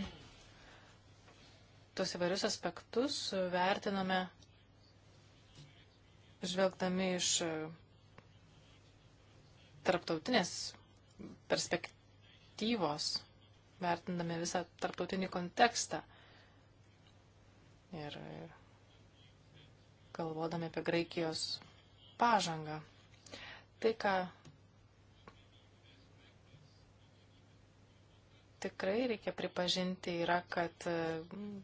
D: tos įvairius aspektus vertiname žvelgdami iš e, tarptautinės perspektyvos, vertindami visą tarptautinį kontekstą. Ir, ir e, galvodami apie Graikijos pažangą. Tai, ką tikrai reikia pripažinti, yra, kad mm,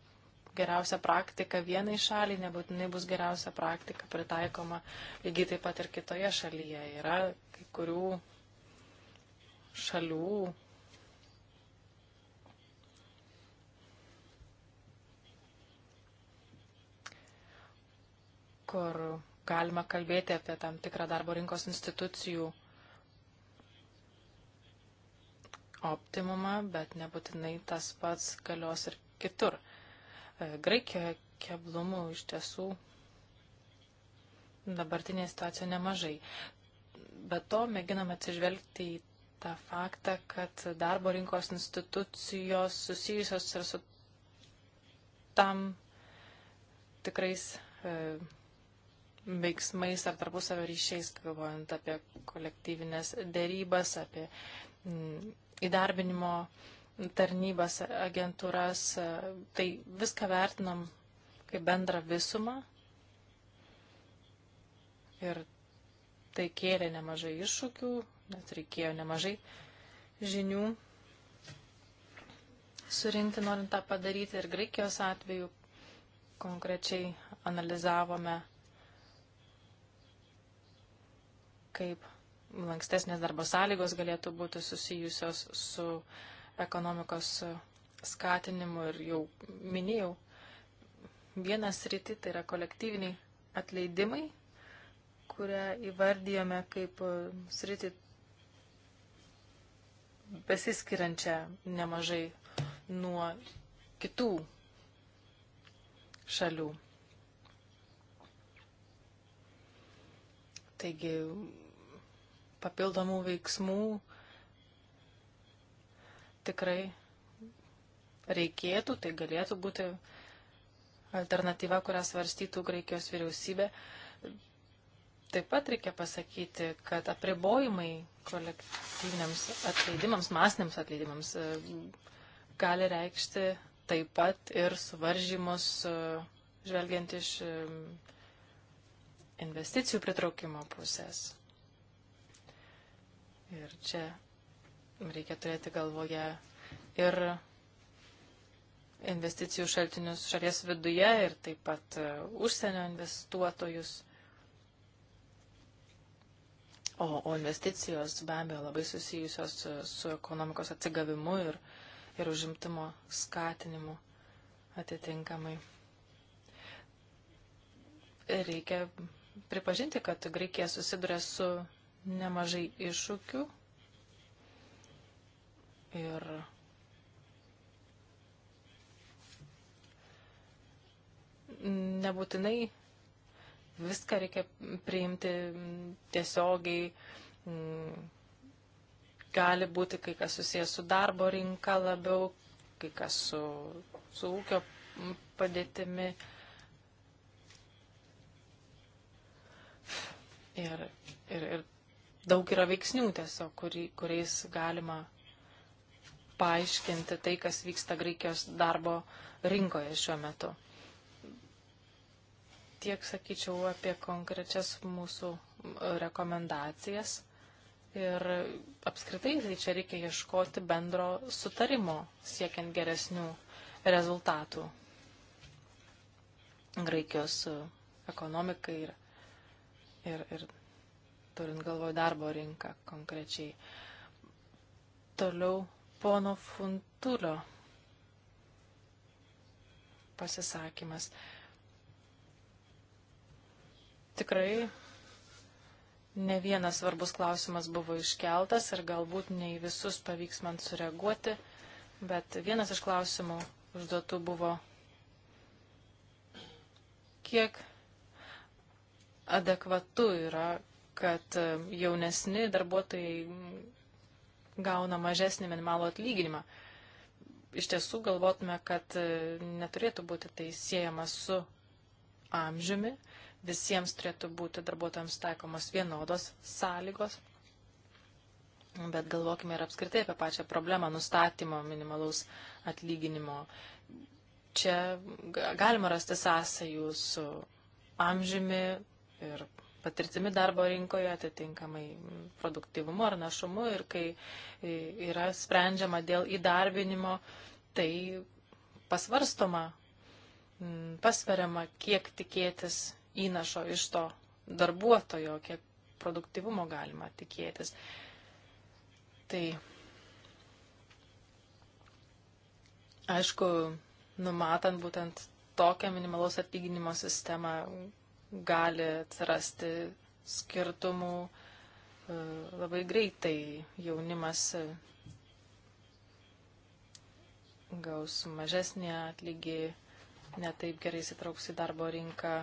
D: geriausia praktika vienai šaliai nebūtinai bus geriausia praktika pritaikoma lygiai taip pat ir kitoje šalyje. Yra kai kurių šalių, kur galima kalbėti apie tam tikrą darbo rinkos institucijų optimumą, bet nebūtinai tas pats galios ir kitur. E, Graikijoje keblumų iš tiesų dabartinė situacija nemažai. Bet to mėginame atsižvelgti į tą faktą, kad darbo rinkos institucijos susijusios ir su tam tikrais e, veiksmais ar tarpusavio ryšiais, galvojant apie kolektyvinės dėrybas, apie mm, įdarbinimo tarnybas, agentūras. Tai viską vertinam kaip bendrą visumą. Ir tai kėlė nemažai iššūkių, net reikėjo nemažai žinių surinkti, norint tą padaryti. Ir Graikijos atveju konkrečiai analizavome kaip lankstesnės darbo sąlygos galėtų būti susijusios su ekonomikos skatinimu ir jau minėjau, vienas rytį tai yra kolektyviniai atleidimai, kurią įvardyjome kaip sritį besiskiriančią nemažai nuo kitų šalių. Taigi papildomų veiksmų tikrai reikėtų, tai galėtų būti alternatyva, kurią svarstytų Graikijos vyriausybė. Taip pat reikia pasakyti, kad apribojimai kolektyviniams atleidimams, masiniams atleidimams e, gali reikšti taip pat ir suvaržymus, e, žvelgiant iš e, investicijų pritraukimo pusės. Ir čia reikia turėti galvoje ir investicijų šaltinius šalies viduje ir taip pat e, užsienio investuotojus. O, o investicijos be abejo labai susijusios su, e, su ekonomikos atsigavimu ir, ir užimtumo skatinimu atitinkamai. Reikia pripažinti, kad Graikija susiduria su nemažai iššūkių ir nebūtinai viską reikia priimti tiesiogiai. Gali būti kai kas susijęs su darbo rinka labiau, kai kas su, su ūkio padėtimi. Ir, ir, ir daug yra veiksnių tiesiog, kurį, kuriais galima paaiškinti tai, kas vyksta Graikijos darbo rinkoje šiuo metu. Tiek sakyčiau apie konkrečias mūsų rekomendacijas ir apskritai tai čia reikia ieškoti bendro sutarimo siekiant geresnių rezultatų Graikijos ekonomikai ir, ir, ir turint galvoj darbo rinką konkrečiai. Toliau pono Funtulio pasisakymas. Tikrai ne vienas svarbus klausimas buvo iškeltas ir galbūt ne į visus pavyks man sureaguoti, bet vienas iš klausimų užduotų buvo, kiek adekvatu yra kad e, jaunesni darbuotojai gauna mažesnį minimalų atlyginimą. Iš tiesų galvotume, kad e, neturėtų būti tai siejama su amžiumi, visiems turėtų būti darbuotojams taikomos vienodos sąlygos, bet galvokime ir apskritai apie pačią problemą nustatymo minimalaus atlyginimo. Čia galima rasti sąsajų su amžiumi ir patirtimi darbo rinkoje, atitinkamai produktivumu ar našumu ir kai yra sprendžiama dėl įdarbinimo, tai pasvarstoma, pasveriama, kiek tikėtis įnašo iš to darbuotojo, kiek produktivumo galima tikėtis. Tai aišku, numatant būtent tokią minimalaus atlyginimo sistemą, gali atsirasti skirtumų e, labai greitai. Jaunimas gaus mažesnį atlygį, netaip gerai įsitrauks į darbo rinką,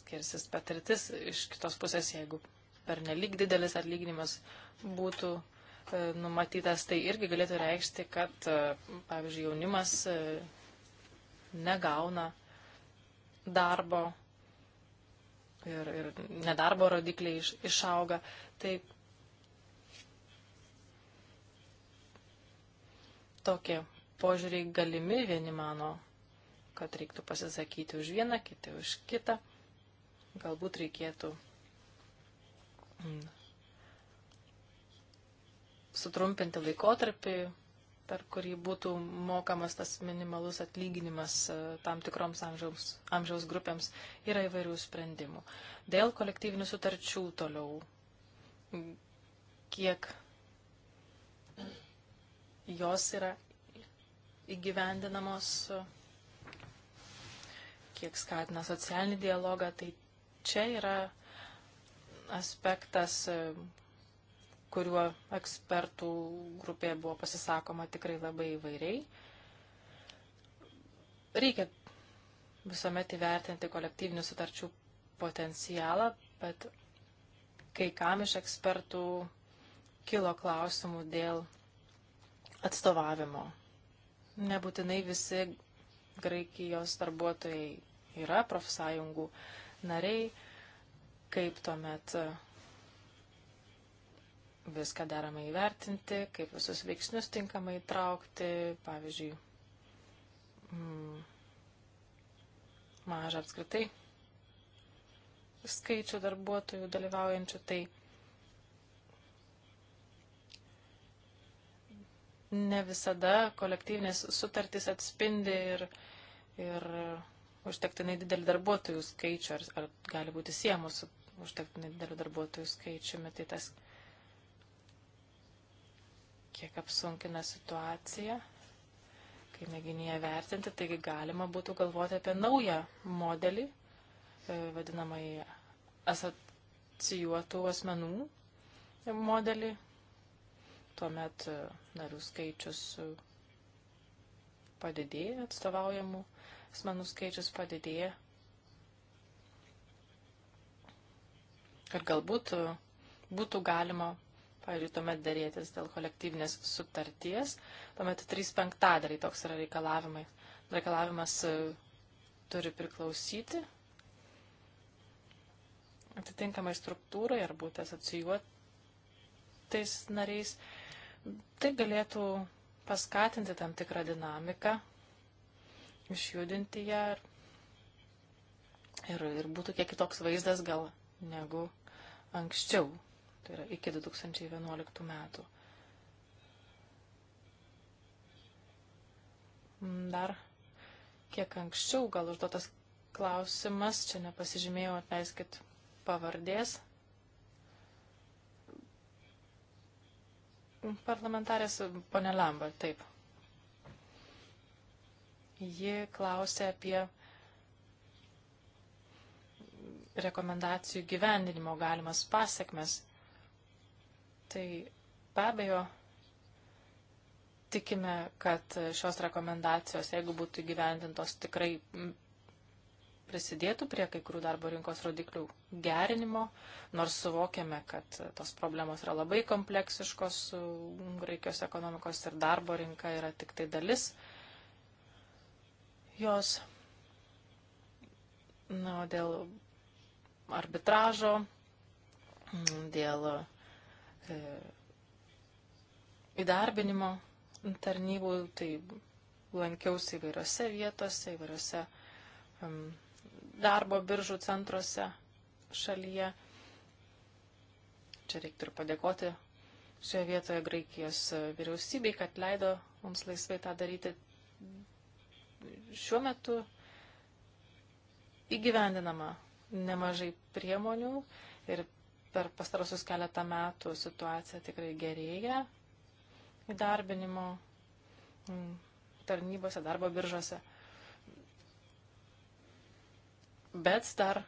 D: skirsis patirtis. Iš kitos pusės, jeigu per nelik didelis atlyginimas būtų e, numatytas, tai irgi galėtų reikšti, kad, e, pavyzdžiui, jaunimas negauna darbo ir, ir nedarbo rodikliai iš, išauga. Taip, tokie požiūriai galimi vieni mano, kad reiktų pasisakyti už vieną, kiti už kitą. Galbūt reikėtų mm, sutrumpinti laikotarpį, per kurį būtų mokamas tas minimalus atlyginimas e, tam tikroms amžiaus, amžiaus grupėms, yra įvairių sprendimų. Dėl kolektyvinių sutarčių toliau, kiek jos yra įgyvendinamos, kiek skatina socialinį dialogą, tai čia yra aspektas, e, kuriuo ekspertų grupė buvo pasisakoma tikrai labai įvairiai. Reikia visuomet įvertinti kolektyvinių sutarčių potencialą, bet kai kam iš ekspertų kilo klausimų dėl atstovavimo. Nebūtinai visi Graikijos darbuotojai yra profsąjungų nariai, kaip tuomet viską deramai įvertinti, kaip visus veiksnius tinkamai įtraukti, pavyzdžiui, mm, mažą apskritai skaičių darbuotojų dalyvaujančių, tai ne visada kolektyvinės sutartys atspindi ir, ir užtektinai didelį darbuotojų skaičių, ar, ar gali būti siemos su užtektinai dideliu darbuotojų skaičiumi, tai tas kiek apsunkina situaciją, kai mėginėje vertinti, taigi galima būtų galvoti apie naują modelį, e, vadinamąjį asocijuotų asmenų modelį. Tuomet e, narių skaičius padidėja, atstovaujamų asmenų skaičius padidėja. Ir galbūt e, būtų galima pavyzdžiui, tuomet dėrėtis dėl kolektyvinės sutarties, tuomet 3 penktadaliai toks yra reikalavimai. Reikalavimas e, turi priklausyti atitinkamai struktūrai ar būti asocijuotais nariais. Tai galėtų paskatinti tam tikrą dinamiką, išjudinti ją ir, ir, ir būtų kiek kitoks vaizdas gal negu anksčiau tai yra iki 2011 metų. Mm, dar kiek anksčiau gal užduotas klausimas, čia nepasižymėjau, atleiskit pavardės. Parlamentarės ponė Lamba, taip. Ji klausė apie rekomendacijų gyvendinimo galimas pasiekmes Tai be abejo, tikime, kad šios rekomendacijos, jeigu būtų gyvendintos, tikrai prisidėtų prie kai kurių darbo rinkos rodiklių gerinimo, nors suvokiame, kad tos problemos yra labai kompleksiškos, Graikijos ekonomikos ir darbo rinka yra tik tai dalis jos. Na, dėl arbitražo, dėl E, įdarbinimo tarnybų, tai lankiausi įvairiose vietose, įvairiose um, darbo biržų centruose šalyje. Čia reiktų ir padėkoti šioje vietoje Graikijos e, vyriausybei, kad leido mums laisvai tą daryti. Šiuo metu įgyvendinama nemažai priemonių ir per pastarosius keletą metų situacija tikrai gerėja įdarbinimo mm, tarnybose, darbo biržose. Bet dar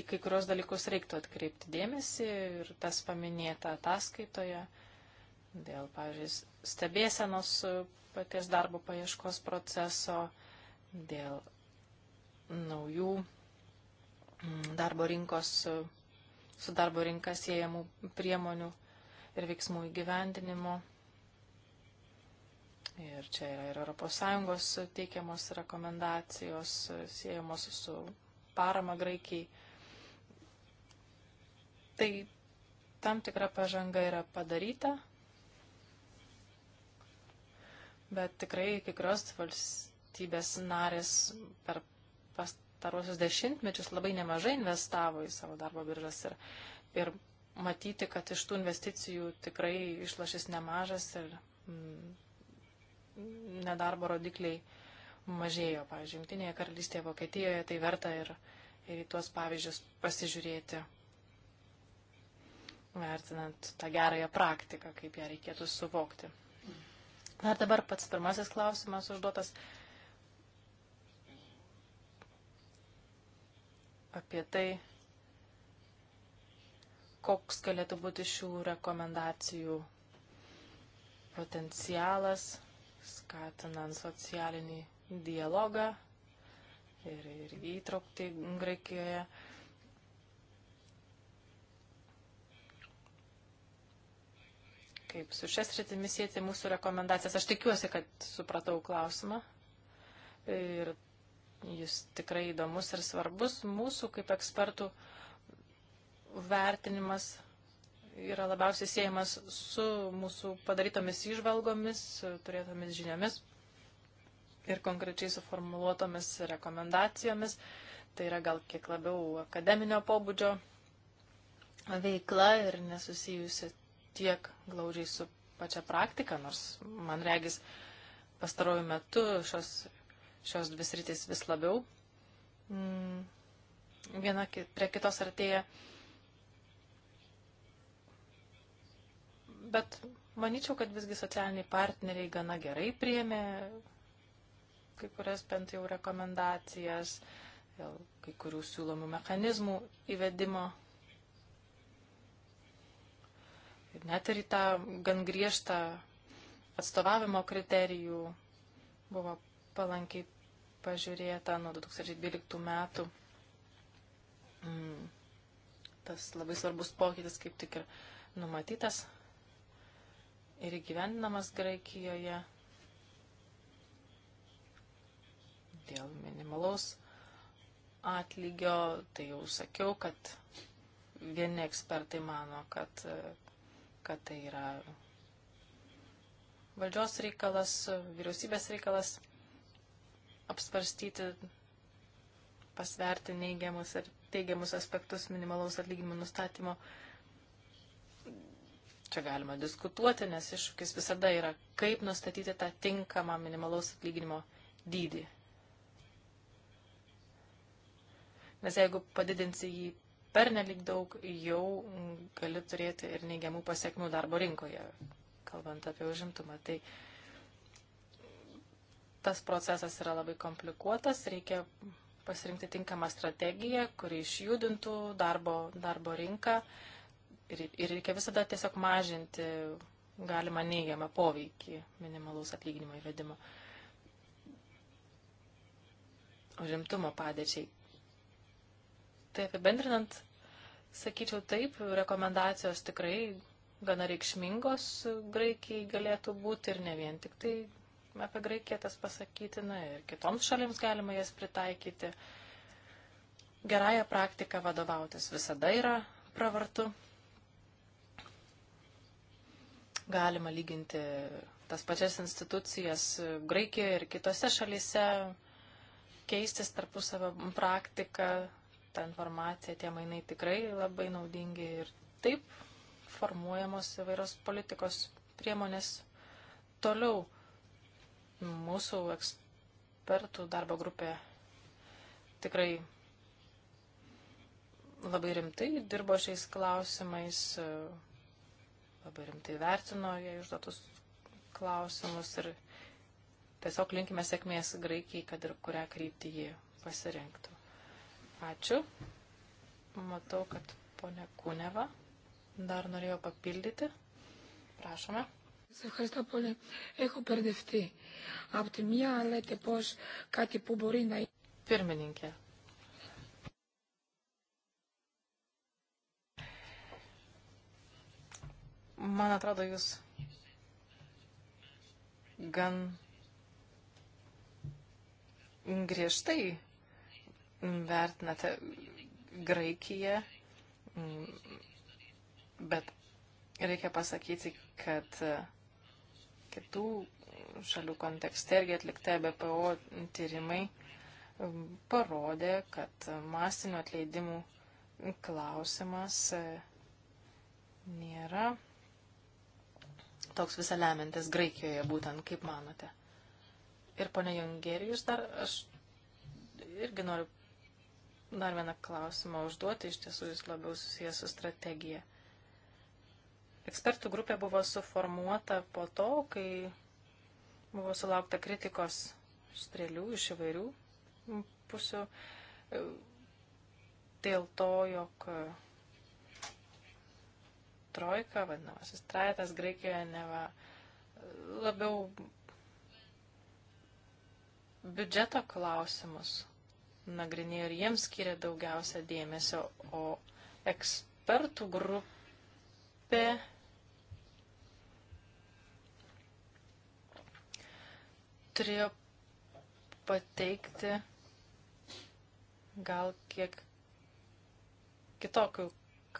D: į kai kurios dalykus reiktų atkreipti dėmesį ir tas paminėta ataskaitoje dėl, pavyzdžiui, stebėsenos paties darbo paieškos proceso, dėl naujų darbo rinkos, su darbo rinka siejamų priemonių ir veiksmų įgyvendinimo. Ir čia yra ir ES teikiamos rekomendacijos siejamos su parama Graikijai. Tai tam tikra pažanga yra padaryta, bet tikrai kai kurios valstybės narės per pastaruosius pastarosius dešimtmečius labai nemažai investavo į savo darbo biržas ir, ir matyti, kad iš tų investicijų tikrai išlašis nemažas ir mm, nedarbo rodikliai mažėjo, pavyzdžiui, Junktinėje karalystėje, Vokietijoje, tai verta ir, ir į tuos pavyzdžius pasižiūrėti, vertinant tą gerąją praktiką, kaip ją reikėtų suvokti. Na ir dabar pats pirmasis klausimas užduotas apie tai, koks galėtų būti šių rekomendacijų potencialas, skatinant socialinį dialogą ir, ir įtraukti Graikijoje. Kaip su šias rytimis sėti mūsų rekomendacijas. Aš tikiuosi, kad supratau klausimą. Ir Jis tikrai įdomus ir svarbus. Mūsų kaip ekspertų vertinimas yra labiausiai siejamas su mūsų padarytomis išvalgomis, turėtomis žiniomis ir konkrečiai suformuluotomis rekomendacijomis. Tai yra gal kiek labiau akademinio pobūdžio veikla ir nesusijusi tiek glaudžiai su pačia praktika, nors man regis pastarojų metų šios šios dvi sritys vis labiau mm, viena prie kitos artėja. Bet manyčiau, kad visgi socialiniai partneriai gana gerai priemė kai kurias bent jau rekomendacijas, jau kai kurių siūlomų mechanizmų įvedimo. Ir net ir į tą gan griežtą atstovavimo kriterijų buvo palankiai pažiūrėta nuo 2012 metų. Mm. Tas labai svarbus pokytis kaip tik ir numatytas ir įgyvendinamas Graikijoje dėl minimalaus atlygio, tai jau sakiau, kad vieni ekspertai mano, kad, kad tai yra valdžios reikalas, vyriausybės reikalas, apsvarstyti, pasverti neigiamus ir teigiamus aspektus minimalaus atlyginimo nustatymo. Čia galima diskutuoti, nes iššūkis visada yra, kaip nustatyti tą tinkamą minimalaus atlyginimo dydį. Nes jeigu padidinsi jį per nelik daug, jau gali turėti ir neigiamų pasiekmių darbo rinkoje, kalbant apie užimtumą. Tai uh, tas procesas yra labai komplikuotas, reikia pasirinkti tinkamą strategiją, kuri išjudintų darbo, darbo rinką ir, ir reikia visada tiesiog mažinti galima neigiamą poveikį minimalaus atlyginimo įvedimo. Užimtumo padėčiai. Tai apibendrinant, sakyčiau taip, rekomendacijos tikrai gana reikšmingos Graikijai galėtų būti ir ne vien tik tai apie Graikiją tas pasakytina ir kitoms šalims galima jas pritaikyti. Gerąją praktiką vadovautis visada yra pravartu. Galima lyginti tas pačias institucijas Graikijoje ir kitose šalyse, keistis tarpusavę praktiką, ta informacija, tie mainai tikrai labai naudingi ir taip formuojamos įvairios politikos priemonės toliau Mūsų ekspertų darbo grupė tikrai labai rimtai dirbo šiais klausimais, labai rimtai vertino jie užduotus klausimus ir tiesiog linkime sėkmės Graikijai, kad ir kurią kryptį jį pasirinktų. Ačiū. Matau, kad ponia Kuneva dar norėjo papildyti. Prašome. Σε ευχαριστώ πολύ. Έχω μπερδευτεί. Από τη μία λέτε πως κάτι που μπορεί να... Pirmininkė. Man atrodo, jūs gan griežtai vertinate Graikiją, bet reikia pasakyti, kad kitų šalių kontekste irgi atlikta e BPO tyrimai um, parodė, kad masinių atleidimų klausimas e, nėra toks visą lemintis Graikijoje būtent, kaip manote. Ir pone Jungerijus dar, aš irgi noriu dar vieną klausimą užduoti, iš tiesų jis labiau susijęs su strategija. Ekspertų grupė buvo suformuota po to, kai buvo sulaukta kritikos strėlių iš įvairių pusių e, dėl to, jog e, trojka, vadinamasis traitas Graikijoje neva e, labiau biudžeto klausimus nagrinėjo ir jiems skiria daugiausia dėmesio, o ekspertų grupė grupė turėjo pateikti gal kiek kitokių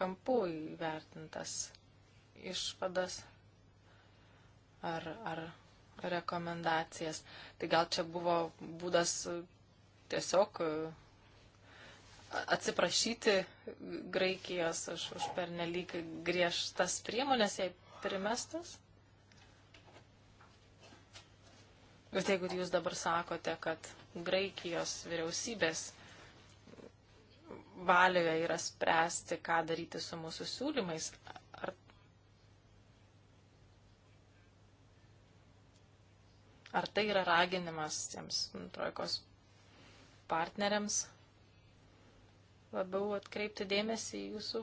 D: kampų įvertintas išvadas ar, ar rekomendacijas. Tai gal čia buvo būdas tiesiog atsiprašyti Graikijos už, už pernelyg griežtas priemonės jai primestas? Bet jeigu jūs dabar sakote, kad Graikijos vyriausybės valioje yra spręsti, ką daryti su mūsų siūlymais, ar, ar tai yra raginimas tiems trojkos partneriams labiau atkreipti dėmesį į jūsų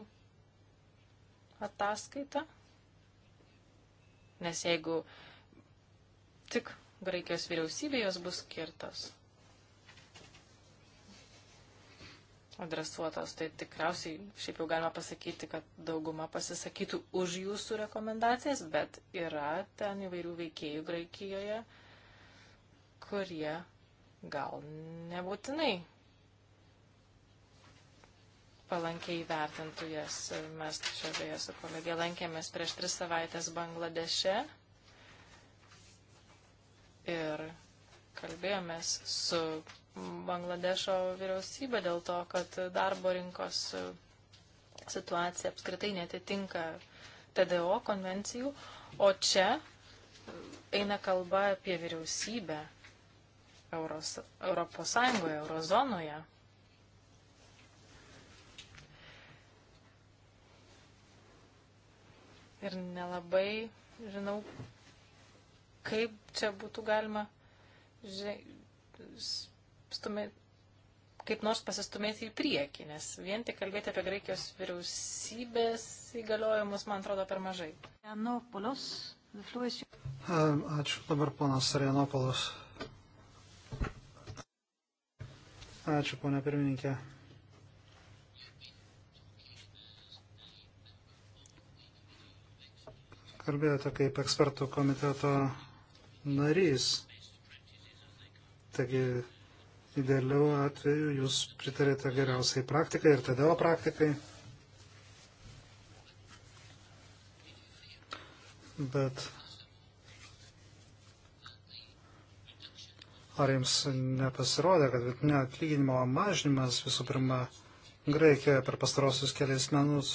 D: ataskaitą? Nes jeigu tik Graikijos vyriausybė jos bus skirtos, adresuotos, tai tikriausiai šiaip jau galima pasakyti, kad dauguma pasisakytų už jūsų rekomendacijas, bet yra ten įvairių veikėjų Graikijoje, kurie gal nebūtinai palankiai vertintų jas. Mes čia beje su kolegė lankėmės prieš tris savaitės Bangladeše ir kalbėjomės su Bangladešo vyriausybė dėl to, kad darbo rinkos situacija apskritai netitinka TDO konvencijų, o čia eina kalba apie vyriausybę Euros, Europos Sąjungoje, Eurozonoje. ir nelabai žinau, kaip čia būtų galima stumėti kaip nors pasistumėti į priekį, nes vien tik kalbėti apie Graikijos vyriausybės įgaliojimus, man atrodo,
A: per mažai. Ačiū
B: dabar ponas Arianopolos. Ačiū, ponia pirmininkė. kalbėjote kaip ekspertų komiteto narys. Taigi, idealiu atveju jūs pritarėte geriausiai praktikai ir todėl praktikai. Bet ar jums nepasirodė, kad vidutinio atlyginimo mažinimas visų pirma Graikijoje per pastarosius kelias menus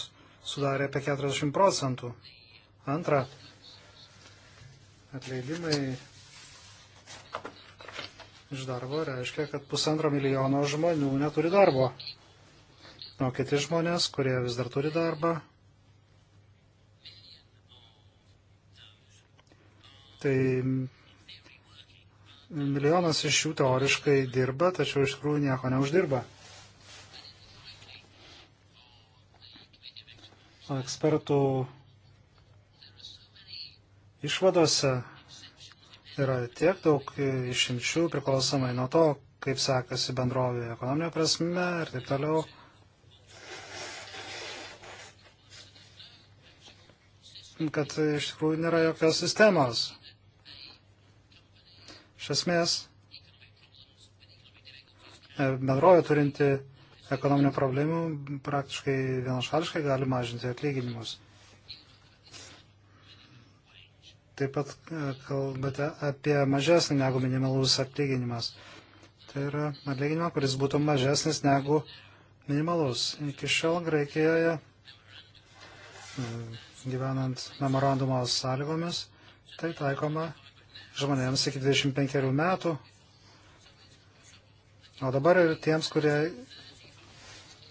B: sudarė apie 40 procentų? Antra, atleidimai iš darbo reiškia, kad pusantro milijono žmonių neturi darbo. O kiti žmonės, kurie vis dar turi darbą, tai milijonas iš jų teoriškai dirba, tačiau iš tikrųjų nieko neuždirba. O ekspertų Išvadose yra tiek daug išimčių priklausomai nuo to, kaip sekasi bendrovė ekonominio prasme ir taip toliau. kad iš tikrųjų nėra jokios sistemos. Iš esmės, bendrovė turinti ekonominių problemų praktiškai vienašališkai gali mažinti atlyginimus. taip pat e, kalbate apie mažesnį negu minimalus atlyginimas. Tai yra atlyginimą, kuris būtų mažesnis negu minimalus. Iki šiol Graikijoje, e, gyvenant memorandumo sąlygomis, tai taikoma žmonėms iki 25 metų. O dabar ir tiems, kurie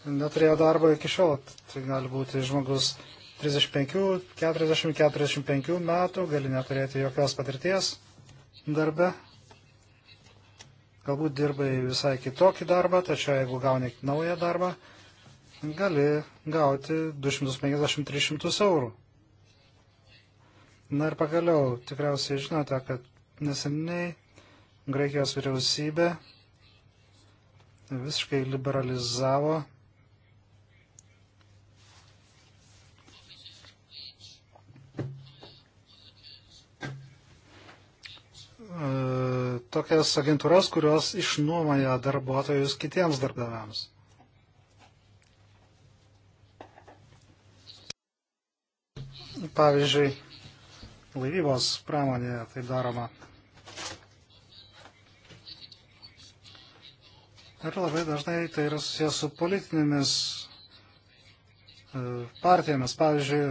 B: neturėjo darbo iki šiol, tai gali būti žmogus 35, 40, 45 metų, gali neturėti jokios patirties darbe. Galbūt dirbai visai kitokį darbą, tačiau jeigu gauni naują darbą, gali gauti 250-300 eurų. Na ir pagaliau, tikriausiai žinote, kad neseniai Graikijos vyriausybė visiškai liberalizavo E, tokias agentūras, kurios išnuomoja darbuotojus kitiems darbdaviams. Pavyzdžiui, laivybos pramonėje tai daroma. Ir labai dažnai tai yra susijęs su politinėmis e, partijomis. Pavyzdžiui,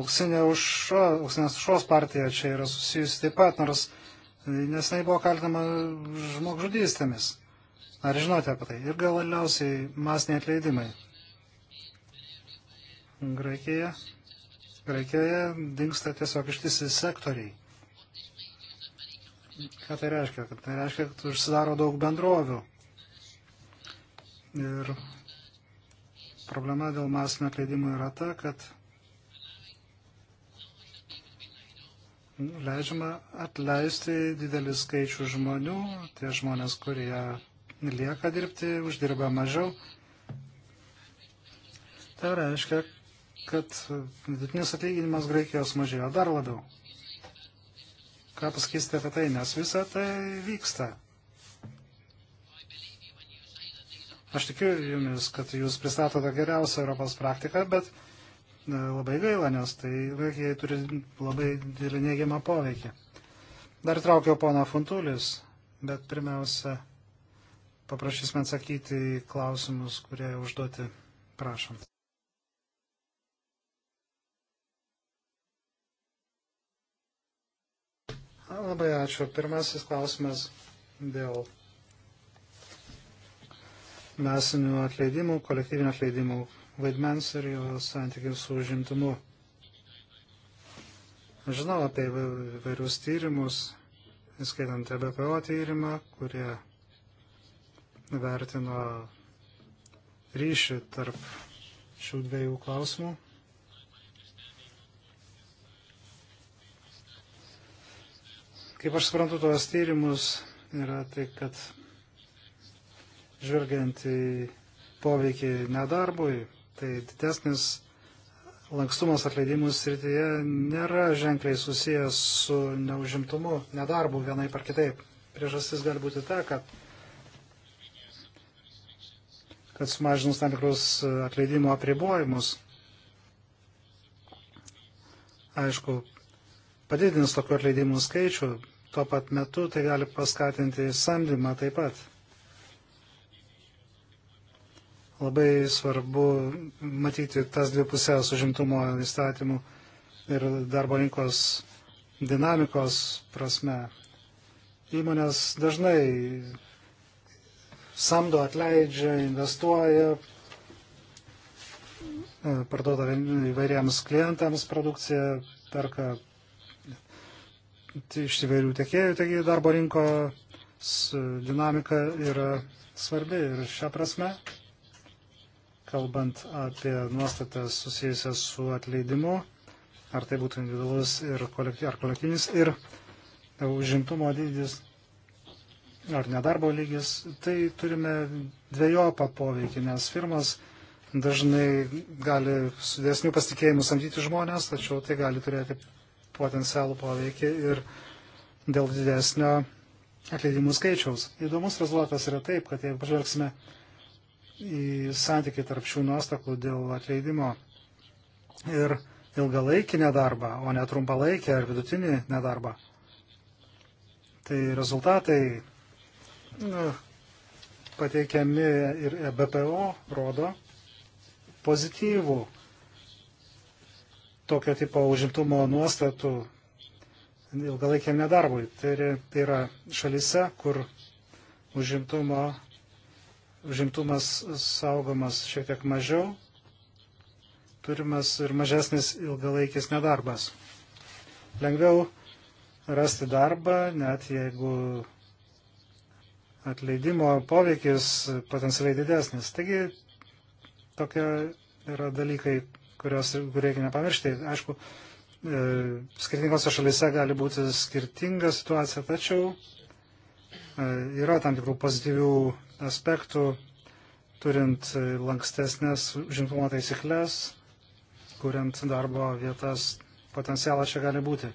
B: auksinė užšos, auksinės užšos partija čia yra susijusi taip pat, nors nes jinai buvo kaltinama žmogžudystėmis. Ar žinote apie tai? Ir galiausiai masiniai atleidimai. Graikijoje, Graikijoje dinksta tiesiog ištisi sektoriai. Ką tai reiškia? Kad tai reiškia, kad užsidaro daug bendrovių. Ir problema dėl masinio atleidimo yra ta, kad leidžiama atleisti didelį skaičių žmonių, tie žmonės, kurie lieka dirbti, uždirba mažiau. Tai reiškia, kad vidutinis atlyginimas Graikijos mažėjo dar labiau. Ką pasakysite apie tai, nes visa tai vyksta. Aš tikiu jumis, kad jūs pristatote geriausią Europos praktiką, bet labai gaila, nes tai jie turi labai didelį neigiamą poveikį. Dar traukiau poną Funtulis, bet pirmiausia paprašysime atsakyti į klausimus, kurie užduoti prašom. Labai ačiū. Pirmasis klausimas dėl mesinių atleidimų, kolektyvinių atleidimų vaidmens ir jo santykius su užimtumu. Žinau apie vairius tyrimus, įskaitant EBPO tyrimą, kurie vertino ryšį tarp šių dviejų klausimų. Kaip aš suprantu tuos tyrimus, yra tai, kad žvelgiant į poveikį nedarbui, Tai didesnis lankstumas atleidimų srityje nėra ženkliai susijęs su neužimtumu, nedarbu vienai par kitaip. Priežastis gali būti ta, kad, kad sumažinus tam tikrus atleidimo apribojimus, aišku, padidinus tokių atleidimų skaičių, tuo pat metu tai gali paskatinti samdymą taip pat labai svarbu matyti tas dvi pusės užimtumo įstatymų ir darbo rinkos dinamikos prasme. Įmonės dažnai samdo, atleidžia, investuoja, e, parduoda įvairiems klientams produkciją, perka iš įvairių tiekėjų, taigi darbo rinkos e, dinamika yra svarbi ir šią prasme kalbant apie nuostatas susijusias su atleidimu, ar tai būtų individualus ir kolekty, ar kolektyvinis, ir užimtumo dydis, ar nedarbo lygis, tai turime dviejopą poveikį, nes firmas dažnai gali su dėsnių pasitikėjimu samdyti žmonės, tačiau tai gali turėti potencialų poveikį ir dėl didesnio atleidimų skaičiaus. Įdomus rezultatas yra taip, kad jeigu pažvelgsime į santykį tarp šių nuostatų dėl atleidimo ir ilgalaikį nedarbą, o ne trumpalaikį ar vidutinį nedarbą. Tai rezultatai nu, pateikiami ir e BPO rodo pozityvų tokio tipo užimtumo nuostatų ilgalaikiam nedarbui. Tai, tai yra šalise, kur užimtumo užimtumas saugomas šiek tiek mažiau, turimas ir mažesnis ilgalaikis nedarbas. Lengviau rasti darbą, net jeigu atleidimo poveikis potencialiai didesnis. Taigi tokie yra dalykai, kuriuos reikia nepamiršti. Aišku, e, skirtingose šalise gali būti skirtinga situacija, tačiau e, yra tam tikrų pozityvių aspektų, turint lankstesnės žimtumo taisyklės, kuriant darbo vietas, potencialas čia gali būti.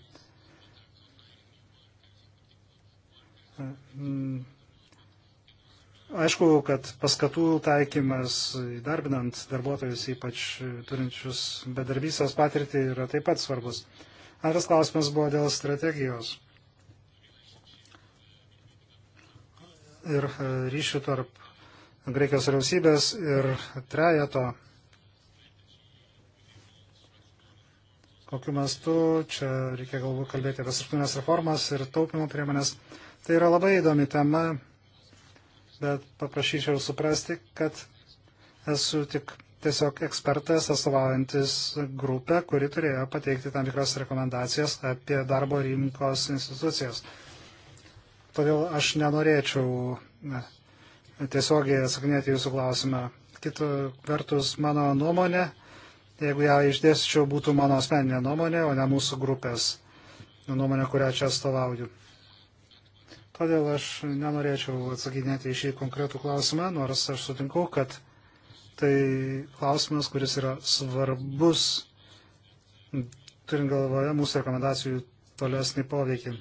B: Aišku, kad paskatų taikymas įdarbinant darbuotojus, ypač turinčius bedarbysės patirtį, yra taip pat svarbus. Antras klausimas buvo dėl strategijos. ir e, ryšių tarp Graikijos vyriausybės ir trejeto. Kokiu mastu, čia reikia galbūt kalbėti apie struktūrinės reformas ir taupimo priemonės. Tai yra labai įdomi tema, bet paprašyčiau suprasti, kad esu tik tiesiog ekspertas atstovaujantis grupę, kuri turėjo pateikti tam tikras rekomendacijas apie darbo rinkos institucijas. Todėl aš nenorėčiau tiesiogiai atsakinėti jūsų klausimą. Kita vertus, mano nuomonė, jeigu ją išdėsčiau, būtų mano asmeninė nuomonė, o ne mūsų grupės nuomonė, kurią čia atstovauju. Todėl aš nenorėčiau atsakinėti į šį konkretų klausimą, nors aš sutinku, kad tai klausimas, kuris yra svarbus, turint galvoje mūsų rekomendacijų tolesnį poveikį.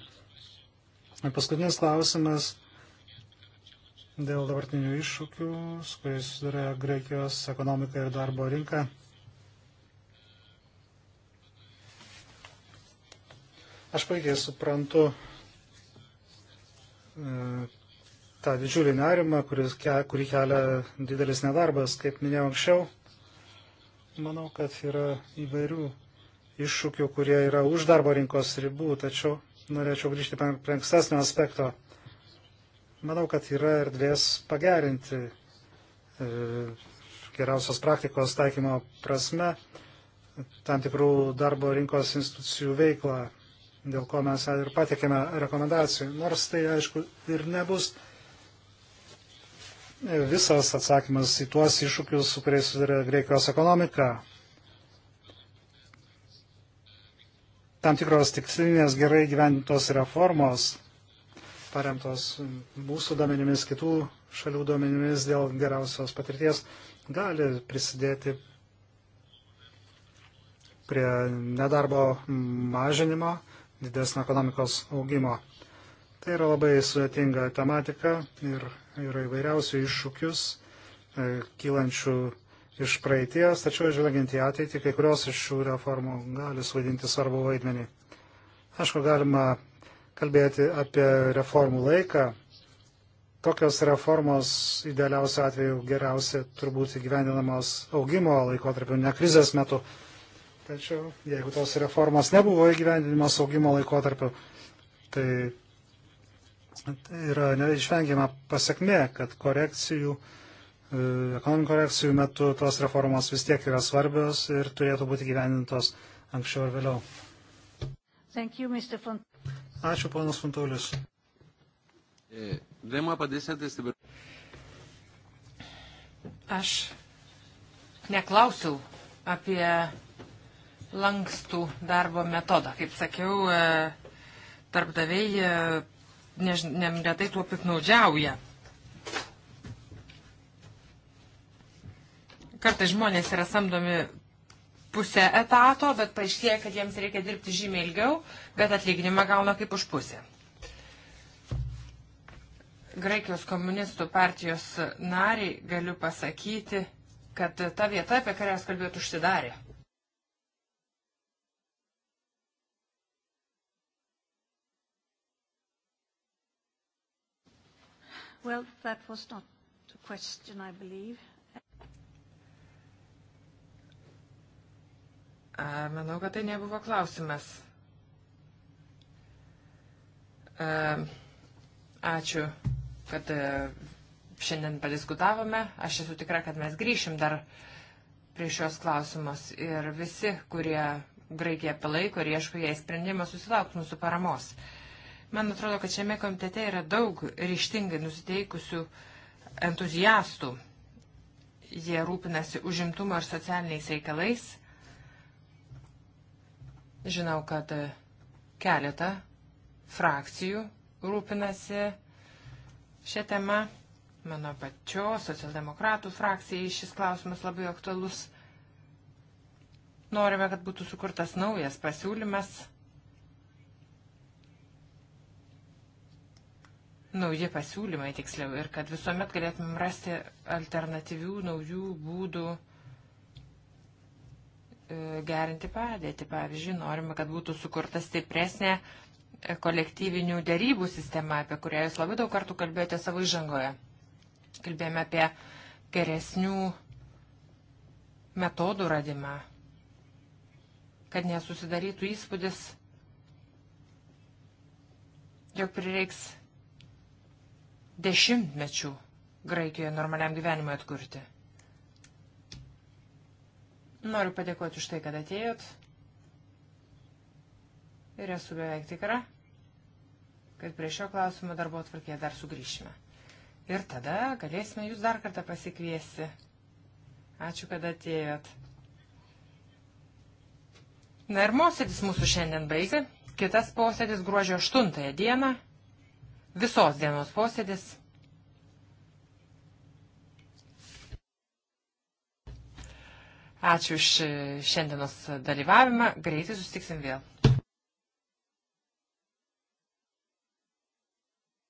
B: Ir paskutinis klausimas dėl dabartinių iššūkių, su kuriais susiduria Graikijos ekonomika ir darbo rinka. Aš puikiai suprantu e, tą didžiulį nerimą, kuris, kurį kelia didelis nedarbas, kaip minėjau anksčiau. Manau, kad yra įvairių iššūkių, kurie yra už darbo rinkos ribų, tačiau norėčiau grįžti prie ankstesnio aspekto. Manau, kad yra erdvės pagerinti e, geriausios praktikos taikymo prasme tam tikrų darbo rinkos institucijų veiklą, dėl ko mes ir patikėme rekomendacijų. Nors tai, aišku, ir nebus visas atsakymas į tuos iššūkius, su kuriais sudarė greikijos ekonomika. tam tikros tikslinės gerai gyventos reformos, paremtos mūsų duomenimis, kitų šalių duomenimis dėl geriausios patirties, gali prisidėti prie nedarbo mažinimo, didesnio ekonomikos augimo. Tai yra labai sudėtinga tematika ir yra įvairiausių iššūkius e, kylančių iš praeities, tačiau žvelgiant į ateitį, kai kurios iš šių reformų gali suvaidinti svarbu vaidmenį. Aišku, galima kalbėti apie reformų laiką. Tokios reformos idealiausiu atveju geriausia turbūt įgyvendinamos augimo laikotarpiu, ne krizės metu. Tačiau jeigu tos reformos nebuvo įgyvendinamos augimo laikotarpiu, tai yra neišvengiama pasiekmė, kad korekcijų uh, E, ekonomikų reakcijų metu tos reformos vis tiek yra svarbios ir turėtų būti gyvenintos anksčiau ar vėliau.
A: Thank you, Font...
B: Ačiū, ponas Funtulis.
A: E, Aš
C: neklausiau apie lankstų darbo metodą. Kaip sakiau, e, darbdaviai neretai tuo piknaudžiauja. Kartais žmonės yra samdomi pusę etato, bet paaiškėja, kad jiems reikia dirbti žymiai ilgiau, bet atlyginimą gauna kaip už pusę. Graikijos komunistų partijos nariai galiu pasakyti, kad ta vieta, apie kurią jūs kalbėjot, užsidarė.
A: Well, that was not the question, I believe.
C: Manau, kad tai nebuvo klausimas. Ačiū, kad e, šiandien padiskutavome. Aš esu tikra, kad mes grįšim dar prie šios klausimus ir visi, kurie Graikiją palaiko ir ieško jai sprendimą, susilauks mūsų paramos. Man atrodo, kad šiame komitete yra daug ryštingai nusiteikusių entuziastų. Jie rūpinasi užimtumo ir socialiniais reikalais Žinau, kad keletą frakcijų rūpinasi šią temą. Mano pačios socialdemokratų frakcijai šis klausimas labai aktualus. Norime, kad būtų sukurtas naujas pasiūlymas. Nauji pasiūlymai tiksliau ir kad visuomet galėtumėm rasti alternatyvių naujų būdų E, gerinti padėtį. Pavyzdžiui, norime, kad būtų sukurta stipresnė e, kolektyvinių dėrybų sistema, apie kurią jūs labai daug kartų kalbėjote savo įžangoje. Kalbėjome apie geresnių metodų radimą, kad nesusidarytų įspūdis, jog prireiks dešimtmečių Graikijoje normaliam gyvenimui atkurti. Noriu padėkoti už tai, kad atėjot. Ir esu beveik tikra, kad prie šio klausimo darbo atvarkėje dar sugrįšime. Ir tada galėsime jūs dar kartą pasikviesti. Ačiū, kad atėjot. Na ir mosėdis mūsų šiandien baigė. Kitas posėdis gruodžio 8 dieną. Visos dienos posėdis. Ačiū už šiandienos dalyvavimą. Greitai sustiksim vėl.